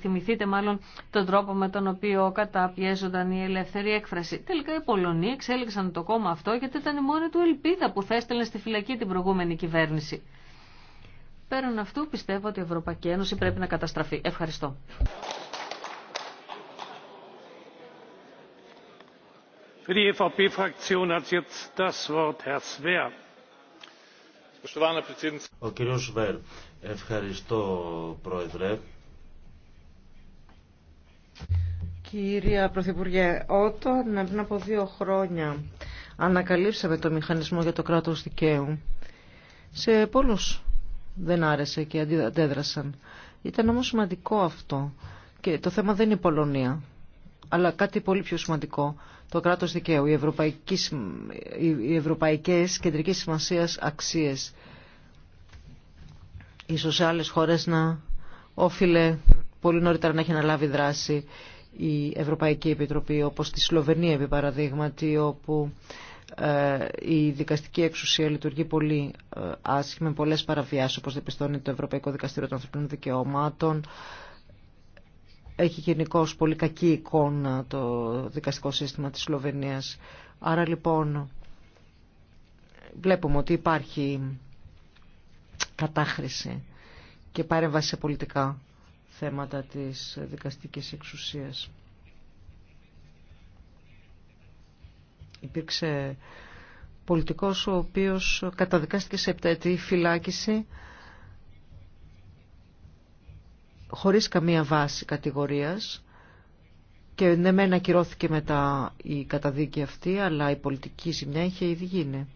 Speaker 3: θυμηθείτε μάλλον τον τρόπο με τον οποίο καταπιέζονταν η ελεύθερη έκφραση. Τελικά οι Πολωνοί εξέλιξαν το κόμμα αυτό γιατί ήταν η μόνη του ελπίδα που θα έστελνε στη φυλακή την προηγούμενη κυβέρνηση. Πέραν αυτού πιστεύω ότι η Ευρωπαϊκή Ένωση πρέπει να καταστραφεί. Ευχαριστώ.
Speaker 4: Für die fraktion hat jetzt das Wort Herr
Speaker 2: ο κύριος ευχαριστώ πρόεδρε.
Speaker 1: Κυρία Πρωθυπουργέ, όταν πριν από δύο χρόνια ανακαλύψαμε το μηχανισμό για το κράτος δικαίου, σε πολλούς δεν άρεσε και αντέδρασαν. Ήταν όμως σημαντικό αυτό και το θέμα δεν είναι η Πολωνία αλλά κάτι πολύ πιο σημαντικό, το κράτος δικαίου, οι, ευρωπαϊκές, οι ευρωπαϊκές κεντρικές σημασίας αξίες. Ίσως σε άλλες χώρες να όφιλε πολύ νωρίτερα να έχει αναλάβει δράση η Ευρωπαϊκή Επιτροπή, όπως τη Σλοβενία, επί παραδείγματι, όπου ε, η δικαστική εξουσία λειτουργεί πολύ ε, άσχημα, πολλές παραβιάσεις, όπως διαπιστώνει το Ευρωπαϊκό Δικαστήριο των Ανθρωπίνων Δικαιωμάτων, έχει γενικώ πολύ κακή εικόνα το δικαστικό σύστημα της Σλοβενίας. Άρα λοιπόν βλέπουμε ότι υπάρχει κατάχρηση και παρέμβαση σε πολιτικά θέματα της δικαστικής εξουσίας. Υπήρξε πολιτικός ο οποίος καταδικάστηκε σε επταετή φυλάκιση χωρίς καμία βάση κατηγορίας και ναι μεν ακυρώθηκε μετά η καταδίκη αυτή αλλά η πολιτική ζημιά είχε ήδη γίνει.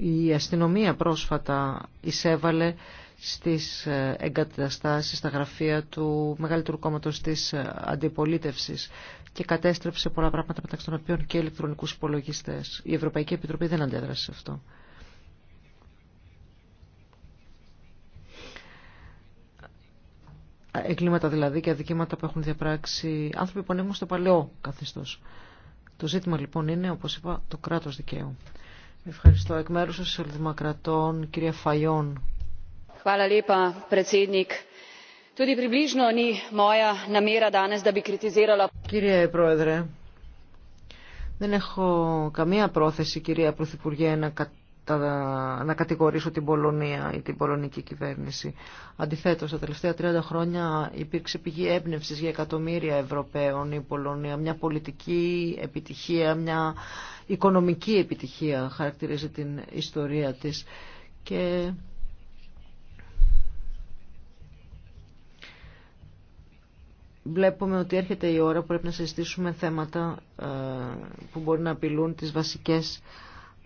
Speaker 1: Η αστυνομία πρόσφατα εισέβαλε στις ε, εγκαταστάσεις, στα γραφεία του μεγαλύτερου κόμματος της ε, αντιπολίτευσης και κατέστρεψε πολλά πράγματα μεταξύ των οποίων και ηλεκτρονικούς υπολογιστές. Η Ευρωπαϊκή Επιτροπή δεν αντέδρασε σε αυτό. Εγκλήματα δηλαδή και αδικήματα που έχουν διαπράξει άνθρωποι που ανήκουν στο παλαιό καθεστώς. Το ζήτημα λοιπόν είναι, όπως είπα, το κράτος δικαίου. Ευχαριστώ. Εκ μέρους των Σοσιαλδημοκρατών, κυρία Φαϊόν.
Speaker 3: Tudi Κύριε
Speaker 1: Πρόεδρε, δεν έχω καμία πρόθεση, κυρία Πρωθυπουργέ, να, κατα... να κατηγορήσω την Πολωνία ή την πολωνική κυβέρνηση. Αντιθέτως, τα τελευταία 30 χρόνια υπήρξε πηγή έμπνευσης για εκατομμύρια Ευρωπαίων η Πολωνία. Μια πολιτική επιτυχία, μια οικονομική επιτυχία χαρακτηρίζει την ιστορία της. Και βλέπουμε ότι έρχεται η ώρα που πρέπει να συζητήσουμε θέματα ε, που μπορεί να απειλούν τις βασικές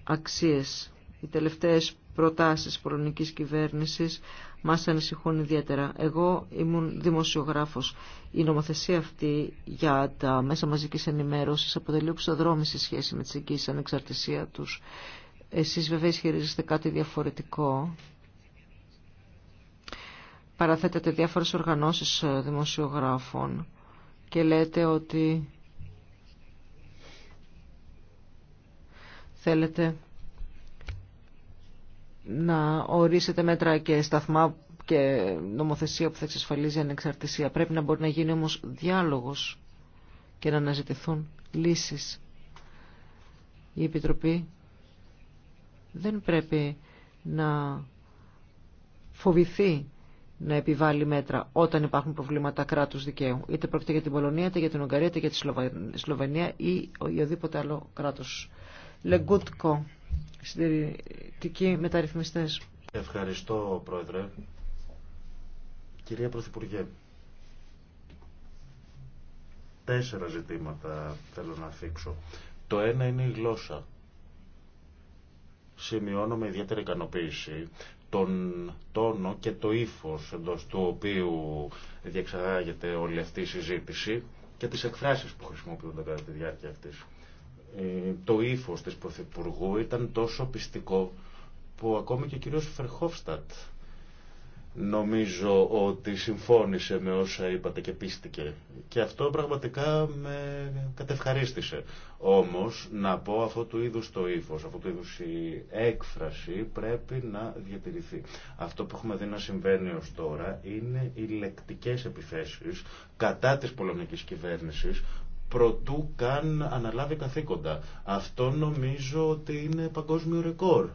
Speaker 1: αξίες. Οι τελευταίες προτάσεις πολωνικής κυβέρνησης μας ανησυχούν ιδιαίτερα. Εγώ ήμουν δημοσιογράφος. Η νομοθεσία αυτή για τα μέσα μαζικής ενημέρωσης αποτελεί οξυδρόμη σε σχέση με τις εγγύσεις ανεξαρτησία τους. Εσείς βέβαια ισχυρίζεστε κάτι διαφορετικό παραθέτετε διάφορες οργανώσεις ε, δημοσιογράφων και λέτε ότι θέλετε να ορίσετε μέτρα και σταθμά και νομοθεσία που θα εξασφαλίζει ανεξαρτησία. Πρέπει να μπορεί να γίνει όμως διάλογος και να αναζητηθούν λύσεις. Η Επιτροπή δεν πρέπει να φοβηθεί να επιβάλλει μέτρα όταν υπάρχουν προβλήματα κράτους δικαίου. Είτε πρόκειται για την Πολωνία, είτε για την Ουγγαρία, είτε για τη Σλοβενία ή οποιοδήποτε άλλο κράτος. Λεγκούτκο, συντηρητικοί μεταρρυθμιστές.
Speaker 2: Ευχαριστώ, Πρόεδρε. Κυρία Πρωθυπουργέ, τέσσερα ζητήματα θέλω να θίξω. Το ένα είναι η γλώσσα. Σημειώνω με ιδιαίτερη ικανοποίηση τον τόνο και το ύφος εντός του οποίου διεξαγάγεται όλη αυτή η συζήτηση και τις εκφράσεις που χρησιμοποιούνται κατά τη διάρκεια αυτής. Ε, το ύφος της Πρωθυπουργού ήταν τόσο πιστικό που ακόμη και ο κύριος Φερχόφστατ νομίζω ότι συμφώνησε με όσα είπατε και πίστηκε. Και αυτό πραγματικά με κατευχαρίστησε. Όμως, να πω αυτό του είδους το ύφος, αυτού του είδους η έκφραση πρέπει να διατηρηθεί. Αυτό που έχουμε δει να συμβαίνει ως τώρα είναι οι λεκτικές επιθέσεις κατά της πολωνικής κυβέρνησης προτού καν αναλάβει καθήκοντα. Αυτό νομίζω ότι είναι παγκόσμιο ρεκόρ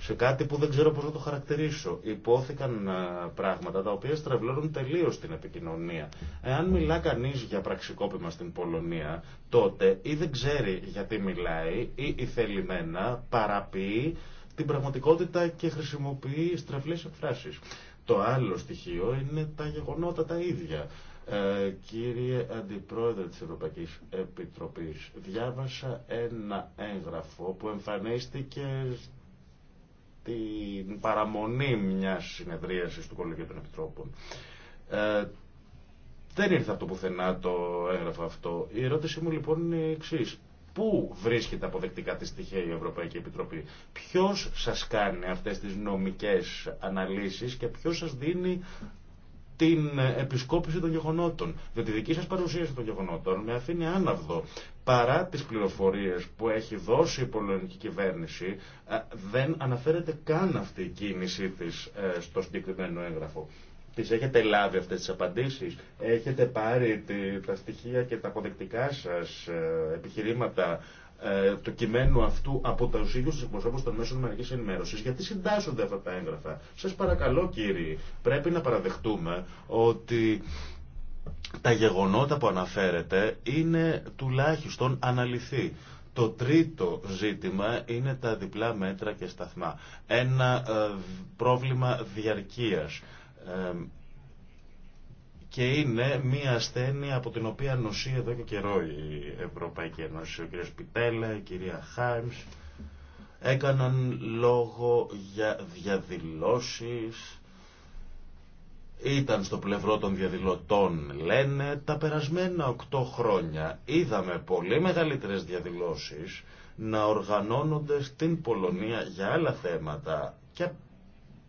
Speaker 2: σε κάτι που δεν ξέρω πώς να το χαρακτηρίσω. Υπόθηκαν ε, πράγματα τα οποία στρεβλώνουν τελείως την επικοινωνία. Εάν μιλά κανείς για πραξικόπημα στην Πολωνία, τότε ή δεν ξέρει γιατί μιλάει ή η θελημενα παραποιεί την πραγματικότητα και χρησιμοποιεί στρεβλές εκφράσεις. Το άλλο στοιχείο είναι τα γεγονότα τα ίδια. Ε, κύριε Αντιπρόεδρε της Ευρωπαϊκής Επιτροπής, διάβασα ένα έγγραφο που εμφανίστηκε την παραμονή μιας συνεδρίασης του Κολεγίου των Επιτρόπων. Ε, δεν ήρθε από το πουθενά το έγγραφο αυτό. Η ερώτησή μου λοιπόν είναι η εξή. Πού βρίσκεται αποδεκτικά τη στοιχεία η Ευρωπαϊκή Επιτροπή, ποιο σα κάνει αυτέ τι νομικέ αναλύσει και ποιο σας δίνει την επισκόπηση των γεγονότων. Διότι η δική σας παρουσίαση των γεγονότων με αφήνει άναυδο. Παρά τις πληροφορίες που έχει δώσει η πολωνική κυβέρνηση, ε, δεν αναφέρεται καν αυτή η κίνησή της ε, στο συγκεκριμένο έγγραφο. Τις έχετε λάβει αυτές τις απαντήσεις, έχετε πάρει τα στοιχεία και τα αποδεκτικά σας ε, επιχειρήματα ε, του κειμένου αυτού από του ίδιου του εκπροσώπου των μέσων μερική ενημέρωση. Γιατί συντάσσονται αυτά τα έγγραφα. Σα παρακαλώ, κύριοι, πρέπει να παραδεχτούμε ότι τα γεγονότα που αναφέρετε είναι τουλάχιστον αναλυθεί. Το τρίτο ζήτημα είναι τα διπλά μέτρα και σταθμά. Ένα ε, πρόβλημα διαρκείας. Ε, και είναι μια ασθένεια από την οποία νοσεί εδώ και καιρό η Ευρωπαϊκή Ένωση. Ο κ. Πιτέλε, η κυρία Χάιμς έκαναν λόγο για διαδηλώσεις ήταν στο πλευρό των διαδηλωτών λένε τα περασμένα 8 χρόνια είδαμε πολύ μεγαλύτερες διαδηλώσεις να οργανώνονται στην Πολωνία για άλλα θέματα και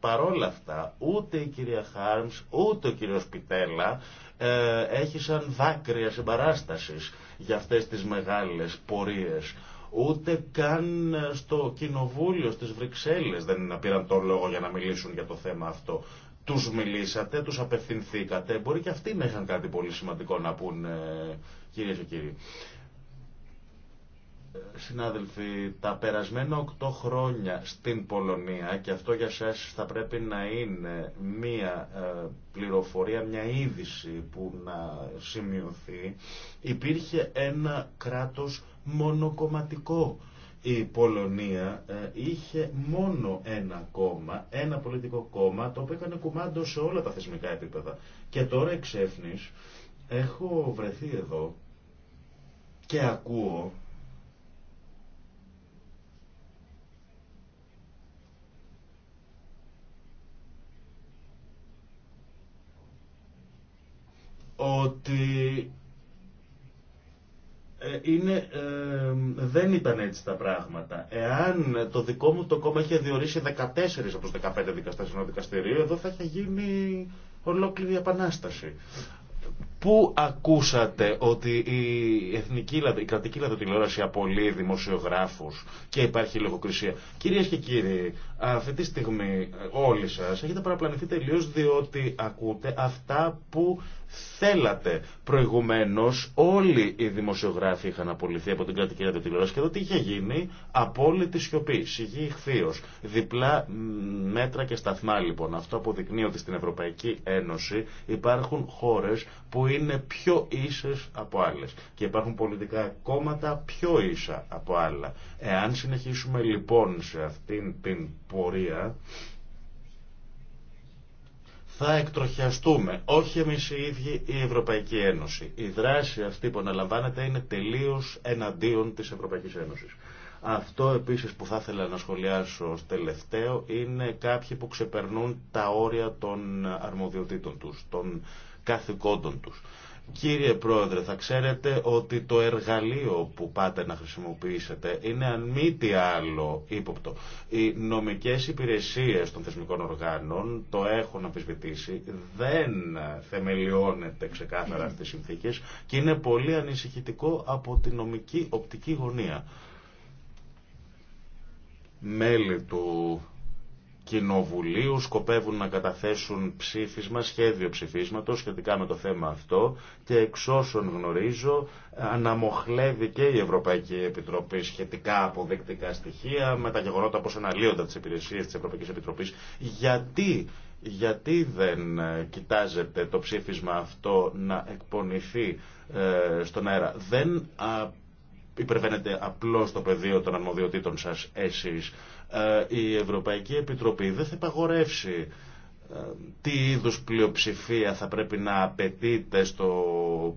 Speaker 2: Παρόλα αυτά, ούτε η κυρία Χάρμς, ούτε ο κύριος Πιτέλα ε, έχησαν δάκρυα συμπαράστασης για αυτές τις μεγάλες πορείες. Ούτε καν ε, στο κοινοβούλιο στις Βρυξέλλες δεν πήραν τον λόγο για να μιλήσουν για το θέμα αυτό. Τους μιλήσατε, τους απευθυνθήκατε, μπορεί και αυτοί να είχαν κάτι πολύ σημαντικό να πούνε ε, κυρίες και κύριοι. Συνάδελφοι, τα περασμένα 8 χρόνια στην Πολωνία και αυτό για σας θα πρέπει να είναι μία ε, πληροφορία, μια είδηση που να σημειωθεί. Υπήρχε ένα κράτος μονοκομματικό. Η Πολωνία ε, είχε μόνο ένα κόμμα, ένα πολιτικό κόμμα, το οποίο έκανε κουμάντο σε όλα τα θεσμικά επίπεδα. Και τώρα εξέφνης έχω βρεθεί εδώ και ακούω ότι ε, είναι, ε, δεν ήταν έτσι τα πράγματα. Εάν το δικό μου το κόμμα είχε διορίσει 14 από τους 15 δικαστές στο δικαστηρίο, εδώ θα είχε γίνει ολόκληρη επανάσταση. Πού ακούσατε ότι η, εθνική, η κρατική λαδοτηλεόραση απολύει δημοσιογράφους και υπάρχει λογοκρισία. Κυρίες και κύριοι, αυτή τη στιγμή ε, όλοι σας έχετε παραπλανηθεί τελείως διότι ακούτε αυτά που θέλατε. Προηγουμένω όλοι οι δημοσιογράφοι είχαν απολυθεί από την κρατική ραδιοτηλεόραση και εδώ τι είχε γίνει. Απόλυτη σιωπή, σιγή θύος Διπλά μέτρα και σταθμά λοιπόν. Αυτό αποδεικνύει ότι στην Ευρωπαϊκή Ένωση υπάρχουν χώρε που είναι πιο ίσε από άλλε. Και υπάρχουν πολιτικά κόμματα πιο ίσα από άλλα. Εάν συνεχίσουμε λοιπόν σε αυτήν την πορεία θα εκτροχιαστούμε. Όχι εμεί οι ίδιοι η Ευρωπαϊκή Ένωση. Η δράση αυτή που αναλαμβάνεται είναι τελείω εναντίον τη Ευρωπαϊκή Ένωσης. Αυτό επίση που θα ήθελα να σχολιάσω ω τελευταίο είναι κάποιοι που ξεπερνούν τα όρια των αρμοδιοτήτων του, των καθηκόντων τους. Κύριε Πρόεδρε, θα ξέρετε ότι το εργαλείο που πάτε να χρησιμοποιήσετε είναι αν μη τι άλλο ύποπτο. Οι νομικές υπηρεσίες των θεσμικών οργάνων το έχουν αμφισβητήσει, δεν θεμελιώνεται ξεκάθαρα στις συνθήκες και είναι πολύ ανησυχητικό από τη νομική οπτική γωνία. Μέλη του Κοινοβουλίου σκοπεύουν να καταθέσουν ψήφισμα, σχέδιο ψηφίσματος σχετικά με το θέμα αυτό και εξ όσων γνωρίζω αναμοχλεύει και η Ευρωπαϊκή Επιτροπή σχετικά αποδεκτικά στοιχεία με τα γεγονότα πως αναλύονται τις υπηρεσίες της Ευρωπαϊκής Επιτροπής. Γιατί, γιατί δεν ε, κοιτάζεται το ψήφισμα αυτό να εκπονηθεί ε, στον αέρα. Δεν υπερβαίνετε απλώς το πεδίο των αρμοδιοτήτων σας εσείς. Ε, η Ευρωπαϊκή Επιτροπή δεν θα υπαγορεύσει ε, τι είδους πλειοψηφία θα πρέπει να απαιτείται στο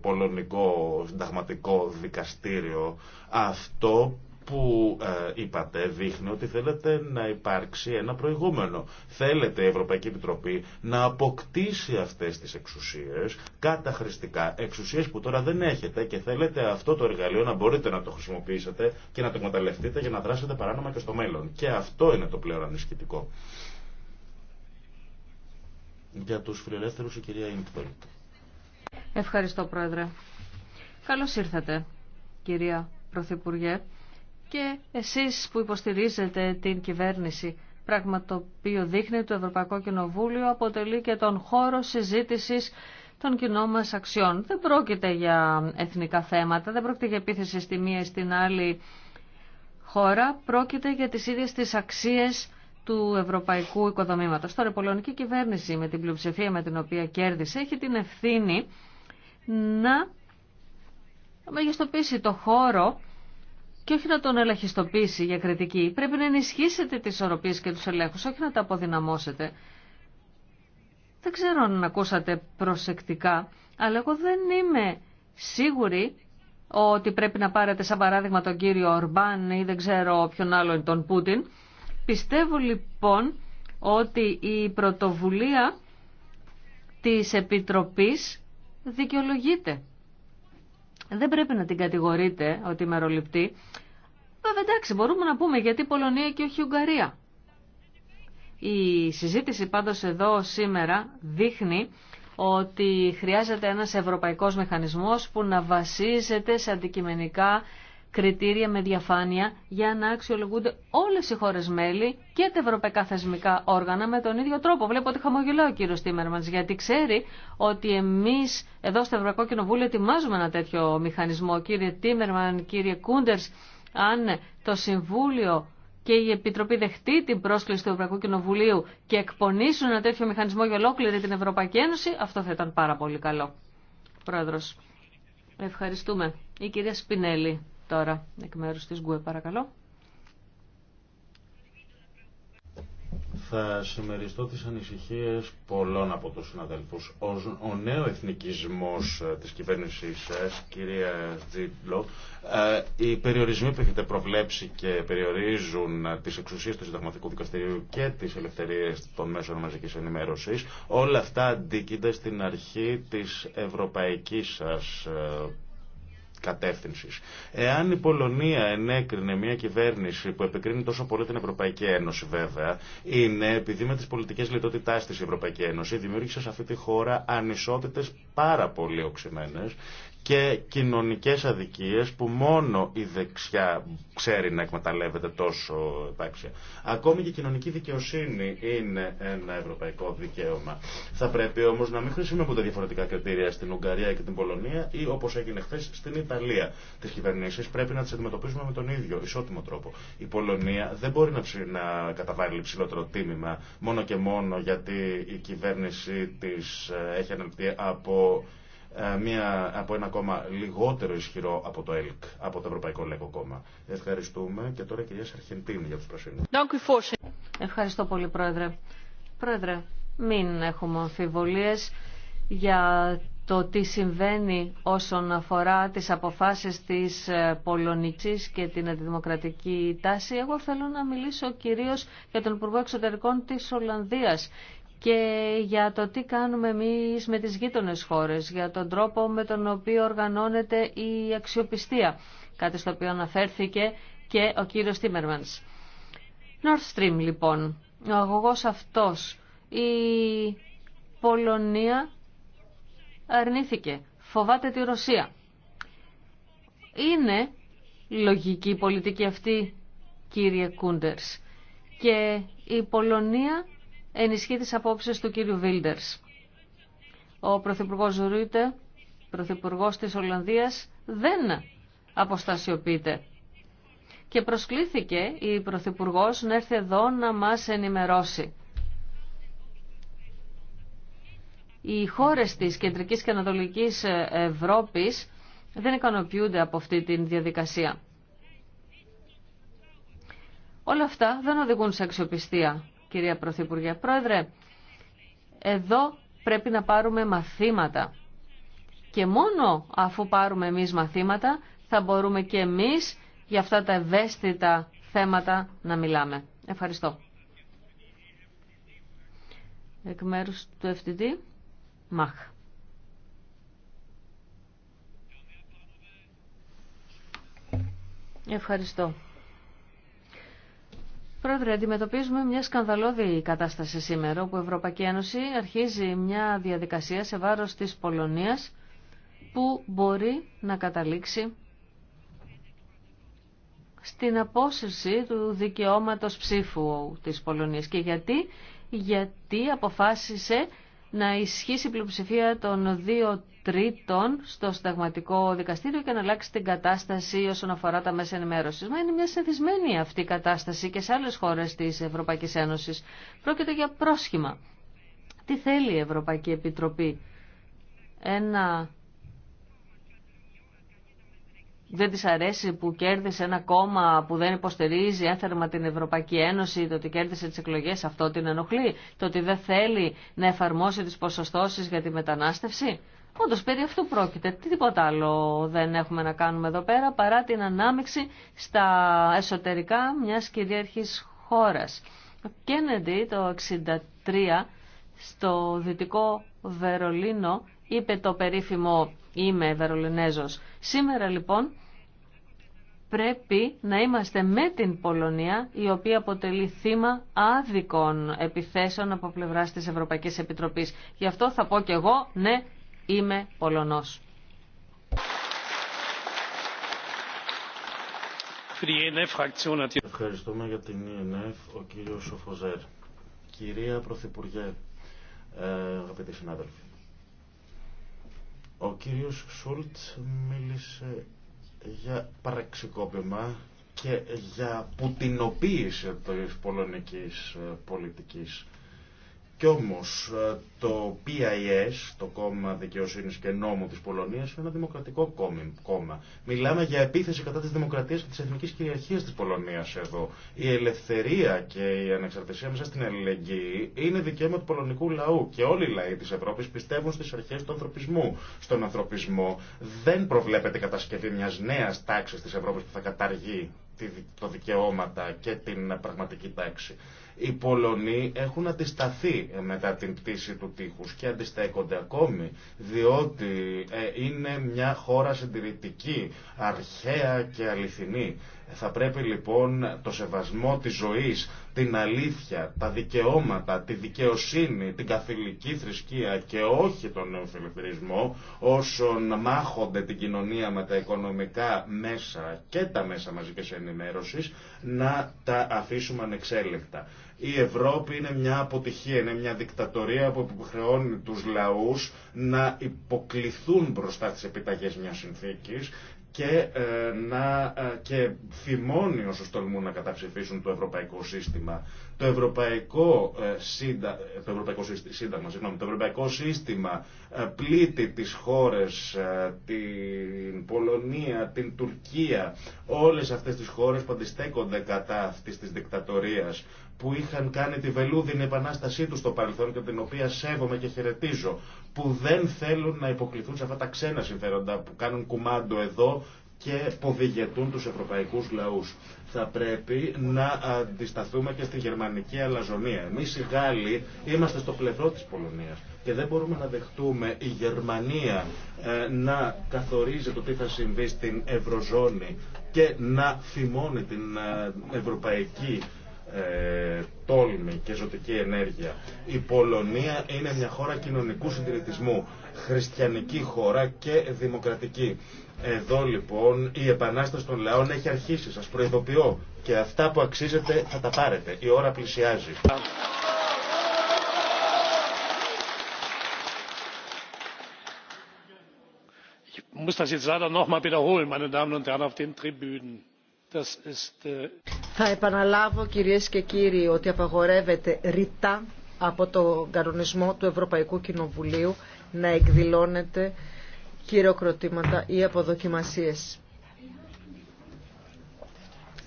Speaker 2: πολωνικό συνταγματικό δικαστήριο. Αυτό που ε, είπατε δείχνει ότι θέλετε να υπάρξει ένα προηγούμενο. Θέλετε η Ευρωπαϊκή Επιτροπή να αποκτήσει αυτές τις εξουσίες καταχρηστικά, εξουσίες που τώρα δεν έχετε και θέλετε αυτό το εργαλείο να μπορείτε να το χρησιμοποιήσετε και να το εκμεταλλευτείτε για να δράσετε παράνομα και στο μέλλον. Και αυτό είναι το πλέον ανισχυτικό. Για τους φιλελεύθερους η κυρία Ιντβελτ.
Speaker 3: Ευχαριστώ Πρόεδρε. Καλώς ήρθατε κυρία Πρωθυπουργέ και εσείς που υποστηρίζετε την κυβέρνηση. Πράγμα το οποίο δείχνει το Ευρωπαϊκό Κοινοβούλιο αποτελεί και τον χώρο συζήτησης των κοινών μας αξιών. Δεν πρόκειται για εθνικά θέματα, δεν πρόκειται για επίθεση στη μία ή στην άλλη χώρα, πρόκειται για τις ίδιες τις αξίες του ευρωπαϊκού οικοδομήματος. Τώρα η πολωνική κυβέρνηση με την πλειοψηφία με την οποία κέρδισε έχει την ευθύνη να μεγιστοποιήσει το χώρο και όχι να τον ελαχιστοποιήσει για κριτική. Πρέπει να ενισχύσετε τις οροπίες και του ελέγχους, όχι να τα αποδυναμώσετε. Δεν ξέρω αν ακούσατε προσεκτικά, αλλά εγώ δεν είμαι σίγουρη ότι πρέπει να πάρετε σαν παράδειγμα τον κύριο Ορμπάν ή δεν ξέρω ποιον άλλον τον Πούτιν. Πιστεύω λοιπόν ότι η πρωτοβουλία της Επιτροπής δικαιολογείται δεν πρέπει να την κατηγορείτε ότι μεροληπτή. Βέβαια εντάξει μπορούμε να πούμε γιατί Πολωνία και όχι Ουγγαρία. Η συζήτηση πάντως εδώ σήμερα δείχνει ότι χρειάζεται ένας ευρωπαϊκός μηχανισμός που να βασίζεται σε αντικειμενικά κριτήρια με διαφάνεια για να αξιολογούνται όλες οι χώρες μέλη και τα ευρωπαϊκά θεσμικά όργανα με τον ίδιο τρόπο. Βλέπω ότι χαμογελάει ο κύριος Τίμερμαν, γιατί ξέρει ότι εμείς εδώ στο Ευρωπαϊκό Κοινοβούλιο ετοιμάζουμε ένα τέτοιο μηχανισμό. Κύριε Τίμερμαν, κύριε Κούντερς, αν το Συμβούλιο και η Επιτροπή δεχτεί την πρόσκληση του Ευρωπαϊκού Κοινοβουλίου και εκπονήσουν ένα τέτοιο μηχανισμό για ολόκληρη την Ευρωπαϊκή Ένωση, αυτό θα ήταν πάρα πολύ καλό. Πρόεδρος, ευχαριστούμε. Η κυρία Σπινέλη τώρα εκ μέρου τη ΓΚΟΕ, παρακαλώ.
Speaker 2: Θα συμμεριστώ τις ανησυχίες πολλών από τους συναδελφούς. Ο, ο νέο εθνικισμός ε, της κυβέρνησής σας, ε, κυρία Τζίτλο, ε, οι περιορισμοί που έχετε προβλέψει και περιορίζουν τις εξουσίες του Συνταγματικού Δικαστηρίου και τις ελευθερίες των μέσων μαζικής ενημέρωσης, όλα αυτά αντίκεινται στην αρχή της ευρωπαϊκής σας κατεύθυνση. Εάν η Πολωνία ενέκρινε μια κυβέρνηση που επικρίνει τόσο πολύ την Ευρωπαϊκή Ένωση, βέβαια, είναι επειδή με τι πολιτικέ λιτότητά τη η Ευρωπαϊκή Ένωση δημιούργησε σε αυτή τη χώρα ανισότητε πάρα πολύ οξυμένε και κοινωνικές αδικίες που μόνο η δεξιά ξέρει να εκμεταλλεύεται τόσο επάξια. Ακόμη και η κοινωνική δικαιοσύνη είναι ένα ευρωπαϊκό δικαίωμα. Θα πρέπει όμως να μην χρησιμοποιούνται διαφορετικά κριτήρια στην Ουγγαρία και την Πολωνία ή όπως έγινε χθε στην Ιταλία. Τις κυβερνήσεις πρέπει να τις αντιμετωπίζουμε με τον ίδιο ισότιμο τρόπο. Η Πολωνία δεν μπορεί να, καταβάλει ψηλότερο τίμημα μόνο και μόνο γιατί η κυβέρνηση της ε, έχει αναλυθεί από ε, μια, από ένα κόμμα λιγότερο ισχυρό από το ΕΛΚ, από το Ευρωπαϊκό Λαϊκό Κόμμα. Ευχαριστούμε και τώρα η κυρία Σαρχεντίνη για τους πρασίνους.
Speaker 3: Ευχαριστώ πολύ Πρόεδρε. Πρόεδρε, μην έχουμε αμφιβολίες για το τι συμβαίνει όσον αφορά τις αποφάσεις της ε, Πολωνικής και την αντιδημοκρατική τάση. Εγώ θέλω να μιλήσω κυρίως για τον Υπουργό Εξωτερικών της Ολλανδίας, και για το τι κάνουμε εμείς με τις γείτονες χώρες, για τον τρόπο με τον οποίο οργανώνεται η αξιοπιστία, κάτι στο οποίο αναφέρθηκε και ο κύριος Τίμερμανς. North Stream λοιπόν, ο αγωγός αυτός, η Πολωνία αρνήθηκε, φοβάται τη Ρωσία. Είναι λογική η πολιτική αυτή, κύριε Κούντερς. Και η Πολωνία ενισχύει τις απόψεις του κύριου Βίλντερς. Ο Πρωθυπουργός Ρούιτε, Πρωθυπουργός της Ολλανδίας, δεν αποστασιοποιείται. Και προσκλήθηκε η Πρωθυπουργός να έρθει εδώ να μας ενημερώσει. Οι χώρες της Κεντρικής και Ανατολικής Ευρώπης δεν ικανοποιούνται από αυτή τη διαδικασία. Όλα αυτά δεν οδηγούν σε αξιοπιστία κυρία Πρωθυπουργέ. Πρόεδρε, εδώ πρέπει να πάρουμε μαθήματα. Και μόνο αφού πάρουμε εμείς μαθήματα θα μπορούμε και εμείς για αυτά τα ευαίσθητα θέματα να μιλάμε. Ευχαριστώ. Εκ μέρους του FTD, ΜΑΧ. Ευχαριστώ. Πρόεδρε, αντιμετωπίζουμε μια σκανδαλώδη κατάσταση σήμερα, όπου η Ευρωπαϊκή Ένωση αρχίζει μια διαδικασία σε βάρος της Πολωνίας, που μπορεί να καταλήξει στην απόσυρση του δικαιώματος ψήφου της Πολωνίας. Και γιατί, γιατί αποφάσισε να ισχύσει η πλειοψηφία των δύο τρίτων στο συνταγματικό δικαστήριο και να αλλάξει την κατάσταση όσον αφορά τα μέσα ενημέρωση. Μα είναι μια συνηθισμένη αυτή η κατάσταση και σε άλλε χώρε τη Ευρωπαϊκή Ένωση. Πρόκειται για πρόσχημα. Τι θέλει η Ευρωπαϊκή Επιτροπή. Ένα δεν της αρέσει που κέρδισε ένα κόμμα που δεν υποστηρίζει έθερμα την Ευρωπαϊκή Ένωση, το ότι κέρδισε τις εκλογές, αυτό την ενοχλεί, το ότι δεν θέλει να εφαρμόσει τις ποσοστώσεις για τη μετανάστευση. Όντως περί αυτού πρόκειται. Τίποτα άλλο δεν έχουμε να κάνουμε εδώ πέρα παρά την ανάμειξη στα εσωτερικά μιας κυρίαρχης χώρας. Ο το 1963 στο δυτικό Βερολίνο είπε το περίφημο «Είμαι Βερολινέζος». Σήμερα λοιπόν πρέπει να είμαστε με την Πολωνία, η οποία αποτελεί θύμα άδικων επιθέσεων από πλευρά της Ευρωπαϊκή Επιτροπή. Γι' αυτό θα πω και εγώ, ναι, είμαι Πολωνός.
Speaker 4: E Ευχαριστούμε για την ΕΝΕΦ, e
Speaker 2: ο κύριος Σοφοζέρ. Κυρία Πρωθυπουργέ, ε, αγαπητοί συνάδελφοι, ο κύριος Σούλτ μίλησε για παρεξικόπημα και για πουτινοποίηση της πολωνικής ε, πολιτικής. Κι όμως ε, το PIS, το κόμμα δικαιοσύνης και νόμου της Πολωνίας, είναι ένα δημοκρατικό κόμμα. Μιλάμε για επίθεση κατά της δημοκρατίας και της εθνικής κυριαρχίας της Πολωνίας εδώ. Η ελευθερία και η ανεξαρτησία μέσα στην ελληνική είναι δικαίωμα του πολωνικού λαού και όλοι οι λαοί της Ευρώπης πιστεύουν στις αρχές του ανθρωπισμού. Στον ανθρωπισμό δεν προβλέπεται κατασκευή μιας νέας τάξης της Ευρώπης που θα καταργεί το δικαιώματα και την πραγματική τάξη. Οι Πολωνοί έχουν αντισταθεί μετά την πτήση του τείχους και αντιστέκονται ακόμη διότι ε, είναι μια χώρα συντηρητική, αρχαία και αληθινή. Θα πρέπει λοιπόν το σεβασμό της ζωής την αλήθεια, τα δικαιώματα, τη δικαιοσύνη, την καθηλική θρησκεία και όχι τον νεοφιλελευθερισμό όσων μάχονται την κοινωνία με τα οικονομικά μέσα και τα μέσα μαζικής ενημέρωσης να τα αφήσουμε ανεξέλεκτα. Η Ευρώπη είναι μια αποτυχία, είναι μια δικτατορία που υποχρεώνει τους λαούς να υποκληθούν μπροστά στις επιταγές μιας συνθήκης και, ε, να, ε, και φημώνει όσους τολμούν να καταψηφίσουν το ευρωπαϊκό σύστημα. Το ευρωπαϊκό, ε, το ευρωπαϊκό σύστημα ε, πλήττει τις χώρες, ε, την Πολωνία, την Τουρκία, όλες αυτές τις χώρες που αντιστέκονται κατά αυτής της δικτατορίας που είχαν κάνει τη βελούδινη επανάστασή του στο παρελθόν και την οποία σέβομαι και χαιρετίζω, που δεν θέλουν να υποκληθούν σε αυτά τα ξένα συμφέροντα που κάνουν κουμάντο εδώ και ποδηγετούν τους ευρωπαϊκούς λαούς. Θα πρέπει να αντισταθούμε και στη γερμανική αλαζονία. Εμείς οι Γάλλοι είμαστε στο πλευρό της Πολωνίας και δεν μπορούμε να δεχτούμε η Γερμανία ε, να καθορίζει το τι θα συμβεί στην Ευρωζώνη και να θυμώνει την ε, ευρωπαϊκή ε, τόλμη και ζωτική ενέργεια. Η Πολωνία είναι μια χώρα κοινωνικού συντηρητισμού, χριστιανική χώρα και δημοκρατική. Εδώ λοιπόν η επανάσταση των λαών έχει αρχίσει, σας προειδοποιώ. Και αυτά που αξίζετε θα τα πάρετε. Η
Speaker 4: ώρα πλησιάζει. Ich muss das jetzt leider noch mal wiederholen, meine Damen und Herren auf den Tribünen. Äh,
Speaker 1: θα επαναλάβω κυρίες και κύριοι ότι απαγορεύεται ρητά από τον κανονισμό του Ευρωπαϊκού Κοινοβουλίου να εκδηλώνεται χειροκροτήματα ή αποδοκιμασίες.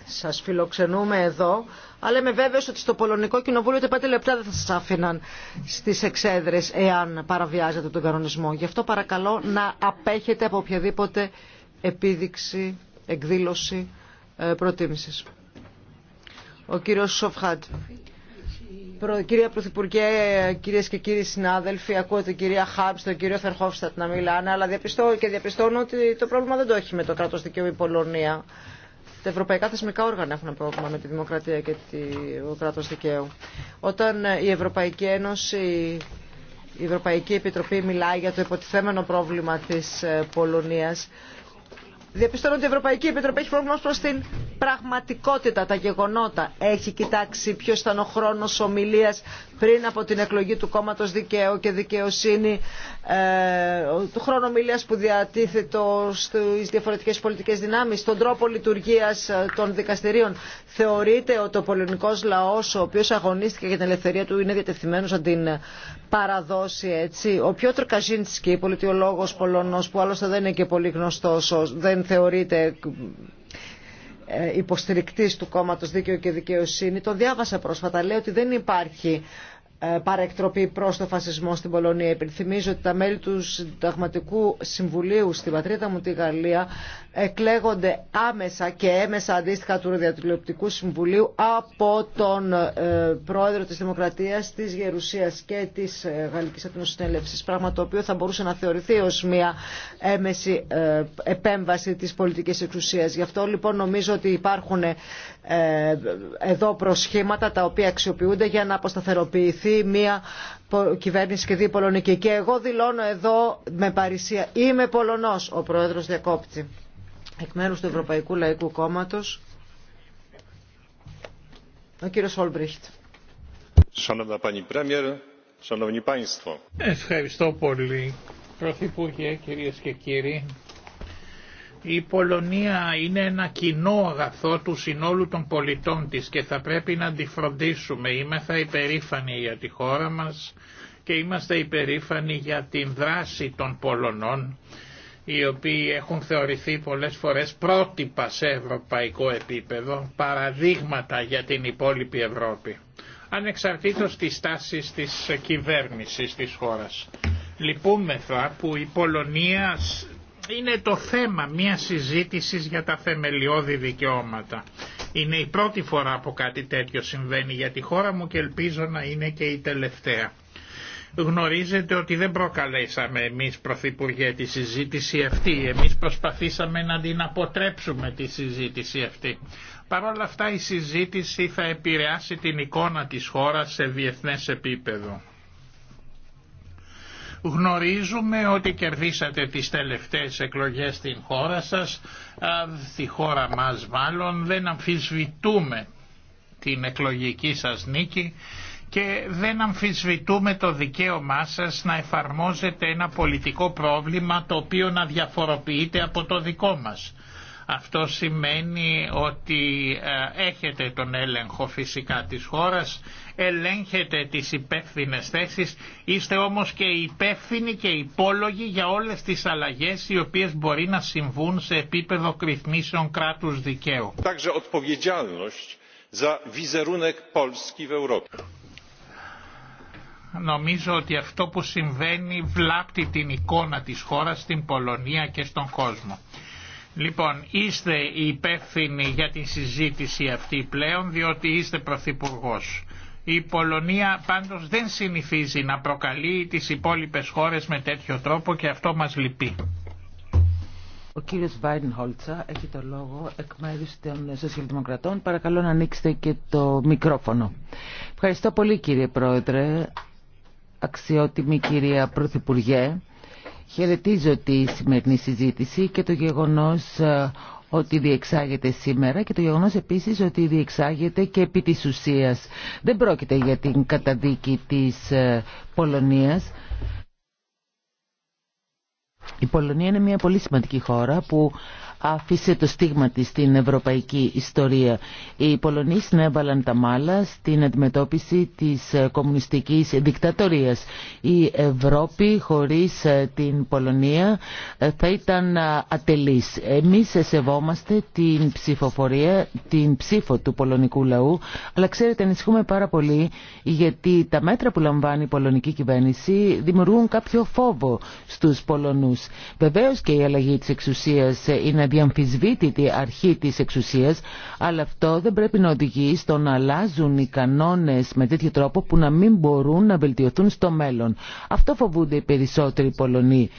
Speaker 1: Σας φιλοξενούμε εδώ, αλλά είμαι βέβαιος ότι στο Πολωνικό Κοινοβούλιο τα πέντε λεπτά δεν θα σας άφηναν στις εξέδρες εάν παραβιάζετε τον κανονισμό. Γι' αυτό παρακαλώ να απέχετε από οποιαδήποτε επίδειξη, εκδήλωση ε, προτίμηση. Ο κύριο Σοφχάτ. Κυρία Πρωθυπουργέ, κυρίε και κύριοι συνάδελφοι, ακούω την κυρία Χάμπ, τον κύριο Φερχόφστατ να μιλάνε, αλλά διαπιστώ και διαπιστώνω ότι το πρόβλημα δεν το έχει με το κράτο δικαίου η Πολωνία. Τα ευρωπαϊκά θεσμικά όργανα έχουν πρόβλημα με τη δημοκρατία και το κράτο δικαίου. Όταν ε, η Ευρωπαϊκή Ένωση, η Ευρωπαϊκή Επιτροπή μιλάει για το υποτιθέμενο πρόβλημα τη ε, Πολωνία, Διαπιστώνω ότι η Ευρωπαϊκή Επιτροπή έχει πρόβλημα προ την πραγματικότητα, τα γεγονότα. Έχει κοιτάξει ποιο ήταν ο χρόνο ομιλία, πριν από την εκλογή του κόμματο δικαίου και δικαιοσύνη, ε, του χρόνου μιλία που διατίθεται στι διαφορετικές πολιτικές δυνάμεις, τον τρόπο λειτουργία ε, των δικαστηρίων. Θεωρείτε ότι ο πολιτικός λαός, ο οποίος αγωνίστηκε για την ελευθερία του, είναι διατεθειμένος να την παραδώσει έτσι. Ο Πιότρ Καζίνσκι, πολιτιολόγος Πολωνός, που άλλωστε δεν είναι και πολύ γνωστό, δεν θεωρείται ε, υποστηρικτής του κόμματος Δίκαιο και Δικαιοσύνη. Το διάβασα πρόσφατα. Λέει ότι δεν υπάρχει ε, παρεκτροπή προς το φασισμό στην Πολωνία. Επιθυμίζω ότι τα μέλη του Συνταγματικού Συμβουλίου στην πατρίδα μου τη Γαλλία εκλέγονται άμεσα και έμεσα αντίστοιχα του Ροδιατηλεοπτικού Συμβουλίου από τον ε, πρόεδρο της Δημοκρατίας, της Γερουσίας και της ε, Γαλλικής Εθνοσυνέλευσης, πράγμα το οποίο θα μπορούσε να θεωρηθεί ως μια έμεση επέμβαση της πολιτικής εξουσίας. Γι' αυτό λοιπόν νομίζω ότι υπάρχουν ε, εδώ προσχήματα τα οποία αξιοποιούνται για να αποσταθεροποιηθεί μια κυβέρνηση και δύο πολωνική. Και εγώ δηλώνω εδώ με παρησία είμαι Πολωνός, ο Πρόεδρος διακόπτη. Εκ μέρους του Ευρωπαϊκού Λαϊκού Κόμματος, ο κύριος Ολμπριχτ.
Speaker 5: Ευχαριστώ πολύ, Πρωθυπουργέ, κυρίες και κύριοι. Η Πολωνία είναι ένα κοινό αγαθό του συνόλου των πολιτών της και θα πρέπει να τη φροντίσουμε. Είμαστε υπερήφανοι για τη χώρα μας και είμαστε υπερήφανοι για την δράση των Πολωνών οι οποίοι έχουν θεωρηθεί πολλές φορές πρότυπα σε ευρωπαϊκό επίπεδο, παραδείγματα για την υπόλοιπη Ευρώπη, ανεξαρτήτως της τάσης της κυβέρνησης της χώρας. Λυπούμεθα που η Πολωνία είναι το θέμα μια συζήτησης για τα θεμελιώδη δικαιώματα. Είναι η πρώτη φορά που κάτι τέτοιο συμβαίνει για τη χώρα μου και ελπίζω να είναι και η τελευταία. Γνωρίζετε ότι δεν προκαλέσαμε εμείς Πρωθυπουργέ τη συζήτηση αυτή. Εμείς προσπαθήσαμε να την αποτρέψουμε τη συζήτηση αυτή. Παρ' όλα αυτά η συζήτηση θα επηρεάσει την εικόνα της χώρας σε διεθνές επίπεδο. Γνωρίζουμε ότι κερδίσατε τις τελευταίες εκλογές στην χώρα σας, στη χώρα μας μάλλον, δεν αμφισβητούμε την εκλογική σας νίκη και δεν αμφισβητούμε το δικαίωμά σας να εφαρμόζετε ένα πολιτικό πρόβλημα το οποίο να διαφοροποιείται από το δικό μας. Αυτό σημαίνει ότι ε, έχετε τον έλεγχο φυσικά της χώρας, ελέγχετε τις υπεύθυνε θέσεις, είστε όμως και υπεύθυνοι και υπόλογοι για όλες τις αλλαγές οι οποίες μπορεί να συμβούν σε επίπεδο κρυθμίσεων κράτους δικαίου. Νομίζω ότι αυτό που συμβαίνει βλάπτει την εικόνα της χώρας στην Πολωνία και στον κόσμο. Λοιπόν, είστε υπεύθυνοι για τη συζήτηση αυτή πλέον, διότι είστε Πρωθυπουργό. Η Πολωνία πάντως δεν συνηθίζει να προκαλεί τις υπόλοιπες χώρες με τέτοιο τρόπο και αυτό μας λυπεί.
Speaker 6: Ο κύριος Βάιντεν Χόλτσα έχει το λόγο εκ μέρους των Σοσιαλδημοκρατών. Παρακαλώ να ανοίξετε και το μικρόφωνο. Ευχαριστώ πολύ κύριε Πρόεδρε, αξιότιμη κυρία Πρωθυπουργέ. Χαιρετίζω τη σημερινή συζήτηση και το γεγονός ε, ότι διεξάγεται σήμερα και το γεγονός επίσης ότι διεξάγεται και επί της ουσίας. Δεν πρόκειται για την καταδίκη της ε, Πολωνίας. Η Πολωνία είναι μια πολύ σημαντική χώρα που άφησε το στίγμα τη στην ευρωπαϊκή ιστορία. Οι Πολωνοί συνέβαλαν τα μάλα στην αντιμετώπιση της ε, κομμουνιστικής δικτατορίας. Η Ευρώπη χωρίς ε, την Πολωνία ε, θα ήταν ατελής. Εμείς σεβόμαστε την ψηφοφορία, την ψήφο του πολωνικού λαού, αλλά ξέρετε ανησυχούμε πάρα πολύ γιατί τα μέτρα που λαμβάνει η πολωνική κυβέρνηση δημιουργούν κάποιο φόβο στους Πολωνούς. Βεβαίως και η αλλαγή είναι αδιαμφισβήτητη αρχή της εξουσίας, αλλά αυτό δεν πρέπει να οδηγεί στο να αλλάζουν οι κανόνες με τέτοιο τρόπο που να μην μπορούν να βελτιωθούν στο μέλλον. Αυτό φοβούνται οι περισσότεροι Πολωνοί.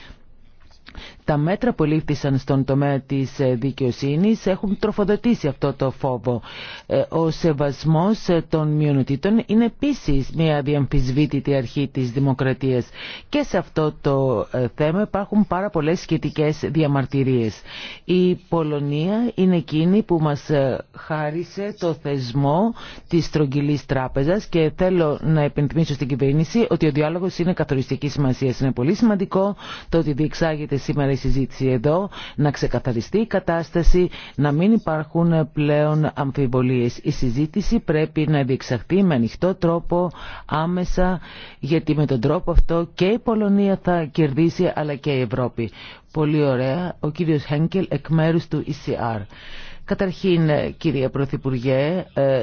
Speaker 6: Τα μέτρα που λήφθησαν στον τομέα της ε, δικαιοσύνης έχουν τροφοδοτήσει αυτό το φόβο. Ε, ο σεβασμός ε, των μειονοτήτων είναι επίσης μια διαμφισβήτητη αρχή της δημοκρατίας. Και σε αυτό το θέμα υπάρχουν πάρα πολλές σχετικές διαμαρτυρίες. Η Πολωνία είναι εκείνη που μας χάρισε το θεσμό της στρογγυλής τράπεζας και θέλω να επενθυμίσω στην κυβέρνηση ότι ο διάλογος είναι καθοριστική σημασία. Είναι πολύ σημαντικό το ότι διεξάγεται σήμερα συζήτηση εδώ, να ξεκαθαριστεί η κατάσταση, να μην υπάρχουν πλέον αμφιβολίες. Η συζήτηση πρέπει να διεξαχθεί με ανοιχτό τρόπο άμεσα, γιατί με τον τρόπο αυτό και η Πολωνία θα κερδίσει αλλά και η Ευρώπη. Πολύ ωραία. Ο κύριος Χένκελ εκ μέρους του ECR. Καταρχήν, κύριε Πρωθυπουργέ, ε,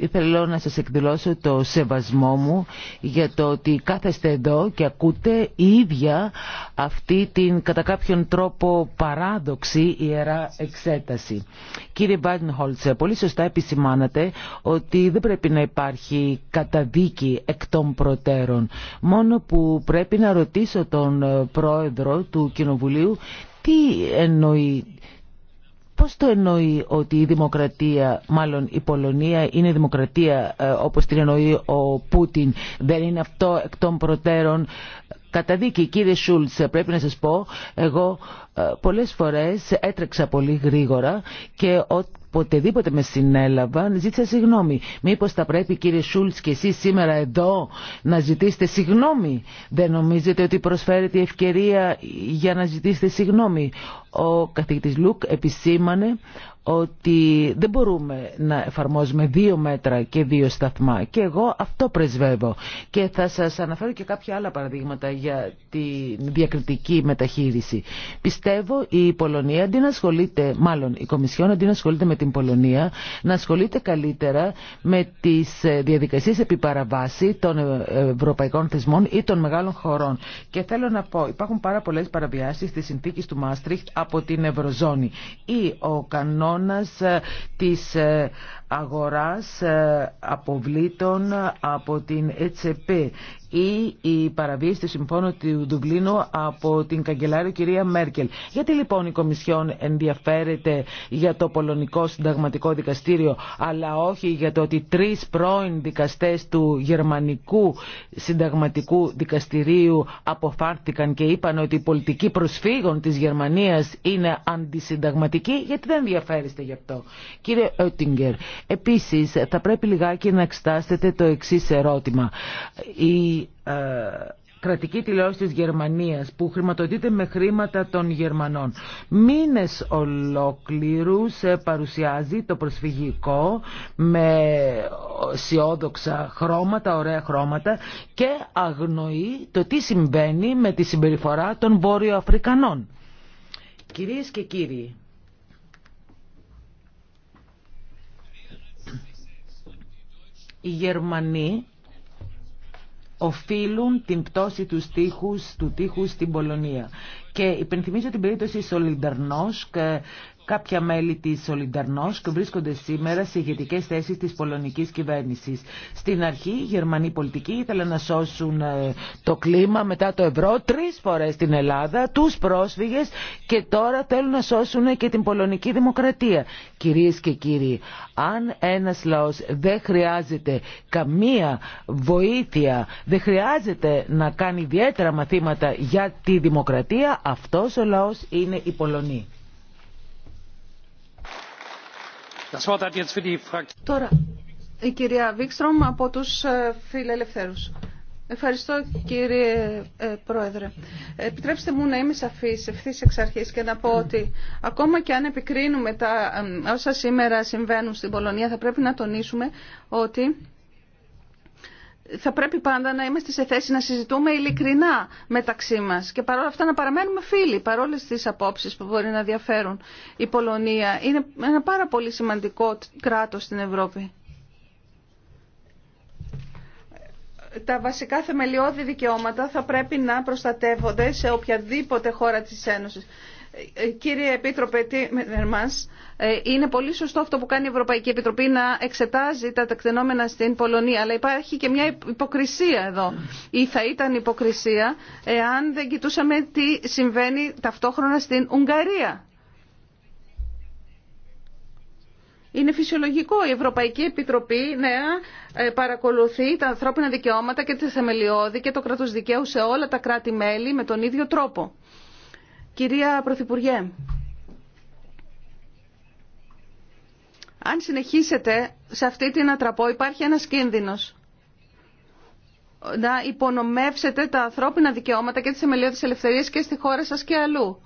Speaker 6: ήθελα να σας εκδηλώσω το σεβασμό μου για το ότι κάθεστε εδώ και ακούτε η ίδια αυτή την κατά κάποιον τρόπο παράδοξη ιερά εξέταση. Κύριε Βάινχολτσε, πολύ σωστά επισημάνατε ότι δεν πρέπει να υπάρχει καταδίκη εκ των προτέρων. Μόνο που πρέπει να ρωτήσω τον ε, πρόεδρο του Κοινοβουλίου τι εννοεί Πώς το εννοεί ότι η δημοκρατία, μάλλον η Πολωνία, είναι δημοκρατία ε, όπως την εννοεί ο Πούτιν. Δεν είναι αυτό εκ των προτέρων καταδίκη. Κύριε Σούλτς, πρέπει να σας πω, εγώ ε, πολλές φορές έτρεξα πολύ γρήγορα και οποτεδήποτε με συνέλαβαν, ζήτησα συγγνώμη. Μήπω θα πρέπει κύριε Σούλτ και εσεί σήμερα εδώ να ζητήσετε συγγνώμη. Δεν νομίζετε ότι προσφέρετε ευκαιρία για να ζητήσετε συγγνώμη. Ο καθηγητής Λουκ επισήμανε ότι δεν μπορούμε να εφαρμόζουμε δύο μέτρα και δύο σταθμά. Και εγώ αυτό πρεσβεύω. Και θα σας αναφέρω και κάποια άλλα παραδείγματα για τη διακριτική μεταχείριση. Πιστεύω η Πολωνία αντί να ασχολείται, μάλλον η Κομισιόν αντί να ασχολείται με την Πολωνία, να ασχολείται καλύτερα με τις ε, διαδικασίες επιπαραβάση των ε, ευρωπαϊκών θεσμών ή των μεγάλων χωρών. Και θέλω να πω, υπάρχουν πάρα πολλές παραβιάσεις της συνθήκης του Μάστριχτ από την Ευρωζώνη. Ή ο κανόνας ε, της ε, αγοράς ε, αποβλήτων από την ΕΤΣΕΠΕ ή η παραβίαση του συμφώνου του Δουβλίνου από την καγκελάριο κυρία Μέρκελ. Γιατί λοιπόν η Κομισιόν ενδιαφέρεται για το πολωνικό συνταγματικό δικαστήριο αλλά όχι για το ότι τρεις πρώην δικαστές του γερμανικού συνταγματικού δικαστηρίου αποφάρθηκαν και είπαν ότι η πολιτική προσφύγων της Γερμανίας είναι αντισυνταγματική γιατί δεν ενδιαφέρεστε γι' αυτό. Κύριε Oettinger, επίσης θα πρέπει λιγάκι να εξτάσετε το εξή ερώτημα. Η ε, κρατική τηλεόραση της Γερμανίας που χρηματοδοτείται με χρήματα των Γερμανών. Μήνες ολόκληρους ε, παρουσιάζει το προσφυγικό με αισιόδοξα χρώματα, ωραία χρώματα και αγνοεί το τι συμβαίνει με τη συμπεριφορά των Βόρειο Αφρικανών. Κυρίες και κύριοι, οι Γερμανοί οφείλουν την πτώση του τείχους, του στην Πολωνία. Και υπενθυμίζω την περίπτωση Σολιντερνόσκ, ε, κάποια μέλη της ολυνταρνό και βρίσκονται σήμερα σε ηγετικέ θέσεις της πολωνικής κυβέρνησης. Στην αρχή οι Γερμανοί πολιτικοί ήθελαν να σώσουν ε, το κλίμα μετά το ευρώ τρεις φορές στην Ελλάδα, τους πρόσφυγες και τώρα θέλουν να σώσουν και την πολωνική δημοκρατία. Κυρίες και κύριοι, αν ένας λαός δεν χρειάζεται καμία βοήθεια, δεν χρειάζεται να κάνει ιδιαίτερα μαθήματα για τη δημοκρατία, αυτός ο λαός είναι η Πολωνία.
Speaker 7: Τώρα, η κυρία Βίξτρομ από τους ε, φιλελευθέρους. Ευχαριστώ κύριε ε, Πρόεδρε. Επιτρέψτε μου να είμαι σαφής ευθύς εξ αρχής και να πω ότι ακόμα και αν επικρίνουμε τα ε, όσα σήμερα συμβαίνουν στην Πολωνία θα πρέπει να τονίσουμε ότι θα πρέπει πάντα να είμαστε σε θέση να συζητούμε ειλικρινά μεταξύ μας και παρόλα αυτά να παραμένουμε φίλοι, παρόλες τι απόψει που μπορεί να διαφέρουν. Η Πολωνία είναι ένα πάρα πολύ σημαντικό κράτος στην Ευρώπη. Τα βασικά θεμελιώδη δικαιώματα θα πρέπει να προστατεύονται σε οποιαδήποτε χώρα της Ένωσης. Κύριε Επίτροπε Τίμερμανς, ε, είναι πολύ σωστό αυτό που κάνει η Ευρωπαϊκή Επιτροπή να εξετάζει τα τεκτενόμενα στην Πολωνία, αλλά υπάρχει και μια υποκρισία εδώ. Ή θα ήταν υποκρισία εάν δεν κοιτούσαμε τι συμβαίνει ταυτόχρονα στην Ουγγαρία. Είναι φυσιολογικό η Ευρωπαϊκή Επιτροπή να ε, παρακολουθεί τα ανθρώπινα δικαιώματα και τη θεμελιώδη και το κράτος δικαίου σε όλα τα κράτη-μέλη με τον ίδιο τρόπο. Κυρία Πρωθυπουργέ, αν συνεχίσετε σε αυτή την ατραπό υπάρχει ένας κίνδυνος να υπονομεύσετε τα ανθρώπινα δικαιώματα και τις εμελιώδεις ελευθερίες και στη χώρα σας και αλλού.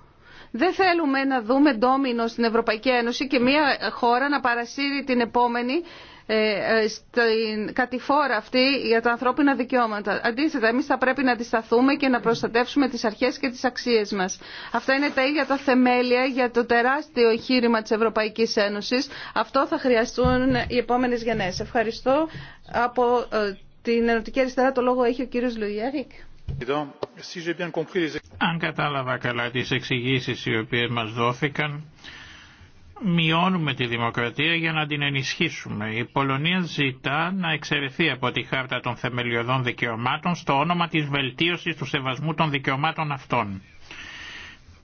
Speaker 7: Δεν θέλουμε να δούμε ντόμινο στην Ευρωπαϊκή Ένωση και μία χώρα να παρασύρει την επόμενη ε, ε, στην κατηφόρα αυτή για τα ανθρώπινα δικαιώματα. Αντίθετα, εμείς θα πρέπει να αντισταθούμε και να προστατεύσουμε τις αρχές και τις αξίες μας. Αυτά είναι τα ίδια τα θεμέλια για το τεράστιο εγχείρημα της Ευρωπαϊκής Ένωσης. Αυτό θα χρειαστούν οι επόμενες γενναίε. Ευχαριστώ. Από ε, την Ενωτική Αριστερά το λόγο έχει ο κύριος Λουιέρικ.
Speaker 5: Αν κατάλαβα καλά τις εξηγήσεις οι οποίες μας δόθηκαν, μειώνουμε τη δημοκρατία για να την ενισχύσουμε. Η Πολωνία ζητά να εξαιρεθεί από τη χάρτα των θεμελιωδών δικαιωμάτων στο όνομα της βελτίωσης του σεβασμού των δικαιωμάτων αυτών.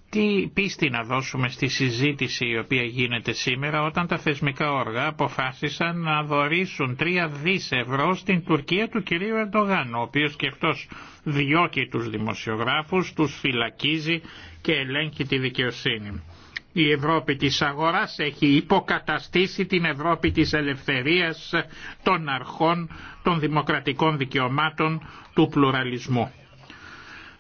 Speaker 5: Τι πίστη να δώσουμε στη συζήτηση η οποία γίνεται σήμερα όταν τα θεσμικά όργα αποφάσισαν να δωρήσουν 3 δις ευρώ στην Τουρκία του κυρίου Ερντογάν, ο οποίος και αυτό διώκει τους δημοσιογράφους, τους φυλακίζει και ελέγχει τη δικαιοσύνη. Η Ευρώπη της αγοράς έχει υποκαταστήσει την Ευρώπη της ελευθερίας, των αρχών, των δημοκρατικών δικαιωμάτων, του πλουραλισμού.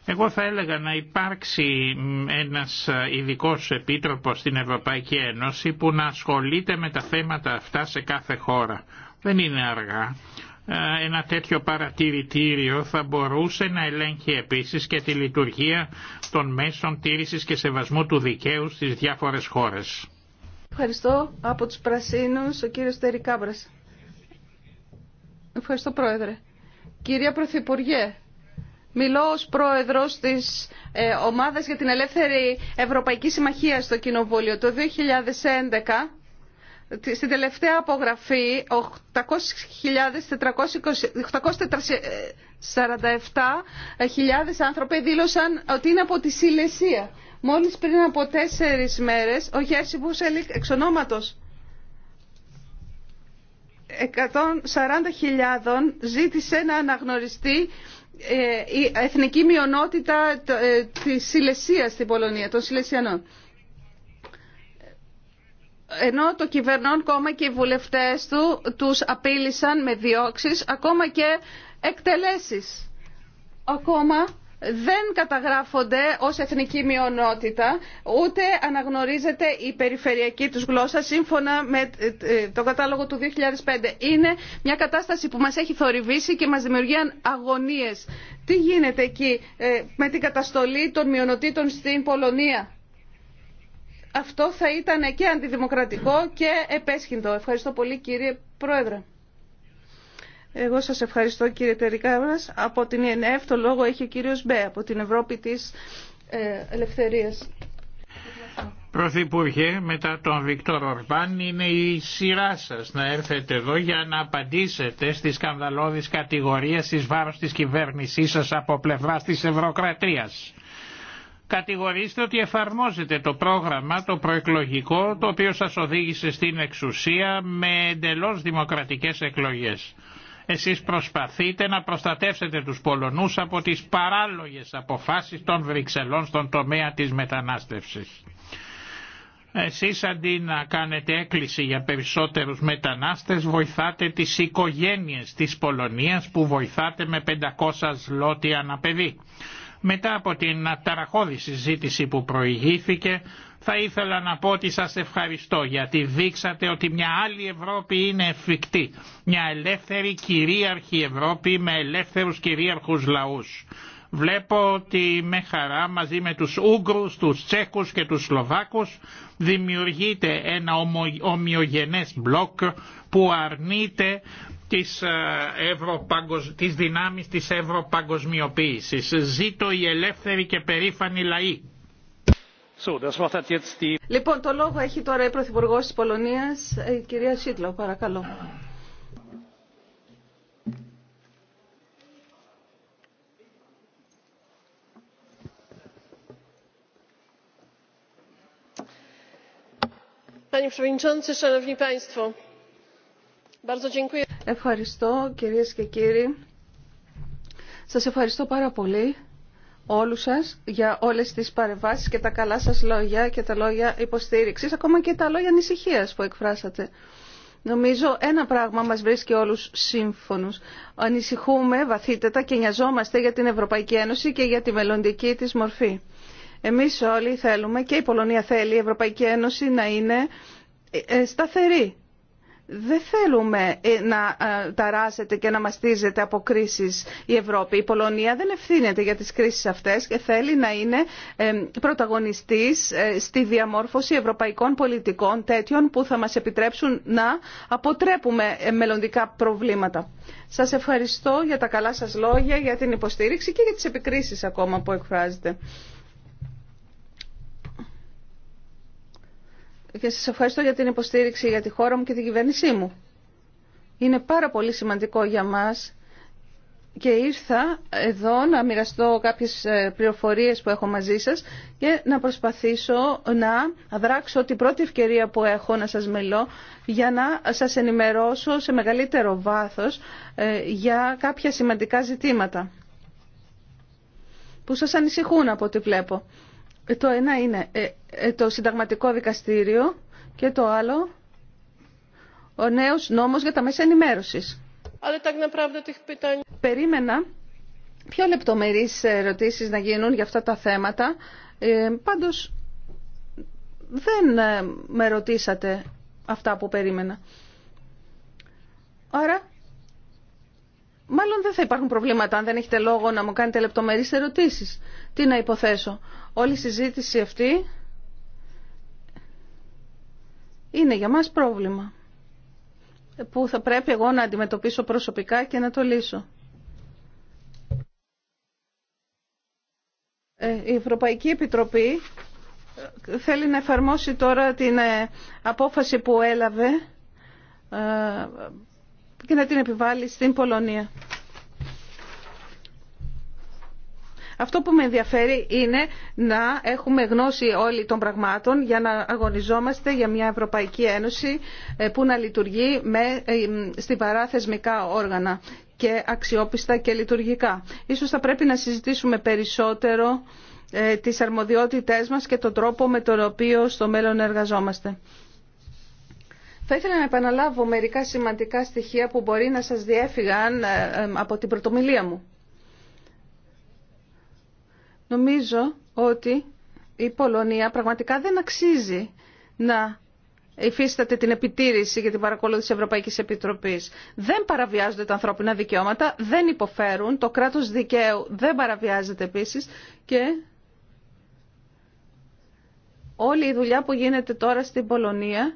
Speaker 5: Εγώ θα έλεγα να υπάρξει ένας ειδικό επίτροπος στην Ευρωπαϊκή Ένωση που να ασχολείται με τα θέματα αυτά σε κάθε χώρα. Δεν είναι αργά. Ε, ένα τέτοιο παρατηρητήριο θα μπορούσε να ελέγχει επίσης και τη λειτουργία των μέσων τήρησης και σεβασμού του δικαίου στις διάφορες χώρες.
Speaker 7: Ευχαριστώ από τους Πρασίνους, ο κύριος Κάμπρας. Ευχαριστώ Πρόεδρε. Κυρία Πρωθυπουργέ, μιλώ ως Πρόεδρος της ε, Ομάδας για την Ελεύθερη Ευρωπαϊκή Συμμαχία στο Κοινοβούλιο. Το 2011 στην τελευταία απογραφή 847.000 ε, άνθρωποι δήλωσαν ότι είναι από τη Σιλεσία. Μόλις πριν από τέσσερις μέρες ο Γέρση Μπούσελικ εξ ονόματος 140.000 ζήτησε να αναγνωριστεί ε, η εθνική μειονότητα ε, της Σιλεσίας στην Πολωνία, των Σιλεσιανών ενώ το κυβερνών κόμμα και οι βουλευτές του τους απείλησαν με διώξεις, ακόμα και εκτελέσεις. Ακόμα δεν καταγράφονται ως εθνική μειονότητα, ούτε αναγνωρίζεται η περιφερειακή τους γλώσσα σύμφωνα με ε, ε, το κατάλογο του 2005. Είναι μια κατάσταση που μας έχει θορυβήσει και μας δημιουργεί αγωνίες. Τι γίνεται εκεί ε, με την καταστολή των μειονοτήτων στην Πολωνία αυτό θα ήταν και αντιδημοκρατικό και επέσχυντο. Ευχαριστώ πολύ κύριε Πρόεδρε. Εγώ σας ευχαριστώ κύριε Τερικάβρας. Από την ΕΝΕΦ το λόγο έχει ο κύριος Μπέ από την Ευρώπη της ε, Ελευθερίας.
Speaker 5: Πρωθυπουργέ, μετά τον Βικτόρ Ορμπάν είναι η σειρά σας να έρθετε εδώ για να απαντήσετε στις σκανδαλώδεις κατηγορίες τη βάρος της κυβέρνησής σας από πλευράς της Ευρωκρατία κατηγορήστε ότι εφαρμόζετε το πρόγραμμα, το προεκλογικό, το οποίο σας οδήγησε στην εξουσία με εντελώς δημοκρατικές εκλογές. Εσείς προσπαθείτε να προστατεύσετε τους Πολωνούς από τις παράλογες αποφάσεις των Βρυξελών στον τομέα της μετανάστευσης. Εσείς αντί να κάνετε έκκληση για περισσότερους μετανάστες βοηθάτε τις οικογένειες της Πολωνίας που βοηθάτε με 500 λότια ανά παιδί. Μετά από την ταραχώδη συζήτηση που προηγήθηκε, θα ήθελα να πω ότι σας ευχαριστώ γιατί δείξατε ότι μια άλλη Ευρώπη είναι εφικτή. Μια ελεύθερη κυρίαρχη Ευρώπη με ελεύθερους κυρίαρχους λαούς. Βλέπω ότι με χαρά μαζί με τους Ούγκρους, τους Τσέχους και τους Σλοβάκους δημιουργείται ένα ομοιογενές μπλοκ που αρνείται της, ε, Ευρωπαγκοσ... της δυνάμεις της ευρωπαγκοσμιοποίησης. Ζήτω η ελεύθερη και περήφανοι λαοί.
Speaker 7: Λοιπόν, το λόγο έχει τώρα η Πρωθυπουργό της Πολωνίας, η κυρία Σίτλο, παρακαλώ. Panie Przewodniczący, Szanowni Państwo! Ευχαριστώ κυρίες και κύριοι. Σας ευχαριστώ πάρα πολύ όλους σας για όλες τις παρεμβάσεις και τα καλά σας λόγια και τα λόγια υποστήριξης, ακόμα και τα λόγια ανησυχία που εκφράσατε. Νομίζω ένα πράγμα μας βρίσκει όλους σύμφωνους. Ανησυχούμε βαθύτατα και νοιαζόμαστε για την Ευρωπαϊκή Ένωση και για τη μελλοντική της μορφή. Εμείς όλοι θέλουμε και η Πολωνία θέλει η Ευρωπαϊκή Ένωση να είναι ε, ε, σταθερή δεν θέλουμε ε, να ε, ταράσετε και να μαστίζεται από κρίσεις η Ευρώπη. Η Πολωνία δεν ευθύνεται για τις κρίσεις αυτές και θέλει να είναι ε, πρωταγωνιστής στη διαμόρφωση ευρωπαϊκών πολιτικών τέτοιων που θα μας επιτρέψουν να αποτρέπουμε μελλοντικά προβλήματα. Σας ευχαριστώ για τα καλά σας λόγια, για την υποστήριξη και για τις επικρίσεις ακόμα που εκφράζετε. και σας ευχαριστώ για την υποστήριξη για τη χώρα μου και την κυβέρνησή μου. Είναι πάρα πολύ σημαντικό για μας και ήρθα εδώ να μοιραστώ κάποιες ε, πληροφορίες που έχω μαζί σας και να προσπαθήσω να δράξω την πρώτη ευκαιρία που έχω να σας μιλώ για να σας ενημερώσω σε μεγαλύτερο βάθος ε, για κάποια σημαντικά ζητήματα που σας ανησυχούν από ό,τι βλέπω. Ε, το ένα είναι ε, ε, το συνταγματικό δικαστήριο και το άλλο ο νέος νόμος για τα μέσα ενημέρωσης. Περίμενα πιο λεπτομερείς ερωτήσεις να γίνουν για αυτά τα θέματα. Ε, πάντως δεν με ρωτήσατε αυτά που περίμενα. Άρα, μάλλον δεν θα υπάρχουν προβλήματα αν δεν έχετε λόγο να μου κάνετε λεπτομερείς ερωτήσεις. Τι να υποθέσω, Όλη η συζήτηση αυτή είναι για μας πρόβλημα που θα πρέπει εγώ να αντιμετωπίσω προσωπικά και να το λύσω. Ε, η Ευρωπαϊκή Επιτροπή ε, θέλει να εφαρμόσει τώρα την ε, απόφαση που έλαβε και να την επιβάλλει στην Πολωνία. Αυτό που με ενδιαφέρει είναι να έχουμε γνώση όλοι των πραγμάτων για να αγωνιζόμαστε για μια Ευρωπαϊκή Ένωση ε, που να λειτουργεί με ε, στιβαρά θεσμικά όργανα και αξιόπιστα και λειτουργικά. Ίσως θα πρέπει να συζητήσουμε περισσότερο ε, τις αρμοδιότητές μας και τον τρόπο με τον οποίο στο μέλλον εργαζόμαστε. Θα ήθελα να επαναλάβω μερικά σημαντικά στοιχεία που μπορεί να σας διέφυγαν από την πρωτομιλία μου. Νομίζω ότι η Πολωνία πραγματικά δεν αξίζει να υφίσταται την επιτήρηση για την παρακολούθηση της Ευρωπαϊκής Επιτροπής. Δεν παραβιάζονται τα ανθρώπινα δικαιώματα, δεν υποφέρουν, το κράτος δικαίου δεν παραβιάζεται επίσης και όλη η δουλειά που γίνεται τώρα στην Πολωνία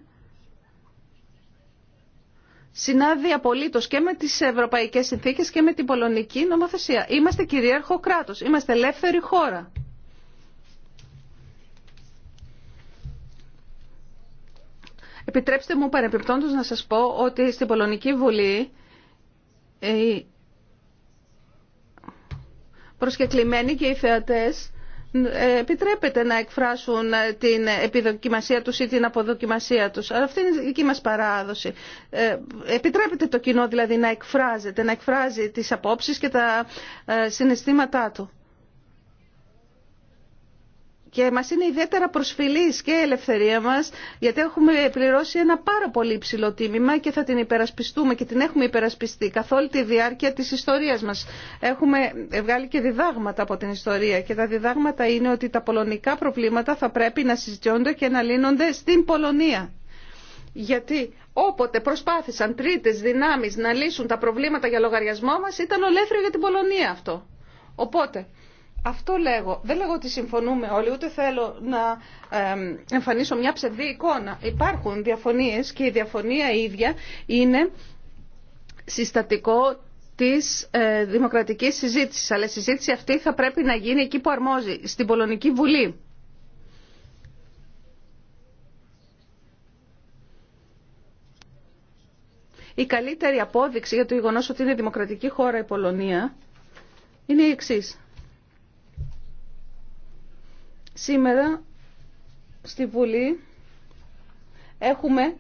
Speaker 7: συνάδει απολύτω και με τι ευρωπαϊκέ συνθήκε και με την πολωνική νομοθεσία. Είμαστε κυρίαρχο κράτο. Είμαστε ελεύθερη χώρα. Επιτρέψτε μου παρεμπιπτόντως να σας πω ότι στην Πολωνική Βουλή ε, προσκεκλημένοι και οι θεατές ε, επιτρέπεται να εκφράσουν την επιδοκιμασία τους ή την αποδοκιμασία τους. Αλλά αυτή είναι η δική μας παράδοση. Ε, επιτρέπεται το κοινό δηλαδή να εκφράζεται, να εκφράζει τις απόψεις και τα ε, συναισθήματά του και μας είναι ιδιαίτερα προσφυλής και η ελευθερία μας γιατί έχουμε πληρώσει ένα πάρα πολύ υψηλό τίμημα και θα την υπερασπιστούμε και την έχουμε υπερασπιστεί καθ' όλη τη διάρκεια της ιστορίας μας. Έχουμε βγάλει και διδάγματα από την ιστορία και τα διδάγματα είναι ότι τα πολωνικά προβλήματα θα πρέπει να συζητιώνται και να λύνονται στην Πολωνία. Γιατί όποτε προσπάθησαν τρίτες δυνάμεις να λύσουν τα προβλήματα για λογαριασμό μας ήταν ολέθριο για την Πολωνία αυτό. Οπότε αυτό λέγω. Δεν λέγω ότι συμφωνούμε όλοι, ούτε θέλω να εμφανίσω μια ψευδή εικόνα. Υπάρχουν διαφωνίες και η διαφωνία ίδια είναι συστατικό της ε, δημοκρατικής συζήτησης. Αλλά η συζήτηση αυτή θα πρέπει να γίνει εκεί που αρμόζει, στην Πολωνική Βουλή. Η καλύτερη απόδειξη για το γεγονό ότι είναι δημοκρατική χώρα η Πολωνία είναι η εξής. Σήμερα στη Βουλή έχουμε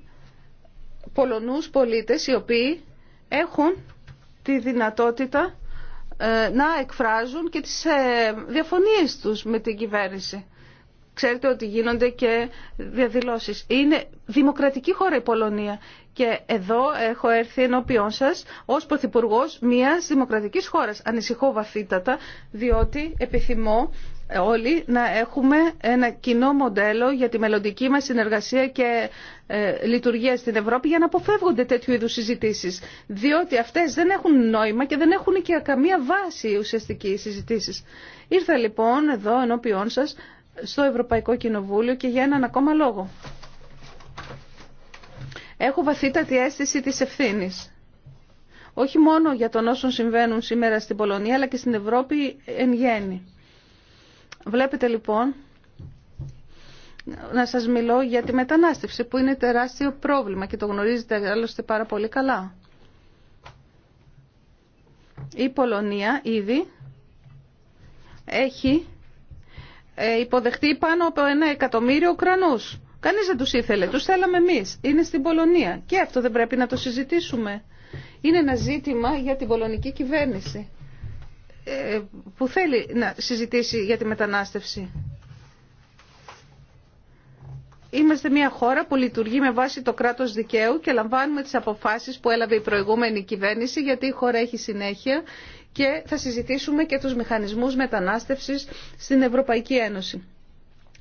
Speaker 7: Πολωνούς πολίτες οι οποίοι έχουν τη δυνατότητα ε, να εκφράζουν και τις ε, διαφωνίες τους με την κυβέρνηση. Ξέρετε ότι γίνονται και διαδηλώσεις. Είναι δημοκρατική χώρα η Πολωνία και εδώ έχω έρθει ενώπιόν σας ως Πρωθυπουργό μιας δημοκρατικής χώρας. Ανησυχώ βαθύτατα διότι επιθυμώ όλοι να έχουμε ένα κοινό μοντέλο για τη μελλοντική μας συνεργασία και ε, λειτουργία στην Ευρώπη για να αποφεύγονται τέτοιου είδους συζητήσεις. Διότι αυτές δεν έχουν νόημα και δεν έχουν και καμία βάση ουσιαστική οι συζητήσεις. Ήρθα λοιπόν εδώ ενώπιόν σας στο Ευρωπαϊκό Κοινοβούλιο και για έναν ακόμα λόγο. Έχω βαθύτατη αίσθηση της ευθύνης. Όχι μόνο για τον όσων συμβαίνουν σήμερα στην Πολωνία αλλά και στην Ευρώπη εν γέννη Βλέπετε λοιπόν να σας μιλώ για τη μετανάστευση που είναι τεράστιο πρόβλημα και το γνωρίζετε άλλωστε πάρα πολύ καλά. Η Πολωνία ήδη έχει ε, υποδεχτεί πάνω από ένα εκατομμύριο Ουκρανούς. Κανείς δεν τους ήθελε, τους θέλαμε εμείς. Είναι στην Πολωνία και αυτό δεν πρέπει να το συζητήσουμε. Είναι ένα ζήτημα για την πολωνική κυβέρνηση που θέλει να συζητήσει για τη μετανάστευση. Είμαστε μια χώρα που λειτουργεί με βάση το κράτος δικαίου και λαμβάνουμε τις αποφάσεις που έλαβε η προηγούμενη κυβέρνηση γιατί η χώρα έχει συνέχεια και θα συζητήσουμε και τους μηχανισμούς μετανάστευσης στην Ευρωπαϊκή Ένωση.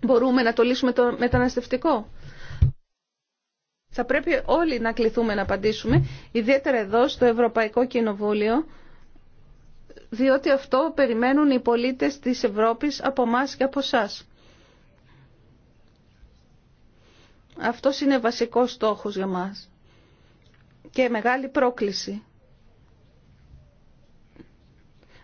Speaker 7: Μπορούμε να το λύσουμε το μεταναστευτικό. Θα πρέπει όλοι να κληθούμε να απαντήσουμε, ιδιαίτερα εδώ στο Ευρωπαϊκό Κοινοβούλιο, διότι αυτό περιμένουν οι πολίτες της Ευρώπης από εμά και από εσά. Αυτό είναι βασικός στόχος για μας και μεγάλη πρόκληση.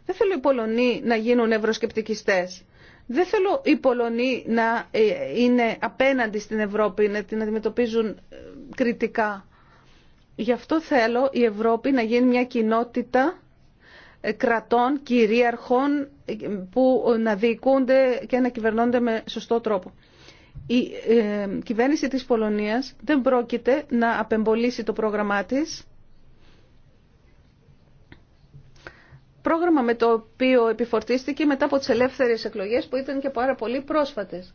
Speaker 7: Δεν θέλω οι Πολωνοί να γίνουν ευρωσκεπτικιστές. Δεν θέλω οι Πολωνοί να ε, είναι απέναντι στην Ευρώπη, να την αντιμετωπίζουν ε, κριτικά. Γι' αυτό θέλω η Ευρώπη να γίνει μια κοινότητα κρατών κυρίαρχων που να διοικούνται και να κυβερνώνται με σωστό τρόπο. Η ε, κυβέρνηση της Πολωνίας δεν πρόκειται να απεμπολίσει το πρόγραμμά της. Πρόγραμμα με το οποίο επιφορτίστηκε μετά από τις ελεύθερες εκλογές που ήταν και πάρα πολύ πρόσφατες.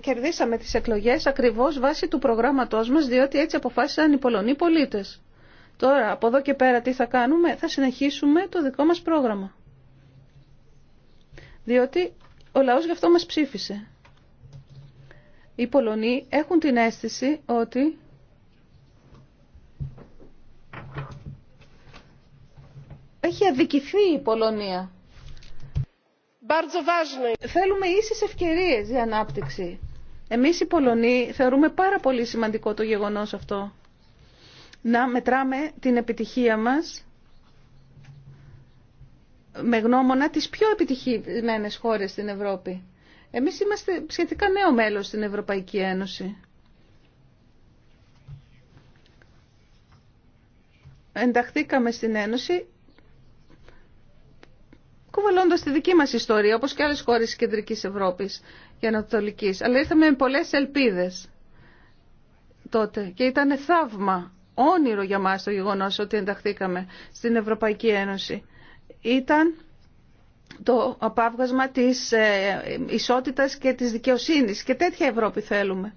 Speaker 7: Κερδίσαμε τις εκλογές ακριβώς βάσει του προγράμματός μας διότι έτσι αποφάσισαν οι Πολωνοί πολίτες. Τώρα, από εδώ και πέρα τι θα κάνουμε, θα συνεχίσουμε το δικό μας πρόγραμμα. Διότι ο λαός γι' αυτό μας ψήφισε. Οι Πολωνοί έχουν την αίσθηση ότι έχει αδικηθεί η Πολωνία. Θέλουμε ίσες ευκαιρίες για ανάπτυξη. Εμείς οι Πολωνοί θεωρούμε πάρα πολύ σημαντικό το γεγονός αυτό να μετράμε την επιτυχία μας με γνώμονα τις πιο επιτυχημένες χώρες στην Ευρώπη. Εμείς είμαστε σχετικά νέο μέλος στην Ευρωπαϊκή Ένωση. Ενταχθήκαμε στην Ένωση κουβαλώντας τη δική μας ιστορία, όπως και άλλες χώρες της Κεντρικής Ευρώπης και Ανατολικής. Αλλά ήρθαμε με πολλές ελπίδες τότε και ήταν θαύμα όνειρο για μας το γεγονός ότι ενταχθήκαμε στην Ευρωπαϊκή Ένωση. Ήταν το απάβγασμα της ε, ισότητας και της δικαιοσύνης και τέτοια Ευρώπη θέλουμε.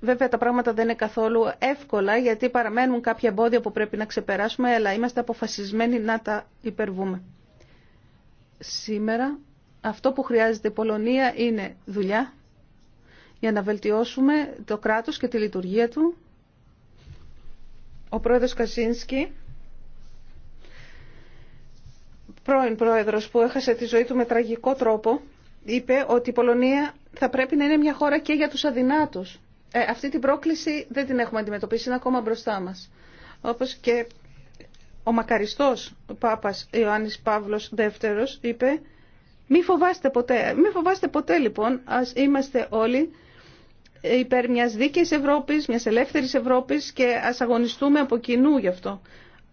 Speaker 7: Βέβαια τα πράγματα δεν είναι καθόλου εύκολα γιατί παραμένουν κάποια εμπόδια που πρέπει να ξεπεράσουμε αλλά είμαστε αποφασισμένοι να τα υπερβούμε. Σήμερα αυτό που χρειάζεται η Πολωνία είναι δουλειά για να βελτιώσουμε το κράτος και τη λειτουργία του ο πρόεδρος Καζίνσκι, πρώην πρόεδρος που έχασε τη ζωή του με τραγικό τρόπο, είπε ότι η Πολωνία θα πρέπει να είναι μια χώρα και για τους αδυνάτους. Ε, αυτή την πρόκληση δεν την έχουμε αντιμετωπίσει, είναι ακόμα μπροστά μας. Όπως και ο μακαριστός ο Πάπας Ιωάννης Παύλος δεύτερος είπε «Μη φοβάστε ποτέ, μη φοβάστε ποτέ λοιπόν, ας είμαστε όλοι υπέρ μια δίκαιη Ευρώπης, μιας ελεύθερης Ευρώπης και α αγωνιστούμε από κοινού γι' αυτό.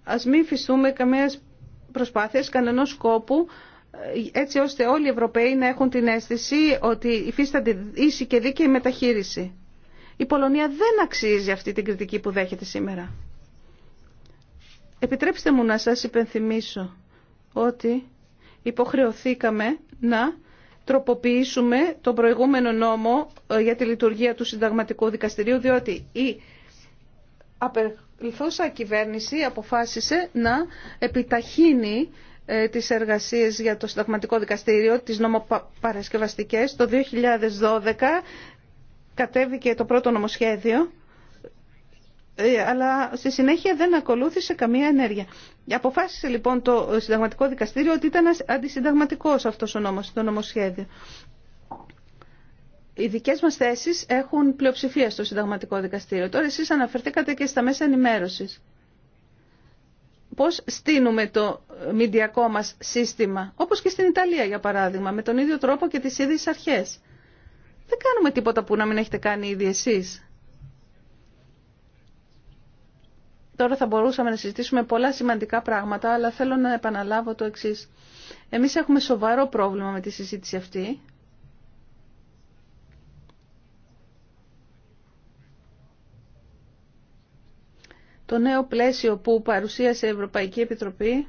Speaker 7: Ας μην φυσούμε καμία προσπάθεια, κανένα σκόπου, έτσι ώστε όλοι οι Ευρωπαίοι να έχουν την αίσθηση ότι υφίστανται ίση και δίκαιη μεταχείριση. Η Πολωνία δεν αξίζει αυτή την κριτική που δέχεται σήμερα. Επιτρέψτε μου να σας υπενθυμίσω ότι υποχρεωθήκαμε να τροποποιήσουμε τον προηγούμενο νόμο ε, για τη λειτουργία του συνταγματικού δικαστηρίου, διότι η απελθούσα κυβέρνηση αποφάσισε να επιταχύνει ε, τις εργασίες για το συνταγματικό δικαστήριο, τις νομοπαρασκευαστικές. Το 2012 κατέβηκε το πρώτο νομοσχέδιο ε, αλλά στη συνέχεια δεν ακολούθησε καμία ενέργεια. Αποφάσισε λοιπόν το συνταγματικό δικαστήριο ότι ήταν αντισυνταγματικός αυτός ο νόμος, το νομοσχέδιο. Οι δικέ μα θέσει έχουν πλειοψηφία στο συνταγματικό δικαστήριο. Τώρα εσεί αναφερθήκατε και στα μέσα ενημέρωση. Πώ στείνουμε το μηντιακό μα σύστημα, όπω και στην Ιταλία για παράδειγμα, με τον ίδιο τρόπο και τι ίδιε αρχέ. Δεν κάνουμε τίποτα που να μην έχετε κάνει ήδη εσεί. Τώρα θα μπορούσαμε να συζητήσουμε πολλά σημαντικά πράγματα, αλλά θέλω να επαναλάβω το εξή. Εμείς έχουμε σοβαρό πρόβλημα με τη συζήτηση αυτή. Το νέο πλαίσιο που παρουσίασε η Ευρωπαϊκή Επιτροπή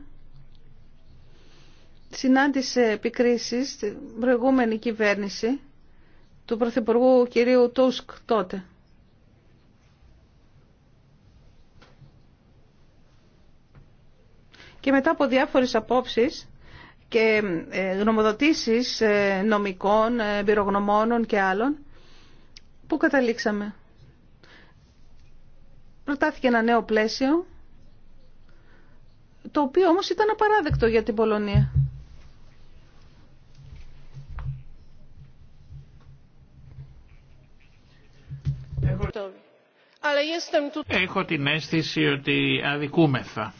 Speaker 7: συνάντησε επικρίσεις στην προηγούμενη κυβέρνηση του Πρωθυπουργού κυρίου Τούσκ τότε. και μετά από διάφορες απόψεις και ε, γνωμοδοτήσεις ε, νομικών, ε, εμπειρογνωμόνων και άλλων, πού καταλήξαμε. Προτάθηκε ένα νέο πλαίσιο, το οποίο όμως ήταν απαράδεκτο για την Πολωνία.
Speaker 5: Έχω την αίσθηση ότι αδικούμεθα.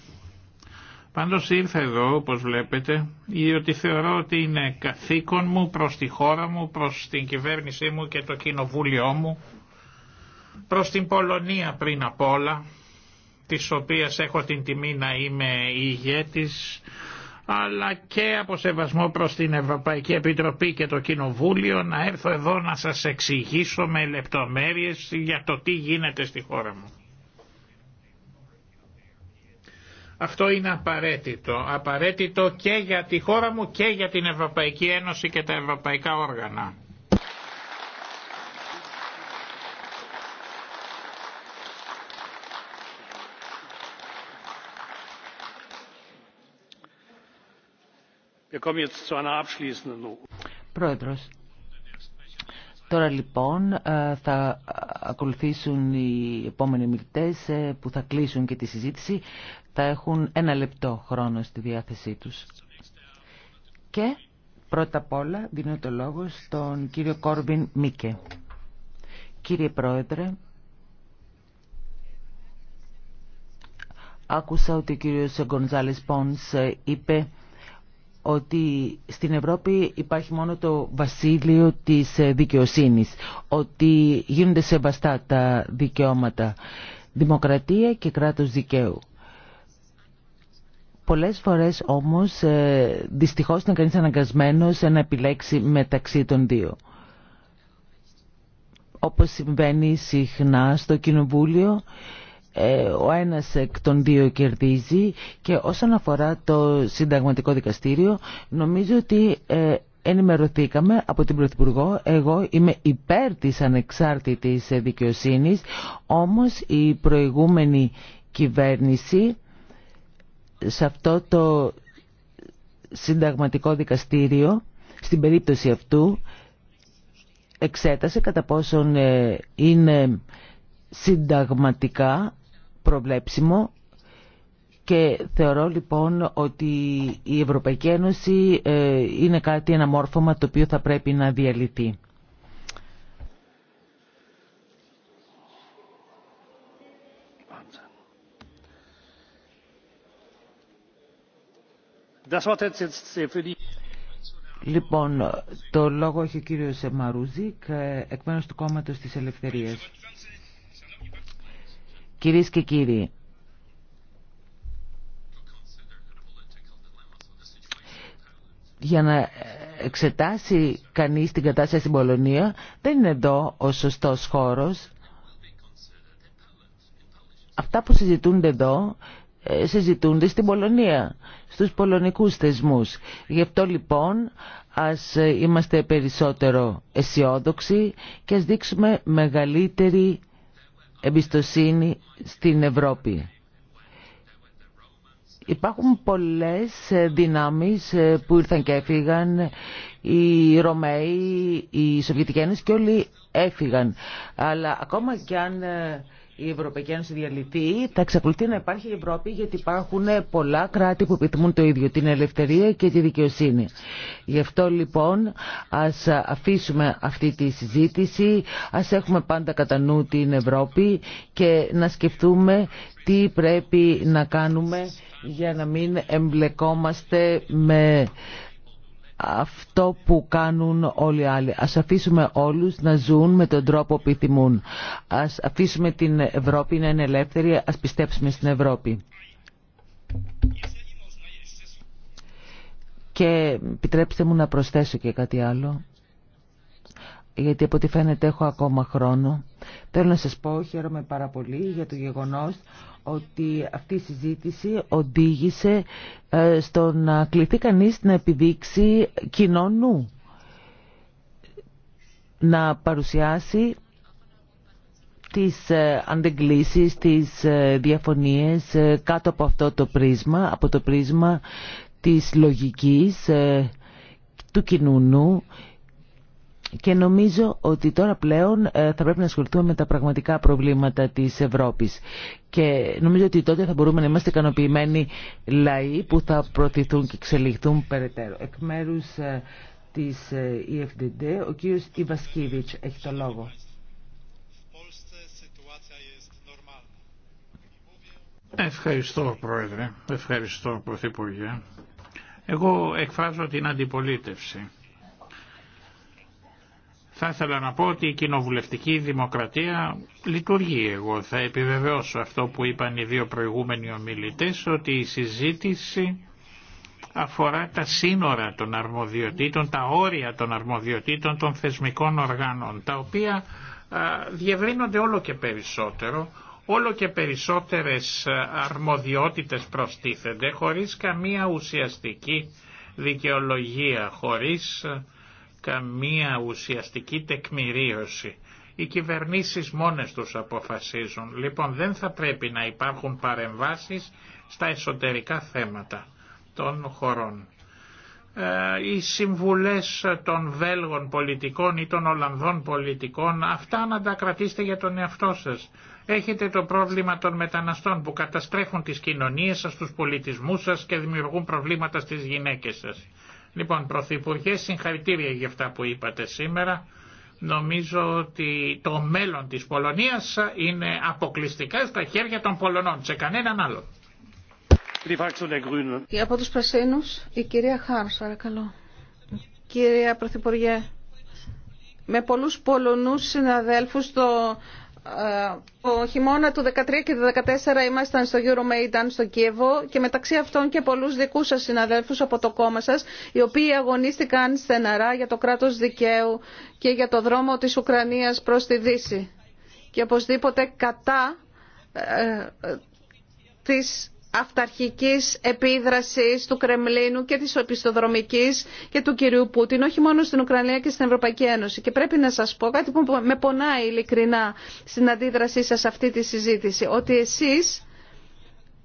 Speaker 5: Πάντως ήρθα εδώ, όπως βλέπετε, διότι θεωρώ ότι είναι καθήκον μου προς τη χώρα μου, προς την κυβέρνησή μου και το κοινοβούλιο μου, προς την Πολωνία πριν απ' όλα, της οποίας έχω την τιμή να είμαι ηγέτης, αλλά και από σεβασμό προς την Ευρωπαϊκή Επιτροπή και το Κοινοβούλιο να έρθω εδώ να σας εξηγήσω με λεπτομέρειες για το τι γίνεται στη χώρα μου. Αυτό είναι απαραίτητο. Απαραίτητο και για τη χώρα μου και για την Ευρωπαϊκή Ένωση και τα ευρωπαϊκά όργανα.
Speaker 6: Πρόεδρος, τώρα λοιπόν ε, θα ακολουθήσουν οι επόμενοι μιλητές ε, που θα κλείσουν και τη συζήτηση θα έχουν ένα λεπτό χρόνο στη διάθεσή τους. Και πρώτα απ' όλα δίνω το λόγο στον κύριο Κόρμπιν Μίκε. Κύριε Πρόεδρε, άκουσα ότι ο κύριος Γκονζάλης Πόνς είπε ότι στην Ευρώπη υπάρχει μόνο το βασίλειο της δικαιοσύνης, ότι γίνονται σεβαστά τα δικαιώματα, δημοκρατία και κράτος δικαίου. Πολλές φορές όμως ε, δυστυχώς είναι κανείς αναγκασμένος να επιλέξει μεταξύ των δύο. Όπως συμβαίνει συχνά στο Κοινοβούλιο, ε, ο ένας εκ των δύο κερδίζει και όσον αφορά το συνταγματικό δικαστήριο νομίζω ότι ε, ενημερωθήκαμε από την Πρωθυπουργό. Εγώ είμαι υπέρ της ανεξάρτητης δικαιοσύνης, όμως η προηγούμενη κυβέρνηση σε αυτό το συνταγματικό δικαστήριο, στην περίπτωση αυτού, εξέτασε κατά πόσον ε, είναι συνταγματικά προβλέψιμο και θεωρώ λοιπόν ότι η Ευρωπαϊκή Ένωση ε, είναι κάτι, ένα μόρφωμα το οποίο θα πρέπει να διαλυθεί.
Speaker 4: Äh,
Speaker 6: λοιπόν, το λόγο έχει ο κύριος Μαρούζικ, ε, εκ του κόμματος της Ελευθερίας. Κυρίες και κύριοι, για να εξετάσει κανείς την κατάσταση στην Πολωνία δεν είναι εδώ ο σωστός χώρος. Αυτά που συζητούνται εδώ ε, συζητούνται στην Πολωνία, στους πολωνικούς θεσμούς. Γι' αυτό λοιπόν ας ε, είμαστε περισσότερο αισιόδοξοι και ας δείξουμε μεγαλύτερη εμπιστοσύνη στην Ευρώπη. Υπάρχουν πολλές ε, δυνάμεις που ήρθαν και έφυγαν, οι Ρωμαίοι, οι Σοβιετικένες και όλοι έφυγαν. Αλλά ακόμα κι αν η Ευρωπαϊκή Ένωση διαλυθεί, θα εξακολουθεί να υπάρχει η Ευρώπη γιατί υπάρχουν πολλά κράτη που επιθυμούν το ίδιο, την ελευθερία και τη δικαιοσύνη. Γι' αυτό λοιπόν ας αφήσουμε αυτή τη συζήτηση, ας έχουμε πάντα κατά νου την Ευρώπη και να σκεφτούμε τι πρέπει να κάνουμε για να μην εμπλεκόμαστε με αυτό που κάνουν όλοι οι άλλοι. Ας αφήσουμε όλους να ζουν με τον τρόπο που επιθυμούν. Ας αφήσουμε την Ευρώπη να είναι ελεύθερη, ας πιστέψουμε στην Ευρώπη. Και επιτρέψτε μου να προσθέσω και κάτι άλλο, γιατί από ό,τι φαίνεται έχω ακόμα χρόνο. Θέλω να σας πω, χαίρομαι πάρα πολύ για το γεγονός ότι αυτή η συζήτηση οδήγησε ε, στο να κληθεί κανείς να επιδείξει κοινό νου. Να παρουσιάσει τις ε, αντεγκλήσεις, τις ε, διαφωνίες κάτω από αυτό το πρίσμα, από το πρίσμα της λογικής του κοινού νου και νομίζω ότι τώρα πλέον ε, θα πρέπει να ασχοληθούμε με τα πραγματικά προβλήματα της Ευρώπης. Και νομίζω ότι τότε θα μπορούμε να είμαστε ικανοποιημένοι λαοί που θα προωθηθούν και εξελιχθούν περαιτέρω. Εκ μέρους ε, της ε, EFDD, ο κύριος Ιβασκίβιτς έχει το λόγο.
Speaker 5: Ευχαριστώ Πρόεδρε, ευχαριστώ Πρωθυπουργέ. Εγώ εκφράζω την αντιπολίτευση θα ήθελα να πω ότι η κοινοβουλευτική δημοκρατία λειτουργεί εγώ. Θα επιβεβαιώσω αυτό που είπαν οι δύο προηγούμενοι ομιλητές, ότι η συζήτηση αφορά τα σύνορα των αρμοδιοτήτων, τα όρια των αρμοδιοτήτων των θεσμικών οργάνων, τα οποία διευρύνονται όλο και περισσότερο, όλο και περισσότερες αρμοδιότητες προστίθενται, χωρίς καμία ουσιαστική δικαιολογία, χωρίς καμία ουσιαστική τεκμηρίωση. Οι κυβερνήσεις μόνες τους αποφασίζουν. Λοιπόν δεν θα πρέπει να υπάρχουν παρεμβάσεις στα εσωτερικά θέματα των χωρών. Ε, οι συμβουλές των Βέλγων πολιτικών ή των Ολλανδών πολιτικών αυτά να τα κρατήσετε για τον εαυτό σας. Έχετε το πρόβλημα των μεταναστών που καταστρέφουν τις κοινωνίες σας, τους πολιτισμούς σας και δημιουργούν προβλήματα στις γυναίκες σας. Λοιπόν, Πρωθυπουργέ, συγχαρητήρια για αυτά που είπατε σήμερα. Νομίζω ότι το μέλλον της Πολωνίας είναι αποκλειστικά στα χέρια των Πολωνών, σε κανέναν άλλο.
Speaker 7: Από τους Πρασίνους, η κυρία Χάρς, παρακαλώ. Κυρία Πρωθυπουργέ, με πολλούς Πολωνούς συναδέλφους το το ε, χειμώνα του 2013 και του 2014 ήμασταν στο Euromaidan στο Κίεβο και μεταξύ αυτών και πολλούς δικούς σας συναδέλφους από το κόμμα σας οι οποίοι αγωνίστηκαν στεναρά για το κράτος δικαίου και για το δρόμο της Ουκρανίας προς τη Δύση και οπωσδήποτε κατά ε, ε της αυταρχικής επίδρασης του Κρεμλίνου και της οπισθοδρομικής και του κυρίου Πούτιν, όχι μόνο στην Ουκρανία και στην Ευρωπαϊκή Ένωση. Και πρέπει να σας πω κάτι που με πονάει ειλικρινά στην αντίδρασή σας σε αυτή τη συζήτηση, ότι εσείς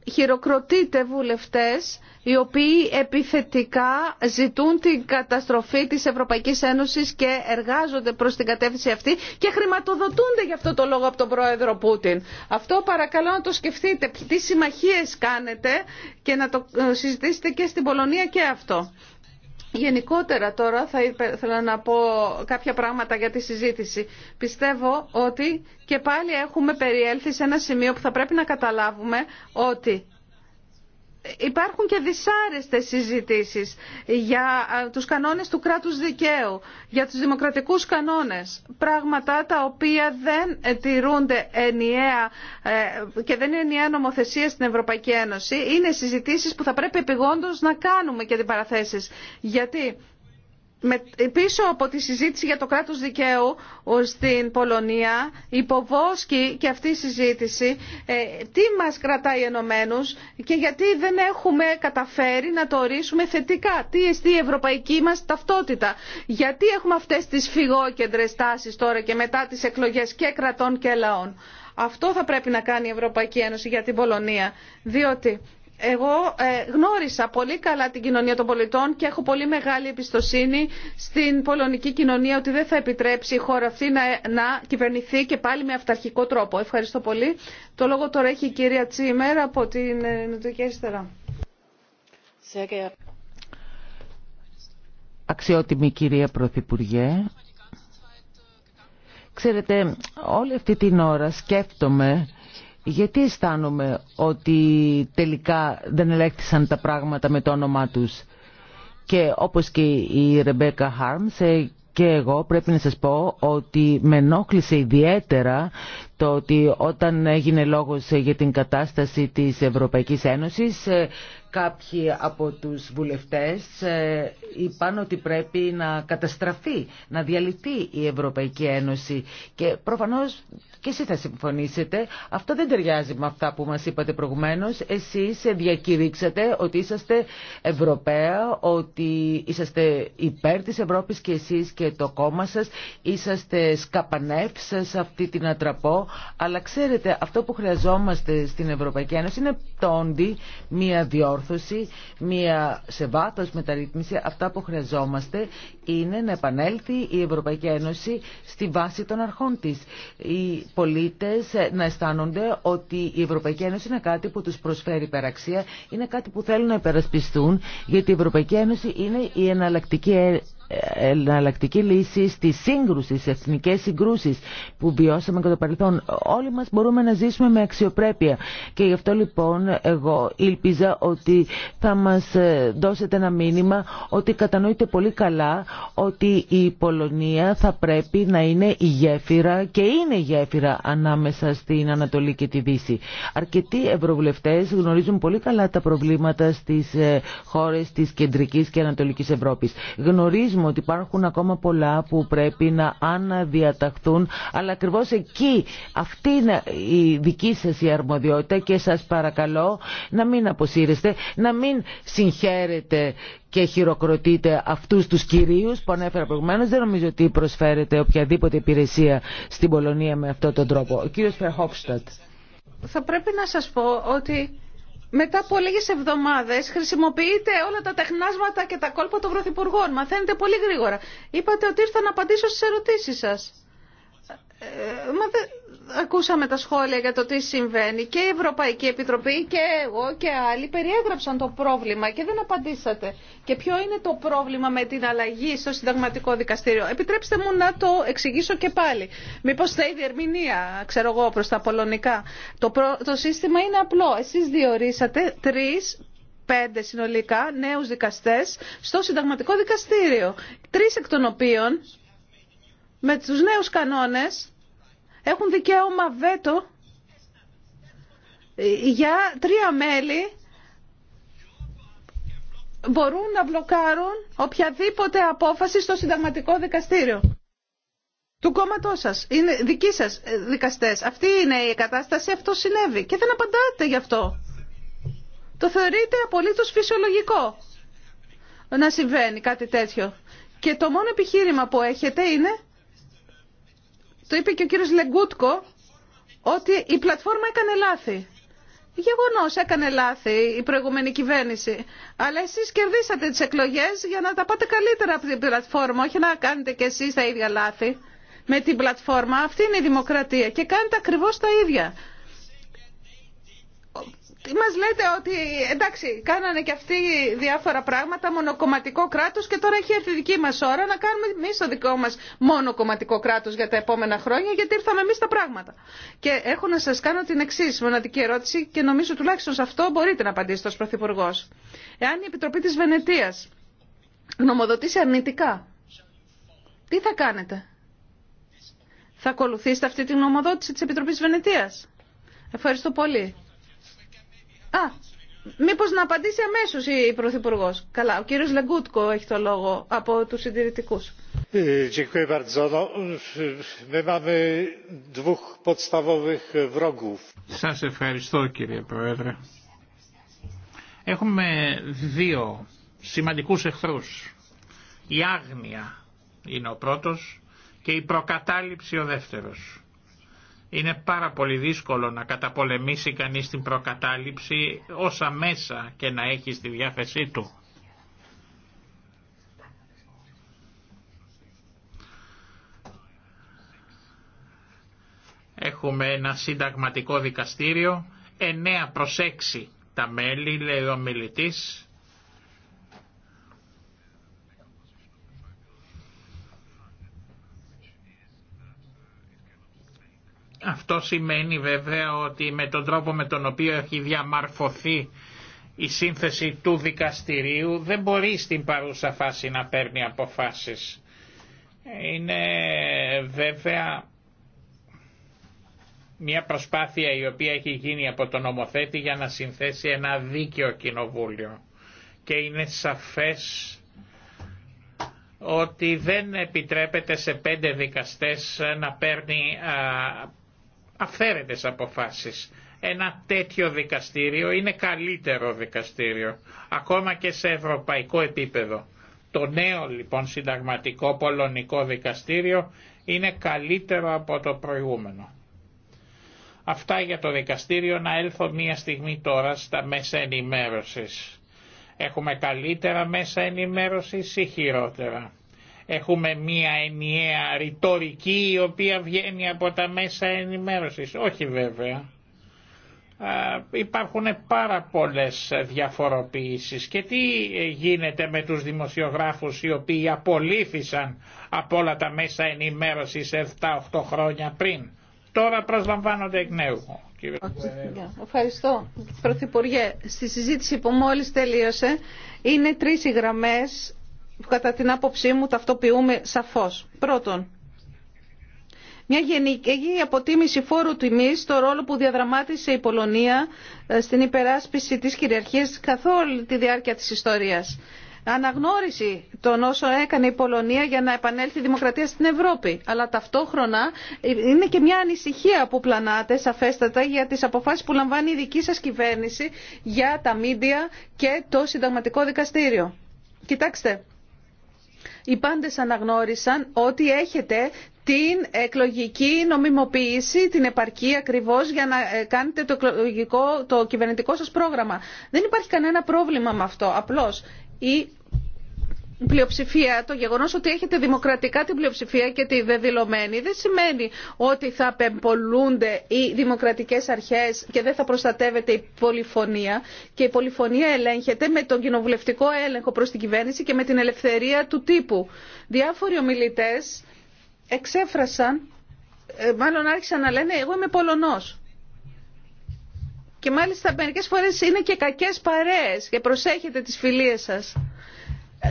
Speaker 7: χειροκροτείτε βουλευτές οι οποίοι επιθετικά ζητούν την καταστροφή της Ευρωπαϊκής Ένωσης και εργάζονται προς την κατεύθυνση αυτή και χρηματοδοτούνται γι' αυτό το λόγο από τον πρόεδρο Πούτιν. Αυτό παρακαλώ να το σκεφτείτε. Τι συμμαχίες κάνετε και να το ε, συζητήσετε και στην Πολωνία και αυτό. Γενικότερα τώρα θα ήθελα να πω κάποια πράγματα για τη συζήτηση. Πιστεύω ότι και πάλι έχουμε περιέλθει σε ένα σημείο που θα πρέπει να καταλάβουμε ότι Υπάρχουν και δυσάρεστες συζητήσεις για τους κανόνες του κράτους δικαίου, για τους δημοκρατικούς κανόνες, πράγματα τα οποία δεν ε, τηρούνται ενιαία ε, και δεν είναι ενιαία νομοθεσία στην Ευρωπαϊκή Ένωση. Είναι συζητήσεις που θα πρέπει επιγόντως να κάνουμε και την παραθέσεις. Γιατί πίσω από τη συζήτηση για το κράτος δικαίου στην Πολωνία υποβόσκει και αυτή η συζήτηση ε, τι μας κρατάει ενωμένους και γιατί δεν έχουμε καταφέρει να το ορίσουμε θετικά. Τι εστί η ευρωπαϊκή μας ταυτότητα. Γιατί έχουμε αυτές τις φυγόκεντρες τάσεις τώρα και μετά τις εκλογές και κρατών και λαών. Αυτό θα πρέπει να κάνει η Ευρωπαϊκή Ένωση για την Πολωνία. Διότι εγώ ε, γνώρισα πολύ καλά την κοινωνία των πολιτών και έχω πολύ μεγάλη εμπιστοσύνη στην πολωνική κοινωνία ότι δεν θα επιτρέψει η χώρα αυτή να κυβερνηθεί και πάλι με αυταρχικό τρόπο. Ευχαριστώ πολύ. Το λόγο τώρα έχει η κυρία Τσίμερ από την ε, Νοτιοκία
Speaker 6: Ιστερά. Αξιότιμη κυρία Πρωθυπουργέ, ξέρετε όλη αυτή την ώρα σκέφτομαι γιατί αισθάνομαι ότι τελικά δεν ελέγχθησαν τα πράγματα με το όνομά τους. Και όπως και η Ρεμπέκα Χάρμς ε, και εγώ πρέπει να σας πω ότι με ενόχλησε ιδιαίτερα το ότι όταν έγινε λόγος για την κατάσταση της Ευρωπαϊκής Ένωσης ε, κάποιοι από τους βουλευτές ε, είπαν ότι πρέπει να καταστραφεί, να διαλυθεί η Ευρωπαϊκή Ένωση και προφανώς και εσείς θα συμφωνήσετε. Αυτό δεν ταιριάζει με αυτά που μας είπατε προηγουμένως. Εσείς διακηρύξατε ότι είσαστε Ευρωπαία, ότι είσαστε υπέρ της Ευρώπης και εσείς και το κόμμα σας είσαστε σε αυτή την ατραπό αλλά ξέρετε, αυτό που χρειαζόμαστε στην Ευρωπαϊκή Ένωση είναι πτόντι, μία διόρθωση, μία σε βάθο μεταρρύθμιση. Αυτά που χρειαζόμαστε είναι να επανέλθει η Ευρωπαϊκή Ένωση στη βάση των αρχών της. Οι πολίτες να αισθάνονται ότι η Ευρωπαϊκή Ένωση είναι κάτι που τους προσφέρει υπεραξία, είναι κάτι που θέλουν να υπερασπιστούν, γιατί η Ευρωπαϊκή Ένωση είναι η εναλλακτική εναλλακτική λύση στις σύγκρουσεις, στι εθνικές συγκρούσεις που βιώσαμε κατά το παρελθόν. Όλοι μας μπορούμε να ζήσουμε με αξιοπρέπεια και γι' αυτό λοιπόν εγώ ήλπιζα ότι θα μας ε, δώσετε ένα μήνυμα ότι κατανοείτε πολύ καλά ότι η Πολωνία θα πρέπει να είναι η γέφυρα και είναι η γέφυρα ανάμεσα στην Ανατολή και τη Δύση. Αρκετοί ευρωβουλευτέ γνωρίζουν πολύ καλά τα προβλήματα στι ε, χώρε τη Κεντρική και Ανατολική Ευρώπη ότι υπάρχουν ακόμα πολλά που πρέπει να αναδιαταχθούν, αλλά ακριβώ εκεί αυτή είναι η δική σας η αρμοδιότητα και σας παρακαλώ να μην αποσύρεστε, να μην συγχαίρετε και χειροκροτείτε αυτούς τους κυρίους που ανέφερα προηγουμένως. Δεν νομίζω ότι προσφέρετε οποιαδήποτε υπηρεσία στην Πολωνία με αυτόν τον τρόπο. Ο κύριος Φερχόφστατ.
Speaker 7: Θα πρέπει να σας πω ότι μετά από λίγε εβδομάδες χρησιμοποιείτε όλα τα τεχνάσματα και τα κόλπα των πρωθυπουργών. Μαθαίνετε πολύ γρήγορα. Είπατε ότι ήρθα να απαντήσω στι ερωτήσει σας. Ε, ακούσαμε τα σχόλια για το τι συμβαίνει και η Ευρωπαϊκή Επιτροπή και εγώ και άλλοι περιέγραψαν το πρόβλημα και δεν απαντήσατε. Και ποιο είναι το πρόβλημα με την αλλαγή στο συνταγματικό δικαστήριο. Επιτρέψτε μου να το εξηγήσω και πάλι. Μήπω θα διερμηνία, ξέρω εγώ, προς τα πολωνικά. Το, το σύστημα είναι απλό. Εσεί διορίσατε τρει, πέντε συνολικά νέους δικαστές στο συνταγματικό δικαστήριο. Τρεις εκ των οποίων με τους νέους κανόνες έχουν δικαίωμα βέτο για τρία μέλη μπορούν να μπλοκάρουν οποιαδήποτε απόφαση στο συνταγματικό δικαστήριο του κόμματός σας, είναι δικοί σας ε, δικαστές. Αυτή είναι η κατάσταση, αυτό συνέβη και δεν απαντάτε γι' αυτό. Το θεωρείτε απολύτως φυσιολογικό να συμβαίνει κάτι τέτοιο. Και το μόνο επιχείρημα που έχετε είναι το είπε και ο κύριος Λεγκούτκο ότι η πλατφόρμα έκανε λάθη. Γεγονό, έκανε λάθη η προηγούμενη κυβέρνηση. Αλλά εσεί κερδίσατε τι εκλογέ για να τα πάτε καλύτερα από την πλατφόρμα, όχι να κάνετε κι εσεί τα ίδια λάθη με την πλατφόρμα. Αυτή είναι η δημοκρατία και κάνετε ακριβώ τα ίδια. Μα λέτε ότι εντάξει κάνανε και αυτοί διάφορα πράγματα μονοκομματικό κράτο και τώρα έχει έρθει η δική μα ώρα να κάνουμε εμεί το δικό μα μονοκομματικό κράτο για τα επόμενα χρόνια γιατί ήρθαμε εμεί τα πράγματα. Και έχω να σα κάνω την εξή μοναδική ερώτηση και νομίζω τουλάχιστον σε αυτό μπορείτε να απαντήσετε ως Πρωθυπουργό. Εάν η Επιτροπή τη Βενετία γνωμοδοτήσει αρνητικά, τι θα κάνετε. Θα ακολουθήσετε αυτή τη γνωμοδότηση τη Επιτροπή Βενετία. Ευχαριστώ πολύ. Α, μήπω να απαντήσει αμέσω, η Πρωθυπουργό. Καλά, ο κύριο Λεγκούτκο έχει το λόγο από τους συντηρητικούς.
Speaker 4: Ε,
Speaker 5: Σας ευχαριστώ κύριε Πρόεδρε. Έχουμε δύο σημαντικούς εχθρούς. Η άγνοια είναι ο πρώτος και η προκατάληψη ο δεύτερος. Είναι πάρα πολύ δύσκολο να καταπολεμήσει κανείς την προκατάληψη όσα μέσα και να έχει στη διάθεσή του. Έχουμε ένα συνταγματικό δικαστήριο, 9 προς 6 τα μέλη, λέει ο μιλητής, Αυτό σημαίνει βέβαια ότι με τον τρόπο με τον οποίο έχει διαμαρφωθεί η σύνθεση του δικαστηρίου δεν μπορεί στην παρούσα φάση να παίρνει αποφάσεις. Είναι βέβαια μια προσπάθεια η οποία έχει γίνει από τον νομοθέτη για να συνθέσει ένα δίκαιο κοινοβούλιο και είναι σαφές ότι δεν επιτρέπεται σε πέντε δικαστές να παίρνει αφαίρετες αποφάσεις. Ένα τέτοιο δικαστήριο είναι καλύτερο δικαστήριο, ακόμα και σε ευρωπαϊκό επίπεδο. Το νέο λοιπόν συνταγματικό πολωνικό δικαστήριο είναι καλύτερο από το προηγούμενο. Αυτά για το δικαστήριο να έλθω μία στιγμή τώρα στα μέσα ενημέρωσης. Έχουμε καλύτερα μέσα ενημέρωσης ή χειρότερα. Έχουμε μία ενιαία ρητορική η οποία βγαίνει από τα μέσα ενημέρωσης. Όχι βέβαια. Υπάρχουν πάρα πολλές διαφοροποιήσεις και τι γίνεται με τους δημοσιογράφους οι οποίοι απολύθησαν από όλα τα μέσα ενημέρωσης 7-8 χρόνια πριν. Τώρα προσλαμβάνονται εκ νέου.
Speaker 7: Ευχαριστώ. Πρωθυπουργέ, στη συζήτηση που μόλις τελείωσε είναι τρεις οι γραμμές κατά την άποψή μου ταυτοποιούμε σαφώς. Πρώτον, μια γενική αποτίμηση φόρου τιμής στο ρόλο που διαδραμάτισε η Πολωνία ε, στην υπεράσπιση της κυριαρχίας καθ' όλη τη διάρκεια της ιστορίας. Αναγνώριση των όσων έκανε η Πολωνία για να επανέλθει η δημοκρατία στην Ευρώπη. Αλλά ταυτόχρονα είναι και μια ανησυχία που πλανάτε σαφέστατα για τις αποφάσεις που λαμβάνει η δική σας κυβέρνηση για τα μίντια και το συνταγματικό δικαστήριο. Κοιτάξτε, οι πάντες αναγνώρισαν ότι έχετε την εκλογική νομιμοποίηση, την επαρκή ακριβώς για να ε, κάνετε το, εκλογικό, το κυβερνητικό σας πρόγραμμα. Δεν υπάρχει κανένα πρόβλημα με αυτό. Απλώς η πλειοψηφία, το γεγονό ότι έχετε δημοκρατικά την πλειοψηφία και τη δεδηλωμένη δεν σημαίνει ότι θα απεμπολούνται οι δημοκρατικέ αρχέ και δεν θα προστατεύεται η πολυφωνία και η πολυφωνία ελέγχεται με τον κοινοβουλευτικό έλεγχο προ την κυβέρνηση και με την ελευθερία του τύπου. Διάφοροι ομιλητέ εξέφρασαν, ε, μάλλον άρχισαν να λένε εγώ είμαι Πολωνός. Και μάλιστα μερικέ φορέ είναι και κακέ παρέε και προσέχετε τι φιλίε σα.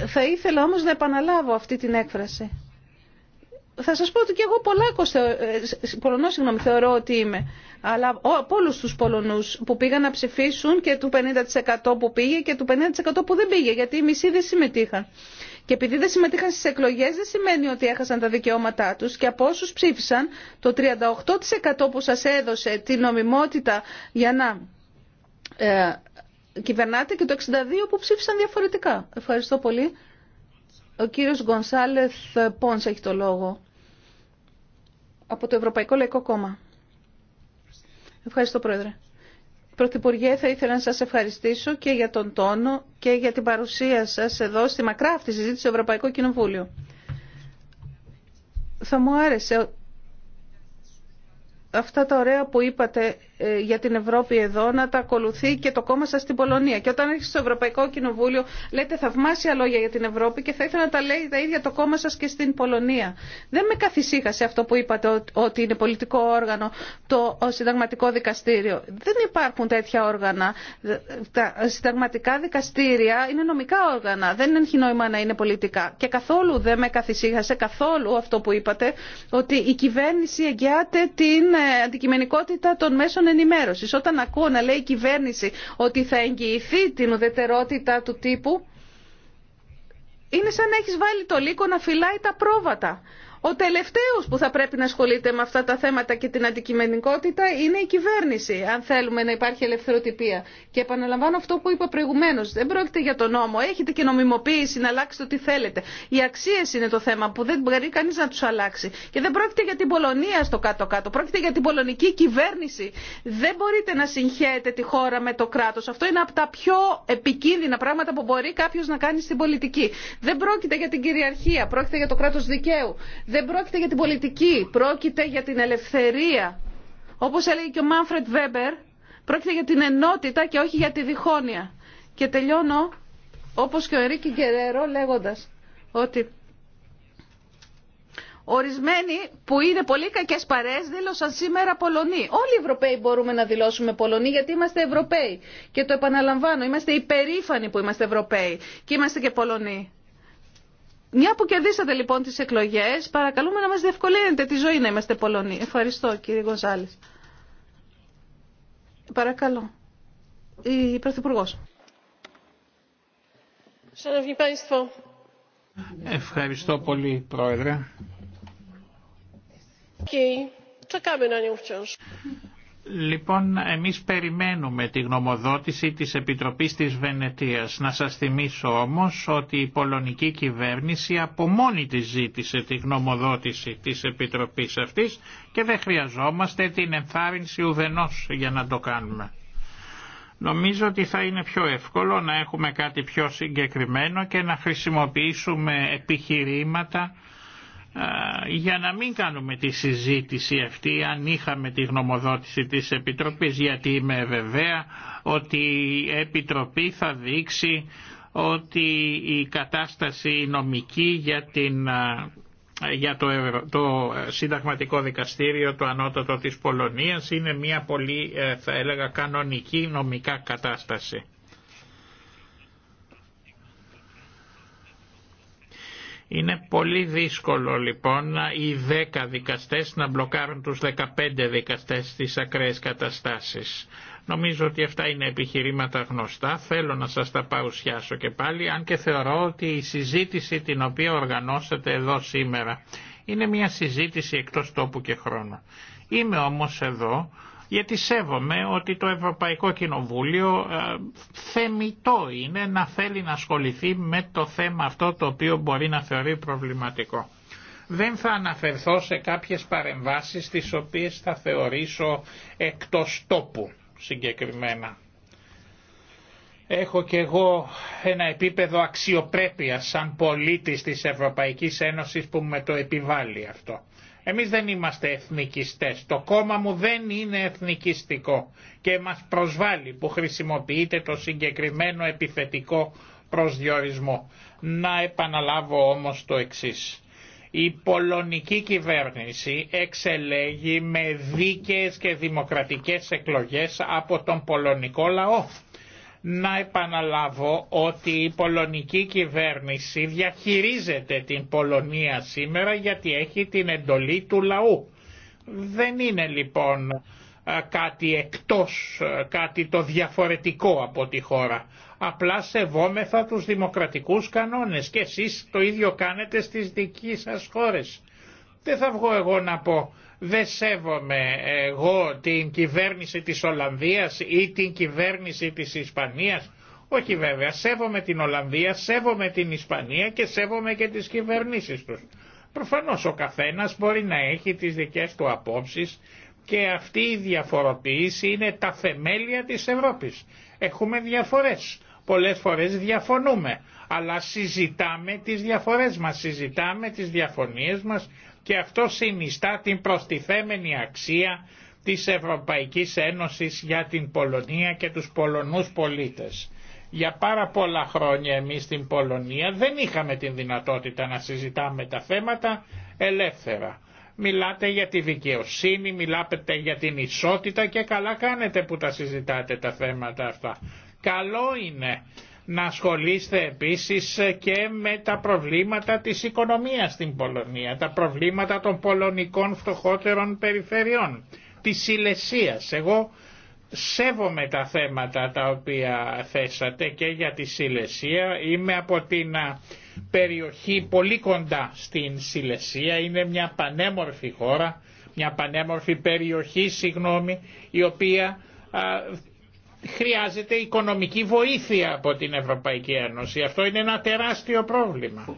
Speaker 7: Θα ήθελα όμως να επαναλάβω αυτή την έκφραση. Θα σας πω ότι και εγώ Πολάκος, Πολωνό, θεωρώ ότι είμαι. Αλλά από όλου τους Πολωνούς που πήγαν να ψηφίσουν και του 50% που πήγε και του 50% που δεν πήγε, γιατί οι μισοί δεν συμμετείχαν. Και επειδή δεν συμμετείχαν στις εκλογές δεν σημαίνει ότι έχασαν τα δικαιώματά τους και από όσου ψήφισαν το 38% που σας έδωσε την νομιμότητα για να ε, κυβερνάτε και το 62 που ψήφισαν διαφορετικά. Ευχαριστώ πολύ. Ο κύριος Γκονσάλεθ Πόνς έχει το λόγο από το Ευρωπαϊκό Λαϊκό Κόμμα. Ευχαριστώ Πρόεδρε. Πρωθυπουργέ, θα ήθελα να σας ευχαριστήσω και για τον τόνο και για την παρουσία σας εδώ στη μακρά αυτή συζήτηση στο Ευρωπαϊκό Κοινοβούλιο. Θα μου άρεσε αυτά τα ωραία που είπατε ε, για την Ευρώπη εδώ να τα ακολουθεί και το κόμμα σας στην Πολωνία. Και όταν έρχεστε στο Ευρωπαϊκό Κοινοβούλιο λέτε θαυμάσια λόγια για την Ευρώπη και θα ήθελα να τα λέει τα ίδια το κόμμα σας και στην Πολωνία. Δεν με καθησύχασε αυτό που είπατε ότι είναι πολιτικό όργανο το συνταγματικό δικαστήριο. Δεν υπάρχουν τέτοια όργανα. Τα συνταγματικά δικαστήρια είναι νομικά όργανα. Δεν έχει νόημα να είναι πολιτικά. Και καθόλου δεν με καθησύχασε καθόλου αυτό που είπατε ότι η κυβέρνηση εγγυάται την ε, αντικειμενικότητα των μέσων ενημέρωση. Όταν ακούω να λέει η κυβέρνηση ότι θα εγγυηθεί την ουδετερότητα του τύπου, είναι σαν να έχεις βάλει το λύκο να φυλάει τα πρόβατα. Ο τελευταίος που θα πρέπει να ασχολείται με αυτά τα θέματα και την αντικειμενικότητα είναι η κυβέρνηση, αν θέλουμε να υπάρχει ελευθεροτυπία. Και επαναλαμβάνω αυτό που είπα προηγουμένως. Δεν πρόκειται για τον νόμο. Έχετε και νομιμοποίηση να αλλάξετε ό,τι θέλετε. Οι αξίες είναι το θέμα που δεν μπορεί κανείς να τους αλλάξει. Και δεν πρόκειται για την Πολωνία στο κάτω-κάτω. Πρόκειται για την πολωνική κυβέρνηση. Δεν μπορείτε να συγχαίρετε τη χώρα με το κράτος. Αυτό είναι από τα πιο επικίνδυνα πράγματα που μπορεί κάποιο να κάνει στην πολιτική. Δεν πρόκειται για την κυριαρχία. Πρόκειται για το κράτος δικαίου. Δεν πρόκειται για την πολιτική, πρόκειται για την ελευθερία. Όπως έλεγε και ο Μάνφρετ Βέμπερ, πρόκειται για την ενότητα και όχι για τη διχόνοια. Και τελειώνω, όπως και ο Ερίκη Γκερέρο, λέγοντας ότι Ορισμένοι που είναι πολύ κακέ παρέ δήλωσαν σήμερα Πολωνοί. Όλοι οι Ευρωπαίοι μπορούμε να δηλώσουμε Πολωνοί γιατί είμαστε Ευρωπαίοι. Και το επαναλαμβάνω, είμαστε υπερήφανοι που είμαστε Ευρωπαίοι και είμαστε και Πολωνοί. Μια που κερδίσατε λοιπόν τις εκλογές, παρακαλούμε να μας διευκολύνετε τη ζωή να είμαστε Πολωνοί. Ευχαριστώ κύριε Γκοζάλης. Παρακαλώ. Η Πρωθυπουργός.
Speaker 5: Ευχαριστώ πολύ Πρόεδρε. Και... Λοιπόν, εμείς περιμένουμε τη γνωμοδότηση της Επιτροπής της Βενετίας. Να σας θυμίσω όμως ότι η πολωνική κυβέρνηση από μόνη της ζήτησε τη γνωμοδότηση της Επιτροπής αυτής και δεν χρειαζόμαστε την ενθάρρυνση ουδενός για να το κάνουμε. Νομίζω ότι θα είναι πιο εύκολο να έχουμε κάτι πιο συγκεκριμένο και να χρησιμοποιήσουμε επιχειρήματα για να μην κάνουμε τη συζήτηση αυτή αν είχαμε τη γνωμοδότηση της Επιτροπής γιατί είμαι βεβαία ότι η Επιτροπή θα δείξει ότι η κατάσταση νομική για, για το, το συνταγματικό δικαστήριο το ανώτατο της Πολωνίας είναι μια πολύ ε, θα έλεγα κανονική νομικά κατάσταση. Είναι πολύ δύσκολο λοιπόν οι 10 δικαστές να μπλοκάρουν τους 15 δικαστές στις ακραίες καταστάσεις. Νομίζω ότι αυτά είναι επιχειρήματα γνωστά, θέλω να σας τα παρουσιάσω και πάλι, αν και θεωρώ ότι η συζήτηση την οποία οργανώσατε εδώ σήμερα είναι μια συζήτηση εκτός τόπου και χρόνου. Είμαι όμως εδώ γιατί σέβομαι ότι το Ευρωπαϊκό Κοινοβούλιο ε, θεμητό είναι να θέλει να ασχοληθεί με το θέμα αυτό το οποίο μπορεί να θεωρεί προβληματικό. Δεν θα αναφερθώ σε κάποιες παρεμβάσεις τις οποίες θα θεωρήσω εκτός τόπου συγκεκριμένα. Έχω και εγώ ένα επίπεδο αξιοπρέπειας σαν πολίτης της Ευρωπαϊκής Ένωσης που με το επιβάλλει αυτό. Εμείς δεν είμαστε εθνικιστές. Το κόμμα μου δεν είναι εθνικιστικό και μας προσβάλλει που χρησιμοποιείται το συγκεκριμένο επιθετικό προσδιορισμό. Να επαναλάβω όμως το εξής. Η πολωνική κυβέρνηση εξελέγει με δίκαιες και δημοκρατικές εκλογές από τον πολωνικό λαό να επαναλάβω ότι η πολωνική κυβέρνηση διαχειρίζεται την Πολωνία σήμερα γιατί έχει την εντολή του λαού. Δεν είναι λοιπόν κάτι εκτός, κάτι το διαφορετικό από τη χώρα. Απλά σεβόμεθα τους δημοκρατικούς κανόνες και εσείς το ίδιο κάνετε στις δική σας χώρες. Δεν θα βγω εγώ να πω δεν σέβομαι εγώ την κυβέρνηση της Ολλανδίας ή την κυβέρνηση της Ισπανίας. Όχι βέβαια, σέβομαι την Ολλανδία, σέβομαι την Ισπανία και σέβομαι και τις κυβερνήσεις τους. Προφανώς ο καθένας μπορεί να έχει τις δικές του απόψεις και αυτή η διαφοροποίηση είναι τα θεμέλια της Ευρώπης. Έχουμε διαφορές. Πολλές φορές διαφωνούμε, αλλά συζητάμε τις διαφορές μας, συζητάμε τις διαφωνίες μας, και αυτό συνιστά την προστιθέμενη αξία της Ευρωπαϊκής Ένωσης για την Πολωνία και τους Πολωνούς πολίτες. Για πάρα πολλά χρόνια εμείς στην Πολωνία δεν είχαμε την δυνατότητα να συζητάμε τα θέματα ελεύθερα. Μιλάτε για τη δικαιοσύνη, μιλάτε για την ισότητα και καλά κάνετε που τα συζητάτε τα θέματα αυτά. Καλό είναι να ασχολείστε επίσης και με τα προβλήματα της οικονομίας στην Πολωνία, τα προβλήματα των πολωνικών φτωχότερων περιφερειών, της Σιλεσίας. Εγώ σέβομαι τα θέματα τα οποία θέσατε και για τη Σιλεσία. Είμαι από την περιοχή πολύ κοντά στην Σιλεσία, είναι μια πανέμορφη χώρα, μια πανέμορφη περιοχή, συγγνώμη, η οποία χρειάζεται οικονομική βοήθεια από την Ευρωπαϊκή Ένωση. Αυτό είναι ένα τεράστιο πρόβλημα.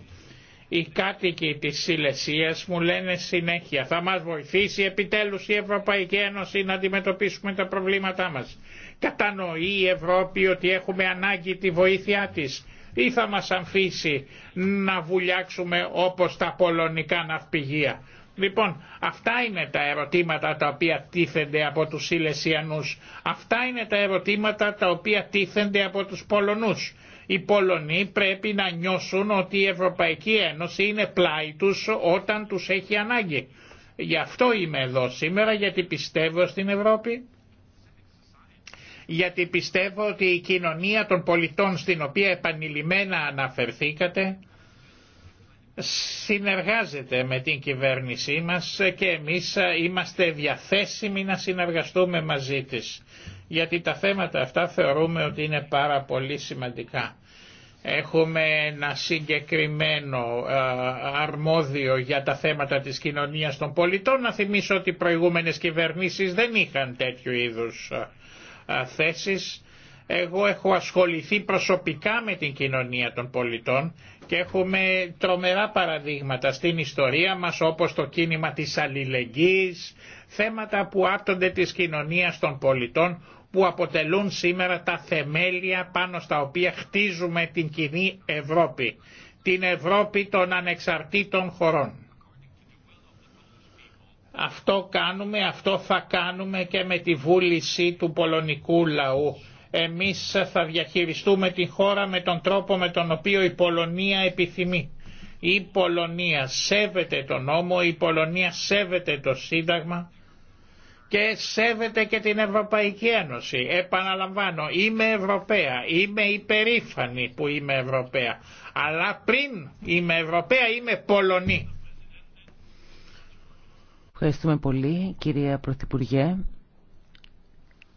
Speaker 5: Οι κάτοικοι της Σιλεσίας μου λένε συνέχεια θα μας βοηθήσει επιτέλους η Ευρωπαϊκή Ένωση να αντιμετωπίσουμε τα προβλήματά μας. Κατανοεί η Ευρώπη ότι έχουμε ανάγκη τη βοήθειά της ή θα μας αμφίσει να βουλιάξουμε όπως τα πολωνικά ναυπηγεία. Λοιπόν, αυτά είναι τα ερωτήματα τα οποία τίθενται από τους Σιλεσιανούς. Αυτά είναι τα ερωτήματα τα οποία τίθενται από τους Πολωνούς. Οι Πολωνοί πρέπει να νιώσουν ότι η Ευρωπαϊκή Ένωση είναι πλάι τους όταν τους έχει ανάγκη. Γι' αυτό είμαι εδώ σήμερα, γιατί πιστεύω στην Ευρώπη. Γιατί πιστεύω ότι η κοινωνία των πολιτών στην οποία επανειλημμένα αναφερθήκατε συνεργάζεται με την κυβέρνησή μας και εμείς είμαστε διαθέσιμοι να συνεργαστούμε μαζί της. Γιατί τα θέματα αυτά θεωρούμε ότι είναι πάρα πολύ σημαντικά. Έχουμε ένα συγκεκριμένο αρμόδιο για τα θέματα της κοινωνίας των πολιτών. Να θυμίσω ότι οι προηγούμενες κυβερνήσεις δεν είχαν τέτοιου είδους θέσεις. Εγώ έχω ασχοληθεί προσωπικά με την κοινωνία των πολιτών και έχουμε τρομερά παραδείγματα στην ιστορία μας όπως το κίνημα της αλληλεγγύης, θέματα που άπτονται της κοινωνίας των πολιτών που αποτελούν σήμερα τα θεμέλια πάνω στα οποία χτίζουμε την κοινή Ευρώπη, την Ευρώπη των ανεξαρτήτων χωρών. Αυτό κάνουμε, αυτό θα κάνουμε και με τη βούληση του πολωνικού λαού εμείς θα διαχειριστούμε τη χώρα με τον τρόπο με τον οποίο η Πολωνία επιθυμεί. Η Πολωνία σέβεται τον νόμο, η Πολωνία σέβεται το Σύνταγμα και σέβεται και την Ευρωπαϊκή Ένωση. Επαναλαμβάνω, είμαι Ευρωπαία, είμαι υπερήφανη που είμαι Ευρωπαία, αλλά πριν είμαι Ευρωπαία είμαι Πολωνή.
Speaker 6: Ευχαριστούμε πολύ κυρία Πρωθυπουργέ.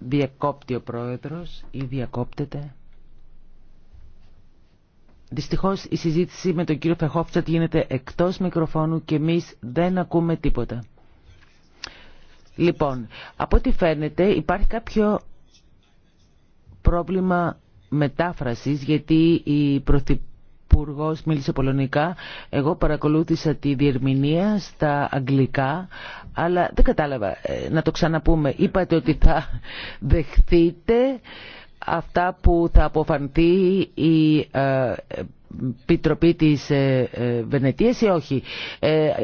Speaker 6: Διακόπτει ο πρόεδρος ή διακόπτεται. Δυστυχώς η συζήτηση με τον κύριο Φεχόφτσατ γίνεται εκτός μικροφώνου και εμείς δεν ακούμε τίποτα. Λοιπόν, από ό,τι φαίνεται υπάρχει κάποιο πρόβλημα μετάφρασης γιατί η πρωθυπουργή υπουργό μίλησε πολωνικά. Εγώ παρακολούθησα τη διερμηνία στα αγγλικά, αλλά δεν κατάλαβα. Ε, να το ξαναπούμε. Είπατε ότι θα δεχθείτε αυτά που θα αποφανθεί η ε, πιτροπή της ε, Βενετίας ή όχι.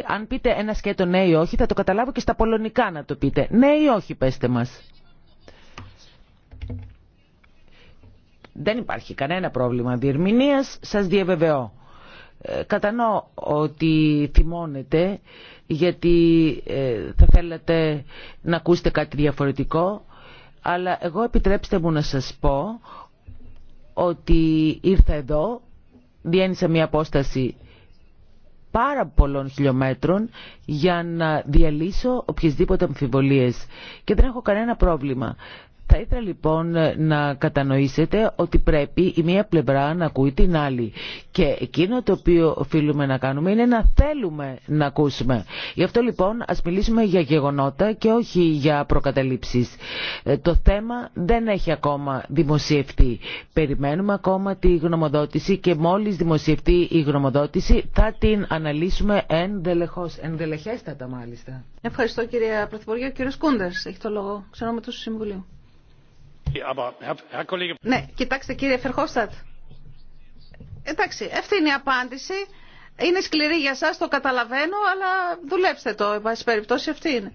Speaker 6: αν πείτε ένα σκέτο ναι ή όχι, θα το καταλάβω και στα πολωνικά να το πείτε. Ναι ή όχι, πέστε μας. Δεν υπάρχει κανένα πρόβλημα διερμηνίας, σας διαβεβαιώ. Ε, κατανοώ ότι θυμώνετε γιατί ε, θα θέλατε να ακούσετε κάτι διαφορετικό αλλά εγώ επιτρέψτε μου να σας πω ότι ήρθα εδώ, διένυσα μια απόσταση πάρα πολλών χιλιόμετρων για να διαλύσω οποιασδήποτε αμφιβολίες και δεν έχω κανένα πρόβλημα θα ήθελα λοιπόν να κατανοήσετε ότι πρέπει η μία πλευρά να ακούει την άλλη. Και εκείνο το οποίο οφείλουμε να κάνουμε είναι να θέλουμε να ακούσουμε. Γι' αυτό λοιπόν ας μιλήσουμε για γεγονότα και όχι για προκαταλήψεις. Ε, το θέμα δεν έχει ακόμα δημοσιευτεί. Περιμένουμε ακόμα τη γνωμοδότηση και μόλις δημοσιευτεί η γνωμοδότηση θα την αναλύσουμε ενδελεχώς, ενδελεχέστατα μάλιστα.
Speaker 7: Ευχαριστώ κυρία Πρωθυπουργέ. Ο κύριος Κούντας έχει το λόγο, ξέρω με το Συμβουλίο. Ναι, κοιτάξτε κύριε Φερχόστατ. Εντάξει, αυτή είναι η απάντηση. Είναι σκληρή για σας, το καταλαβαίνω, αλλά δουλέψτε το, εν πάση περιπτώσει αυτή είναι.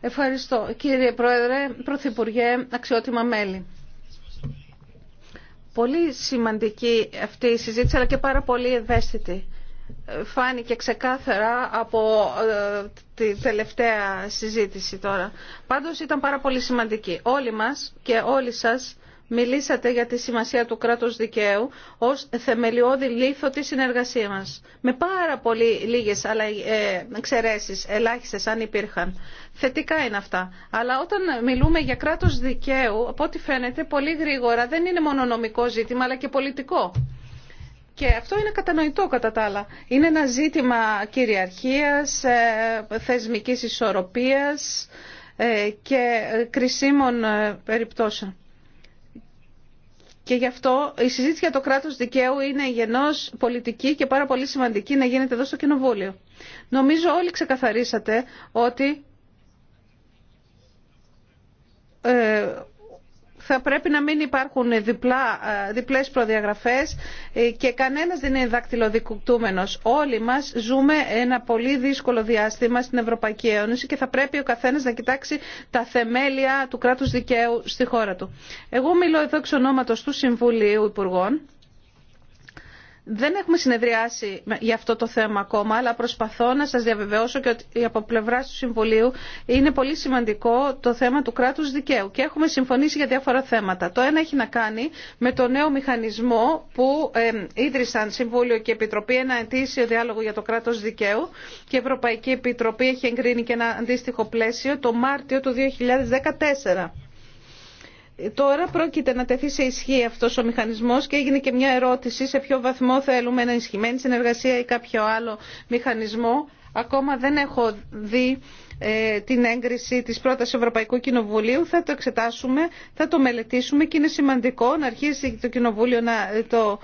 Speaker 7: Ευχαριστώ. Κύριε Πρόεδρε, Πρωθυπουργέ, αξιότιμα μέλη. Πολύ σημαντική αυτή η συζήτηση, αλλά και πάρα πολύ ευαίσθητη φάνηκε ξεκάθαρα από ε, τη τελευταία συζήτηση τώρα. Πάντως ήταν πάρα πολύ σημαντική. Όλοι μας και όλοι σας μιλήσατε για τη σημασία του κράτους δικαίου ως θεμελιώδη λίθο της συνεργασίας μας. Με πάρα πολύ λίγες αλλά, ε, εξαιρέσεις, ελάχιστες αν υπήρχαν. Θετικά είναι αυτά. Αλλά όταν μιλούμε για κράτος δικαίου, από ό,τι φαίνεται, πολύ γρήγορα δεν είναι μόνο νομικό ζήτημα αλλά και πολιτικό. Και αυτό είναι κατανοητό κατά τα άλλα. Είναι ένα ζήτημα κυριαρχίας, ε, θεσμικής ισορροπίας ε, και κρισίμων ε, περιπτώσεων. Και γι' αυτό η συζήτηση για το κράτος δικαίου είναι γενός πολιτική και πάρα πολύ σημαντική να γίνεται εδώ στο Κοινοβούλιο. Νομίζω όλοι ξεκαθαρίσατε ότι θα πρέπει να μην υπάρχουν διπλά, ε, διπλές προδιαγραφές ε, και κανένας δεν είναι δακτυλοδικουκτούμενος. Όλοι μας ζούμε ένα πολύ δύσκολο διάστημα στην Ευρωπαϊκή Ένωση και θα πρέπει ο καθένας να κοιτάξει τα θεμέλια του κράτους δικαίου στη χώρα του. Εγώ μιλώ εδώ εξ ονόματος του Συμβουλίου Υπουργών δεν έχουμε συνεδριάσει για αυτό το θέμα ακόμα, αλλά προσπαθώ να σας διαβεβαιώσω και ότι από πλευρά του Συμβουλίου είναι πολύ σημαντικό το θέμα του κράτους δικαίου και έχουμε συμφωνήσει για διάφορα θέματα. Το ένα έχει να κάνει με το νέο μηχανισμό που ίδρυσαν Συμβούλιο και Επιτροπή ένα αιτήσιο διάλογο για το κράτος δικαίου και η Ευρωπαϊκή Επιτροπή έχει εγκρίνει και ένα αντίστοιχο πλαίσιο το Μάρτιο του 2014. Τώρα πρόκειται να τεθεί σε ισχύ αυτό ο μηχανισμό και έγινε και μια ερώτηση σε ποιο βαθμό θέλουμε ένα ενισχυμένη συνεργασία ή κάποιο άλλο μηχανισμό. Ακόμα δεν έχω δει ε, την έγκριση της πρότασης Ευρωπαϊκού Κοινοβουλίου. Θα το εξετάσουμε, θα το μελετήσουμε και είναι σημαντικό να αρχίσει το Κοινοβούλιο να ε, το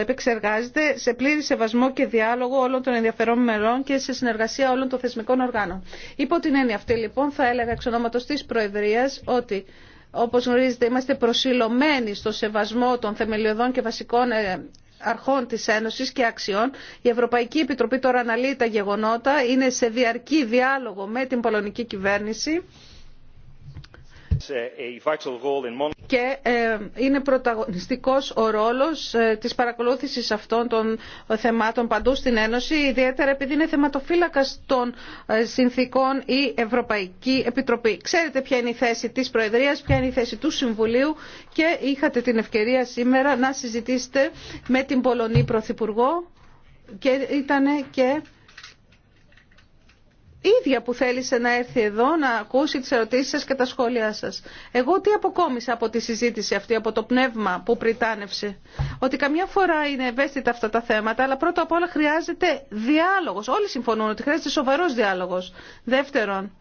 Speaker 7: επεξεργάζεται σε πλήρη σεβασμό και διάλογο όλων των ενδιαφερόμενων μερών και σε συνεργασία όλων των θεσμικών οργάνων. Υπό την έννοια αυτή λοιπόν θα έλεγα εξ της Προεδρίας ότι όπως γνωρίζετε είμαστε προσιλωμένοι στο σεβασμό των θεμελιωδών και βασικών ε, αρχών της Ένωσης και αξιών. Η Ευρωπαϊκή Επιτροπή τώρα αναλύει τα γεγονότα, είναι σε διαρκή διάλογο με την πολωνική κυβέρνηση και ε, είναι πρωταγωνιστικός ο ρόλος ε, της παρακολούθησης αυτών των θεμάτων παντού στην Ένωση, ιδιαίτερα επειδή είναι θεματοφύλακας των ε, συνθήκων η Ευρωπαϊκή Επιτροπή. Ξέρετε ποια είναι η θέση της Προεδρίας, ποια είναι η θέση του Συμβουλίου και είχατε την ευκαιρία σήμερα να συζητήσετε με την Πολωνή Πρωθυπουργό και ήταν και ίδια που θέλησε να έρθει εδώ να ακούσει τις ερωτήσεις σας και τα σχόλιά σας. Εγώ τι αποκόμισα από τη συζήτηση αυτή, από το πνεύμα που πριτάνευσε. Ότι καμιά φορά είναι ευαίσθητα αυτά τα θέματα, αλλά πρώτα απ' όλα χρειάζεται διάλογος. Όλοι συμφωνούν ότι χρειάζεται σοβαρός διάλογος. Δεύτερον,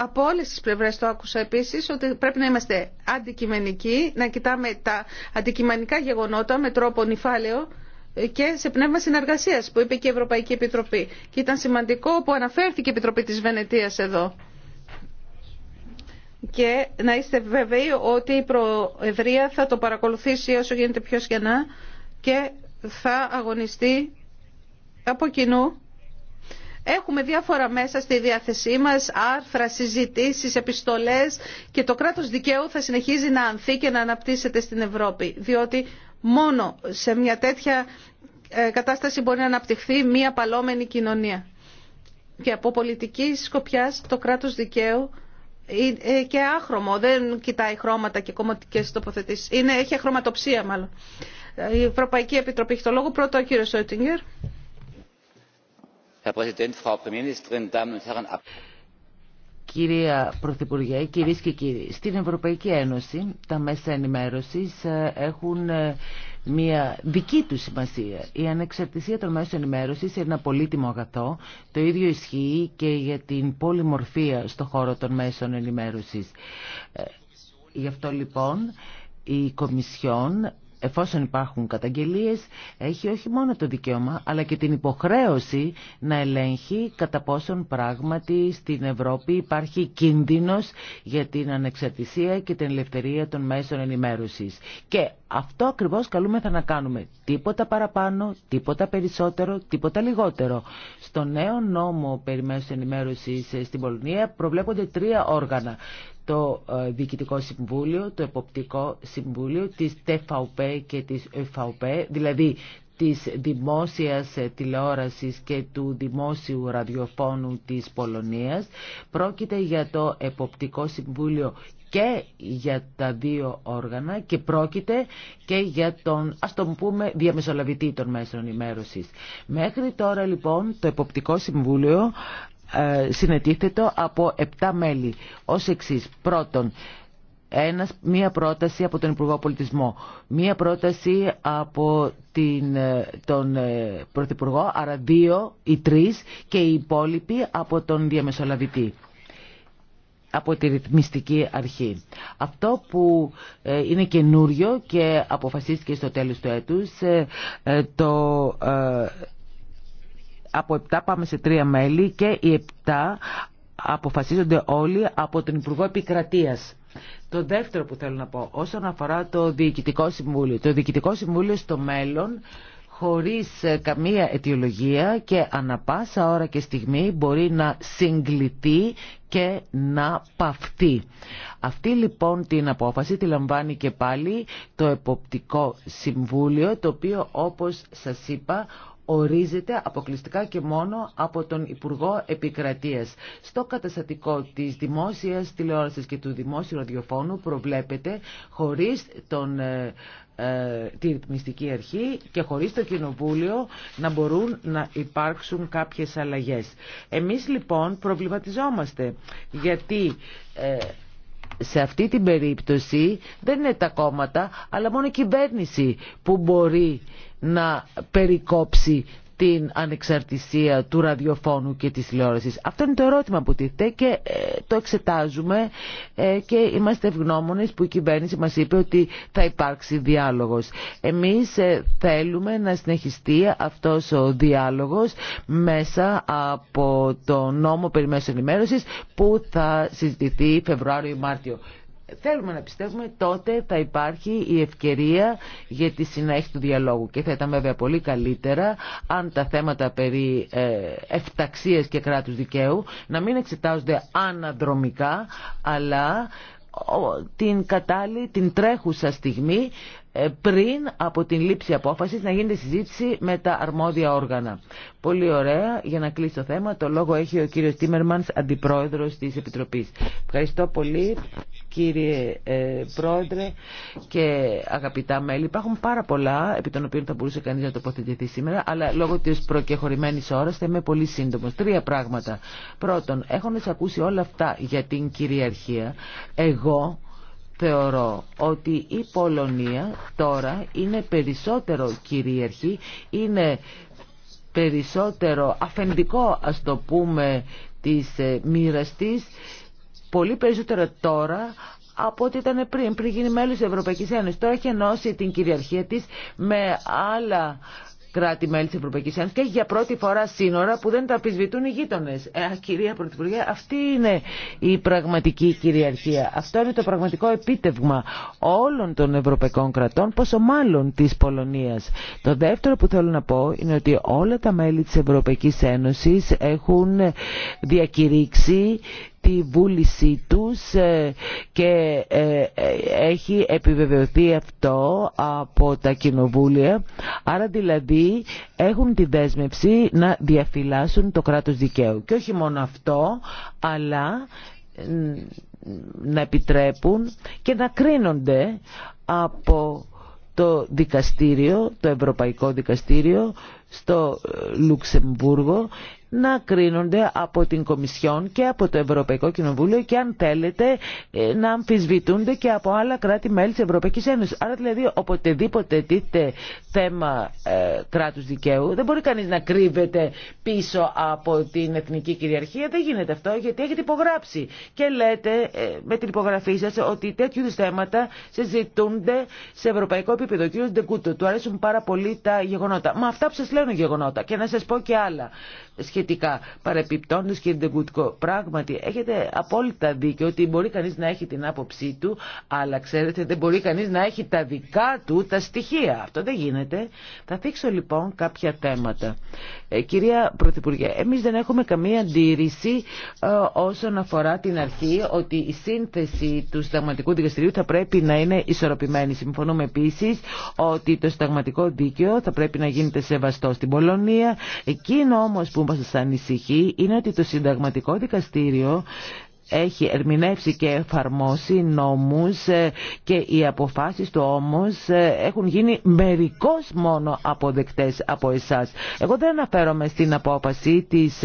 Speaker 7: από όλε τι πλευρέ το άκουσα επίση ότι πρέπει να είμαστε αντικειμενικοί, να κοιτάμε τα αντικειμενικά γεγονότα με τρόπο νυφάλαιο και σε πνεύμα συνεργασίας που είπε και η Ευρωπαϊκή Επιτροπή. Και ήταν σημαντικό που αναφέρθηκε η Επιτροπή της Βενετίας εδώ. Και να είστε βέβαιοι ότι η Προεδρία θα το παρακολουθήσει όσο γίνεται πιο σκενά και θα αγωνιστεί από κοινού. Έχουμε διάφορα μέσα στη διάθεσή μας, άρθρα, συζητήσεις, επιστολές και το κράτος δικαίου θα συνεχίζει να ανθεί και να αναπτύσσεται στην Ευρώπη. Διότι Μόνο σε μια τέτοια ε, κατάσταση μπορεί να αναπτυχθεί μια παλόμενη κοινωνία. Και από πολιτική σκοπιά το κράτος δικαίου είναι ε, και άχρωμο, δεν κοιτάει χρώματα και κομματικές τοποθετήσεις. Είναι, έχει χρωματοψία μάλλον. Η Ευρωπαϊκή Επιτροπή έχει το λόγο. Πρώτο ο κύριο Σόιτιγκερ.
Speaker 6: Κυρία Πρωθυπουργέ, κυρίε και κύριοι, στην Ευρωπαϊκή Ένωση τα μέσα ενημέρωσης ε, έχουν ε, μια δική του σημασία. Η ανεξαρτησία των μέσων ενημέρωσης είναι ένα πολύτιμο αγαθό. Το ίδιο ισχύει και για την πολυμορφία στον χώρο των μέσων ενημέρωσης. Ε, γι' αυτό λοιπόν η Κομισιόν εφόσον υπάρχουν καταγγελίες, έχει όχι μόνο το δικαίωμα, αλλά και την υποχρέωση να ελέγχει κατά πόσον πράγματι στην Ευρώπη υπάρχει κίνδυνος για την ανεξαρτησία και την ελευθερία των μέσων ενημέρωσης. Και αυτό ακριβώς καλούμεθα να κάνουμε. Τίποτα παραπάνω, τίποτα περισσότερο, τίποτα λιγότερο. Στο νέο νόμο περί μέσων ενημέρωσης ε, στην Πολωνία προβλέπονται τρία όργανα το ε, Διοικητικό Συμβούλιο, το Εποπτικό Συμβούλιο, της ΤΕΦΑΟΠΕ και της ΕΦΑΟΠΕ, δηλαδή της δημόσιας ε, τηλεόρασης και του δημόσιου ραδιοφώνου της Πολωνίας. Πρόκειται για το Εποπτικό Συμβούλιο και για τα δύο όργανα και πρόκειται και για τον, ας τον πούμε, διαμεσολαβητή των μέσων ενημέρωση. Μέχρι τώρα λοιπόν το Εποπτικό Συμβούλιο ε, συνετίθετο από 7 μέλη. Ως εξής, πρώτον, ένας, μία πρόταση από τον Υπουργό Πολιτισμό, μία πρόταση από την, ε, τον ε, Πρωθυπουργό, άρα δύο ή τρεις και οι υπόλοιποι από τον διαμεσολαβητή από τη ρυθμιστική αρχή. Αυτό που είναι καινούριο και αποφασίστηκε στο τέλος του έτους, το από 7 πάμε σε 3 μέλη και οι 7 αποφασίζονται όλοι από τον Υπουργό Επικρατείας. Το δεύτερο που θέλω να πω όσον αφορά το Διοικητικό Συμβούλιο. Το Διοικητικό Συμβούλιο στο μέλλον χωρίς ε, καμία αιτιολογία και ανα πάσα ώρα και στιγμή μπορεί να συγκληθεί και να παυτεί. Αυτή λοιπόν την απόφαση τη λαμβάνει και πάλι το Εποπτικό Συμβούλιο, το οποίο όπως σας είπα ορίζεται αποκλειστικά και μόνο από τον Υπουργό Επικρατείας. Στο καταστατικό της δημόσιας τηλεόρασης και του δημόσιου ραδιοφώνου προβλέπεται χωρίς τον ε, ε, τη ρυθμιστική αρχή και χωρίς το κοινοβούλιο να μπορούν να υπάρξουν κάποιες αλλαγές. Εμείς λοιπόν προβληματιζόμαστε γιατί ε, σε αυτή την περίπτωση δεν είναι τα κόμματα αλλά μόνο η κυβέρνηση που μπορεί να περικόψει την ανεξαρτησία του ραδιοφώνου και της τηλεόρασης. Αυτό είναι το ερώτημα που τίθεται και ε, το εξετάζουμε ε, και είμαστε ευγνώμονες που η κυβέρνηση μας είπε ότι θα υπάρξει διάλογος. Εμείς ε, θέλουμε να συνεχιστεί αυτός ο διάλογος μέσα από το νόμο περί μέσων ενημέρωσης που θα συζητηθεί Φεβρουάριο ή Μάρτιο. Θέλουμε να πιστεύουμε τότε θα υπάρχει η ευκαιρία για τη συνέχεια του διαλόγου και θα ήταν βέβαια πολύ καλύτερα αν τα θέματα περί ε, εφταξίας και κράτους δικαίου να μην εξετάζονται αναδρομικά αλλά την κατάλληλη, την τρέχουσα στιγμή ε, πριν από την λήψη απόφασης να γίνεται συζήτηση με τα αρμόδια όργανα. Πολύ ωραία. Για να κλείσω το θέμα, το λόγο έχει ο κύριος Τίμερμανς, αντιπρόεδρος της Επιτροπής. Ευχαριστώ πολύ κύριε ε, Πρόεδρε και αγαπητά μέλη. Υπάρχουν πάρα πολλά επί των οποίων θα μπορούσε κανείς να τοποθετηθεί σήμερα, αλλά λόγω της προκεχωρημένης ώρας θα είμαι πολύ σύντομος. Τρία πράγματα. Πρώτον, έχοντας ακούσει όλα αυτά για την κυριαρχία, εγώ θεωρώ ότι η Πολωνία τώρα είναι περισσότερο κυρίαρχη, είναι περισσότερο αφεντικό ας το πούμε της ε, μοίρας της, πολύ περισσότερο τώρα από ό,τι ήταν πριν, πριν γίνει μέλος της Ευρωπαϊκής Ένωσης. Τώρα έχει ενώσει την κυριαρχία της με άλλα κράτη-μέλη της Ευρωπαϊκής Ένωσης και για πρώτη φορά σύνορα που δεν τα αμφισβητούν οι γείτονε. Ε, κυρία Πρωθυπουργέ, αυτή είναι η πραγματική κυριαρχία. Αυτό είναι το πραγματικό επίτευγμα όλων των ευρωπαϊκών κρατών, πόσο μάλλον της Πολωνίας. Το δεύτερο που θέλω να πω είναι ότι όλα τα μέλη τη Ευρωπαϊκή Ένωση έχουν διακηρύξει τη βούλησή τους ε, και ε, έχει επιβεβαιωθεί αυτό από τα κοινοβούλια. Άρα δηλαδή έχουν τη δέσμευση να διαφυλάσσουν το κράτος δικαίου. Και όχι μόνο αυτό, αλλά να επιτρέπουν και να κρίνονται από το δικαστήριο, το Ευρωπαϊκό Δικαστήριο στο ε, Λουξεμβούργο να κρίνονται από την Κομισιόν και από το Ευρωπαϊκό Κοινοβούλιο και αν θέλετε ε, να αμφισβητούνται και από άλλα κράτη-μέλη της Ευρωπαϊκής Ένωσης. Άρα δηλαδή οποτεδήποτε τίθεται θέμα ε, κράτους δικαίου δεν μπορεί κανείς να κρύβεται πίσω από την εθνική κυριαρχία. Δεν γίνεται αυτό γιατί έχετε υπογράψει και λέτε ε, με την υπογραφή σας ότι τέτοιου είδους θέματα συζητούνται σε ευρωπαϊκό επίπεδο. Κύριος Ντεκούτο του αρέσουν πάρα πολύ τα γεγονότα. Μα αυτά που σας λένε γεγονότα και να σας πω και άλλα σχετικά παρεπιπτόντω, και εντεγκουτικό. Πράγματι, έχετε απόλυτα δίκιο ότι μπορεί κανεί να έχει την άποψή του, αλλά ξέρετε δεν μπορεί κανεί να έχει τα δικά του τα στοιχεία. Αυτό δεν γίνεται. Θα θίξω λοιπόν κάποια θέματα. Ε, κυρία Πρωθυπουργέ, εμεί δεν έχουμε καμία αντίρρηση ε, όσον αφορά την αρχή ότι η σύνθεση του σταγματικού δικαστηρίου θα πρέπει να είναι ισορροπημένη. Συμφωνούμε επίση ότι το σταγματικό δίκαιο θα πρέπει να γίνεται σεβαστό στην Πολωνία. Εκείνο όμω που μας ανησυχεί είναι ότι το συνταγματικό δικαστήριο έχει ερμηνεύσει και εφαρμόσει νόμους ε, και οι αποφάσεις του όμως ε, έχουν γίνει μερικώς μόνο αποδεκτές από εσάς. Εγώ δεν αναφέρομαι στην απόφαση της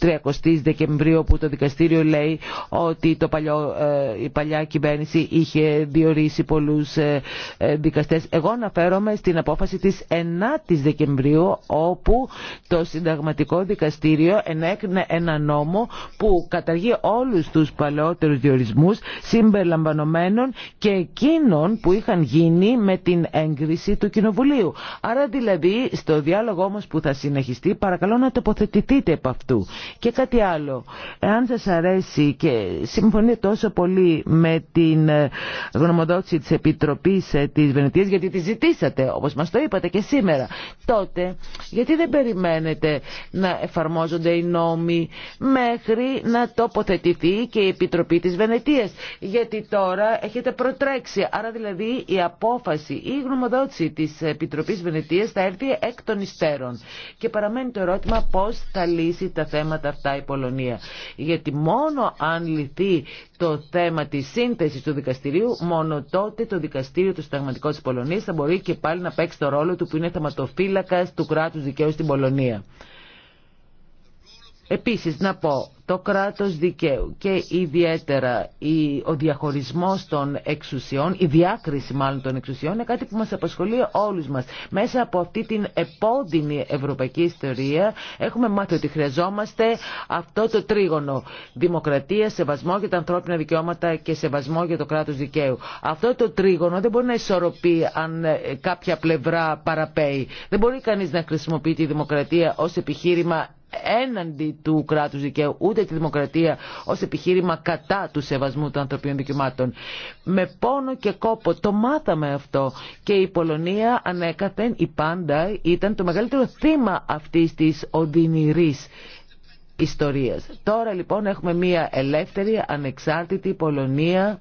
Speaker 6: 30ης ε, Δεκεμβρίου που το δικαστήριο λέει ότι το παλιό, η παλιά κυβέρνηση είχε διορίσει πολλούς δικαστές. Εγώ αναφέρομαι στην απόφαση της 9ης Δεκεμβρίου όπου το συνταγματικό δικαστήριο ενέκρινε ένα νόμο που καταργεί όλους τους τους παλαιότερους διορισμούς συμπεριλαμβανομένων και εκείνων που είχαν γίνει με την έγκριση του Κοινοβουλίου. Άρα δηλαδή στο διάλογο όμως που θα συνεχιστεί παρακαλώ να τοποθετηθείτε επ' αυτού. Και κάτι άλλο, εάν σας αρέσει και συμφωνεί τόσο πολύ με την ε, γνωμοδότηση της Επιτροπής ε, της Βενετίας γιατί τη ζητήσατε όπως μας το είπατε και σήμερα, τότε γιατί δεν περιμένετε να εφαρμόζονται οι νόμοι μέχρι να τοποθετηθεί και η Επιτροπή της Βενετίας. Γιατί τώρα έχετε προτρέξει. Άρα δηλαδή η απόφαση ή η γνωμοδότηση της Επιτροπής Βενετίας θα έρθει εκ των υστέρων. Και παραμένει το ερώτημα πώς θα λύσει τα θέματα αυτά η Πολωνία. Γιατί μόνο αν λυθεί το θέμα της σύνθεσης του δικαστηρίου, μόνο τότε το δικαστήριο του συνταγματικού της Πολωνίας θα μπορεί και πάλι να παίξει το ρόλο του που είναι θεματοφύλακας του κράτους δικαίου στην Πολωνία. Επίσης να πω το κράτος δικαίου και ιδιαίτερα ο διαχωρισμός των εξουσιών, η διάκριση μάλλον των εξουσιών είναι κάτι που μας απασχολεί όλους μας. Μέσα από αυτή την επώδυνη ευρωπαϊκή ιστορία έχουμε μάθει ότι χρειαζόμαστε αυτό το τρίγωνο. Δημοκρατία, σεβασμό για τα ανθρώπινα δικαιώματα και σεβασμό για το κράτος δικαίου. Αυτό το τρίγωνο δεν μπορεί να ισορροπεί αν ε, κάποια πλευρά παραπέει. Δεν μπορεί κανείς να χρησιμοποιεί τη δημοκρατία ως επιχείρημα έναντι του κράτους δικαίου ούτε τη δημοκρατία ως επιχείρημα κατά του σεβασμού των ανθρωπίνων δικαιωμάτων. Με πόνο και κόπο το μάθαμε αυτό και η Πολωνία ανέκαθεν η πάντα ήταν το μεγαλύτερο θύμα αυτής της οδυνηρής ιστορίας. Τώρα λοιπόν έχουμε μια ελεύθερη, ανεξάρτητη Πολωνία,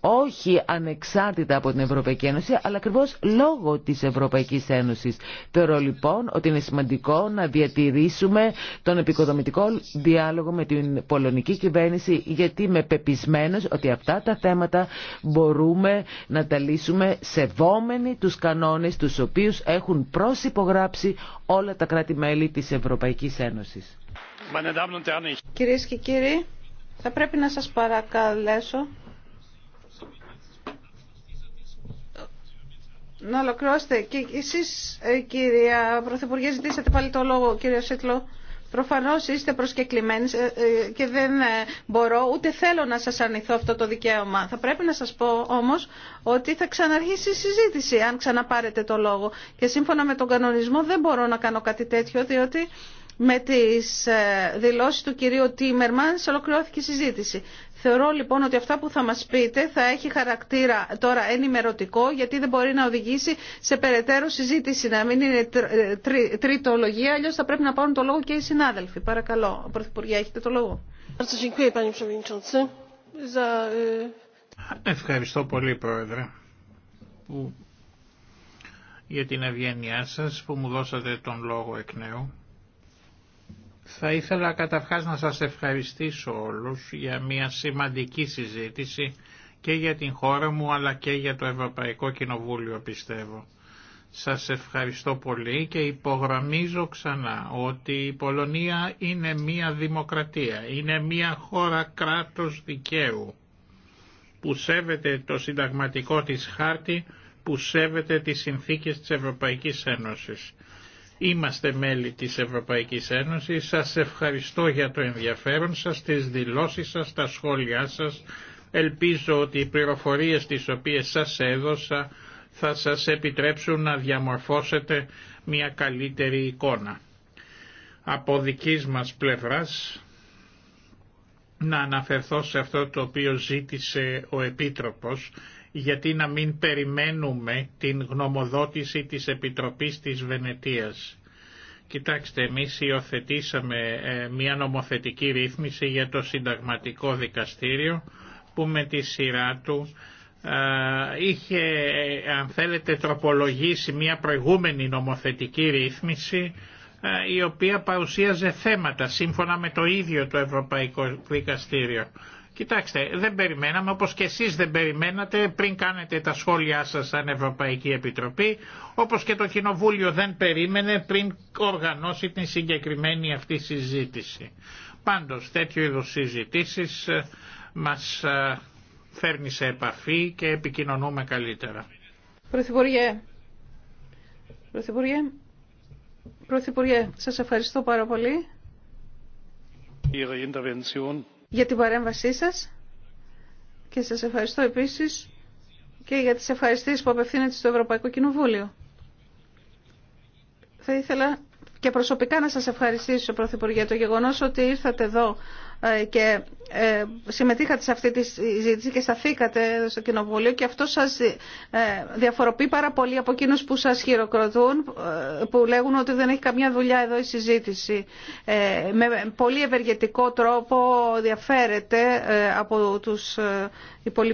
Speaker 6: όχι ανεξάρτητα από την Ευρωπαϊκή Ένωση, αλλά ακριβώς λόγω της Ευρωπαϊκής Ένωσης. Θεωρώ λοιπόν ότι είναι σημαντικό να διατηρήσουμε τον επικοδομητικό διάλογο με την πολωνική κυβέρνηση, γιατί είμαι πεπισμένος ότι αυτά τα θέματα μπορούμε να τα λύσουμε σεβόμενοι τους κανόνες τους οποίους έχουν προσυπογράψει όλα τα κράτη-μέλη της Ευρωπαϊκής Ένωσης.
Speaker 7: Κυρίες και κύριοι, θα πρέπει να σας παρακαλέσω να ολοκληρώσετε. Και εσείς, ε, κυρία Πρωθυπουργέ, ζητήσατε πάλι το λόγο, κύριε Σίτλο. Προφανώς είστε προσκεκλημένοι ε, ε, και δεν μπορώ, ούτε θέλω να σας αρνηθώ αυτό το δικαίωμα. Θα πρέπει να σας πω όμως ότι θα ξαναρχίσει η συζήτηση αν ξαναπάρετε το λόγο. Και σύμφωνα με τον κανονισμό δεν μπορώ να κάνω κάτι τέτοιο, διότι με τις ε, δηλώσεις του κυρίου Τίμερμαν ολοκληρώθηκε η συζήτηση. Θεωρώ λοιπόν ότι αυτά που θα μας πείτε θα έχει χαρακτήρα τώρα ενημερωτικό γιατί δεν μπορεί να οδηγήσει σε περαιτέρω συζήτηση, να μην είναι τρίτο ε, τριτολογία, αλλιώς θα πρέπει να πάρουν το λόγο και οι συνάδελφοι. Παρακαλώ, Πρωθυπουργέ, έχετε το λόγο. Ε,
Speaker 5: Ευχαριστώ πολύ, Πρόεδρε, για την ευγένειά σας που μου δώσατε τον λόγο εκ νέου. Θα ήθελα καταρχάς να σας ευχαριστήσω όλους για μια σημαντική συζήτηση και για την χώρα μου αλλά και για το Ευρωπαϊκό Κοινοβούλιο πιστεύω. Σας ευχαριστώ πολύ και υπογραμμίζω ξανά ότι η Πολωνία είναι μια δημοκρατία, είναι μια χώρα κράτος δικαίου που σέβεται το συνταγματικό της χάρτη, που σέβεται τις συνθήκες της Ευρωπαϊκής Ένωσης. Είμαστε μέλη της Ευρωπαϊκής Ένωσης. Σας ευχαριστώ για το ενδιαφέρον σας, τις δηλώσεις σας, τα σχόλιά σας. Ελπίζω ότι οι πληροφορίες τις οποίες σας έδωσα θα σας επιτρέψουν να διαμορφώσετε μια καλύτερη εικόνα. Από δικής μας πλευράς να αναφερθώ σε αυτό το οποίο ζήτησε ο Επίτροπος γιατί να μην περιμένουμε την γνωμοδότηση της Επιτροπής της Βενετίας. Κοιτάξτε, εμείς υιοθετήσαμε ε, μια νομοθετική ρύθμιση για το συνταγματικό δικαστήριο που με τη σειρά του ε, είχε, ε, αν θέλετε, τροπολογήσει μια προηγούμενη νομοθετική ρύθμιση η οποία παρουσίαζε θέματα σύμφωνα με το ίδιο το Ευρωπαϊκό Δικαστήριο. Κοιτάξτε, δεν περιμέναμε, όπως και εσείς δεν περιμένατε πριν κάνετε τα σχόλιά σας σαν Ευρωπαϊκή Επιτροπή, όπως και το Κοινοβούλιο δεν περίμενε πριν οργανώσει την συγκεκριμένη αυτή συζήτηση. Πάντως, τέτοιου είδους συζητήσεις ε, μας ε, φέρνει σε επαφή και επικοινωνούμε καλύτερα.
Speaker 7: Πρωθυπουργέ, Πρωθυπουργέ, Πρωθυπουργέ ευχαριστώ πάρα πολύ.
Speaker 4: Ihre Intervention
Speaker 7: για την παρέμβασή σας και σας ευχαριστώ επίσης και για τις ευχαριστήσεις που απευθύνεται στο Ευρωπαϊκό Κοινοβούλιο. Θα ήθελα και προσωπικά να σας ευχαριστήσω, Πρωθυπουργέ, το γεγονός ότι ήρθατε εδώ ε, και ε, συμμετείχατε σε αυτή τη συζήτηση και σταθήκατε στο Κοινοβούλιο και αυτό σας ε, διαφοροποιεί πάρα πολύ από εκείνους που σας χειροκροτούν, που λέγουν ότι δεν έχει καμιά δουλειά εδώ η συζήτηση. με πολύ ευεργετικό τρόπο διαφέρεται από τους υπολοιπούς.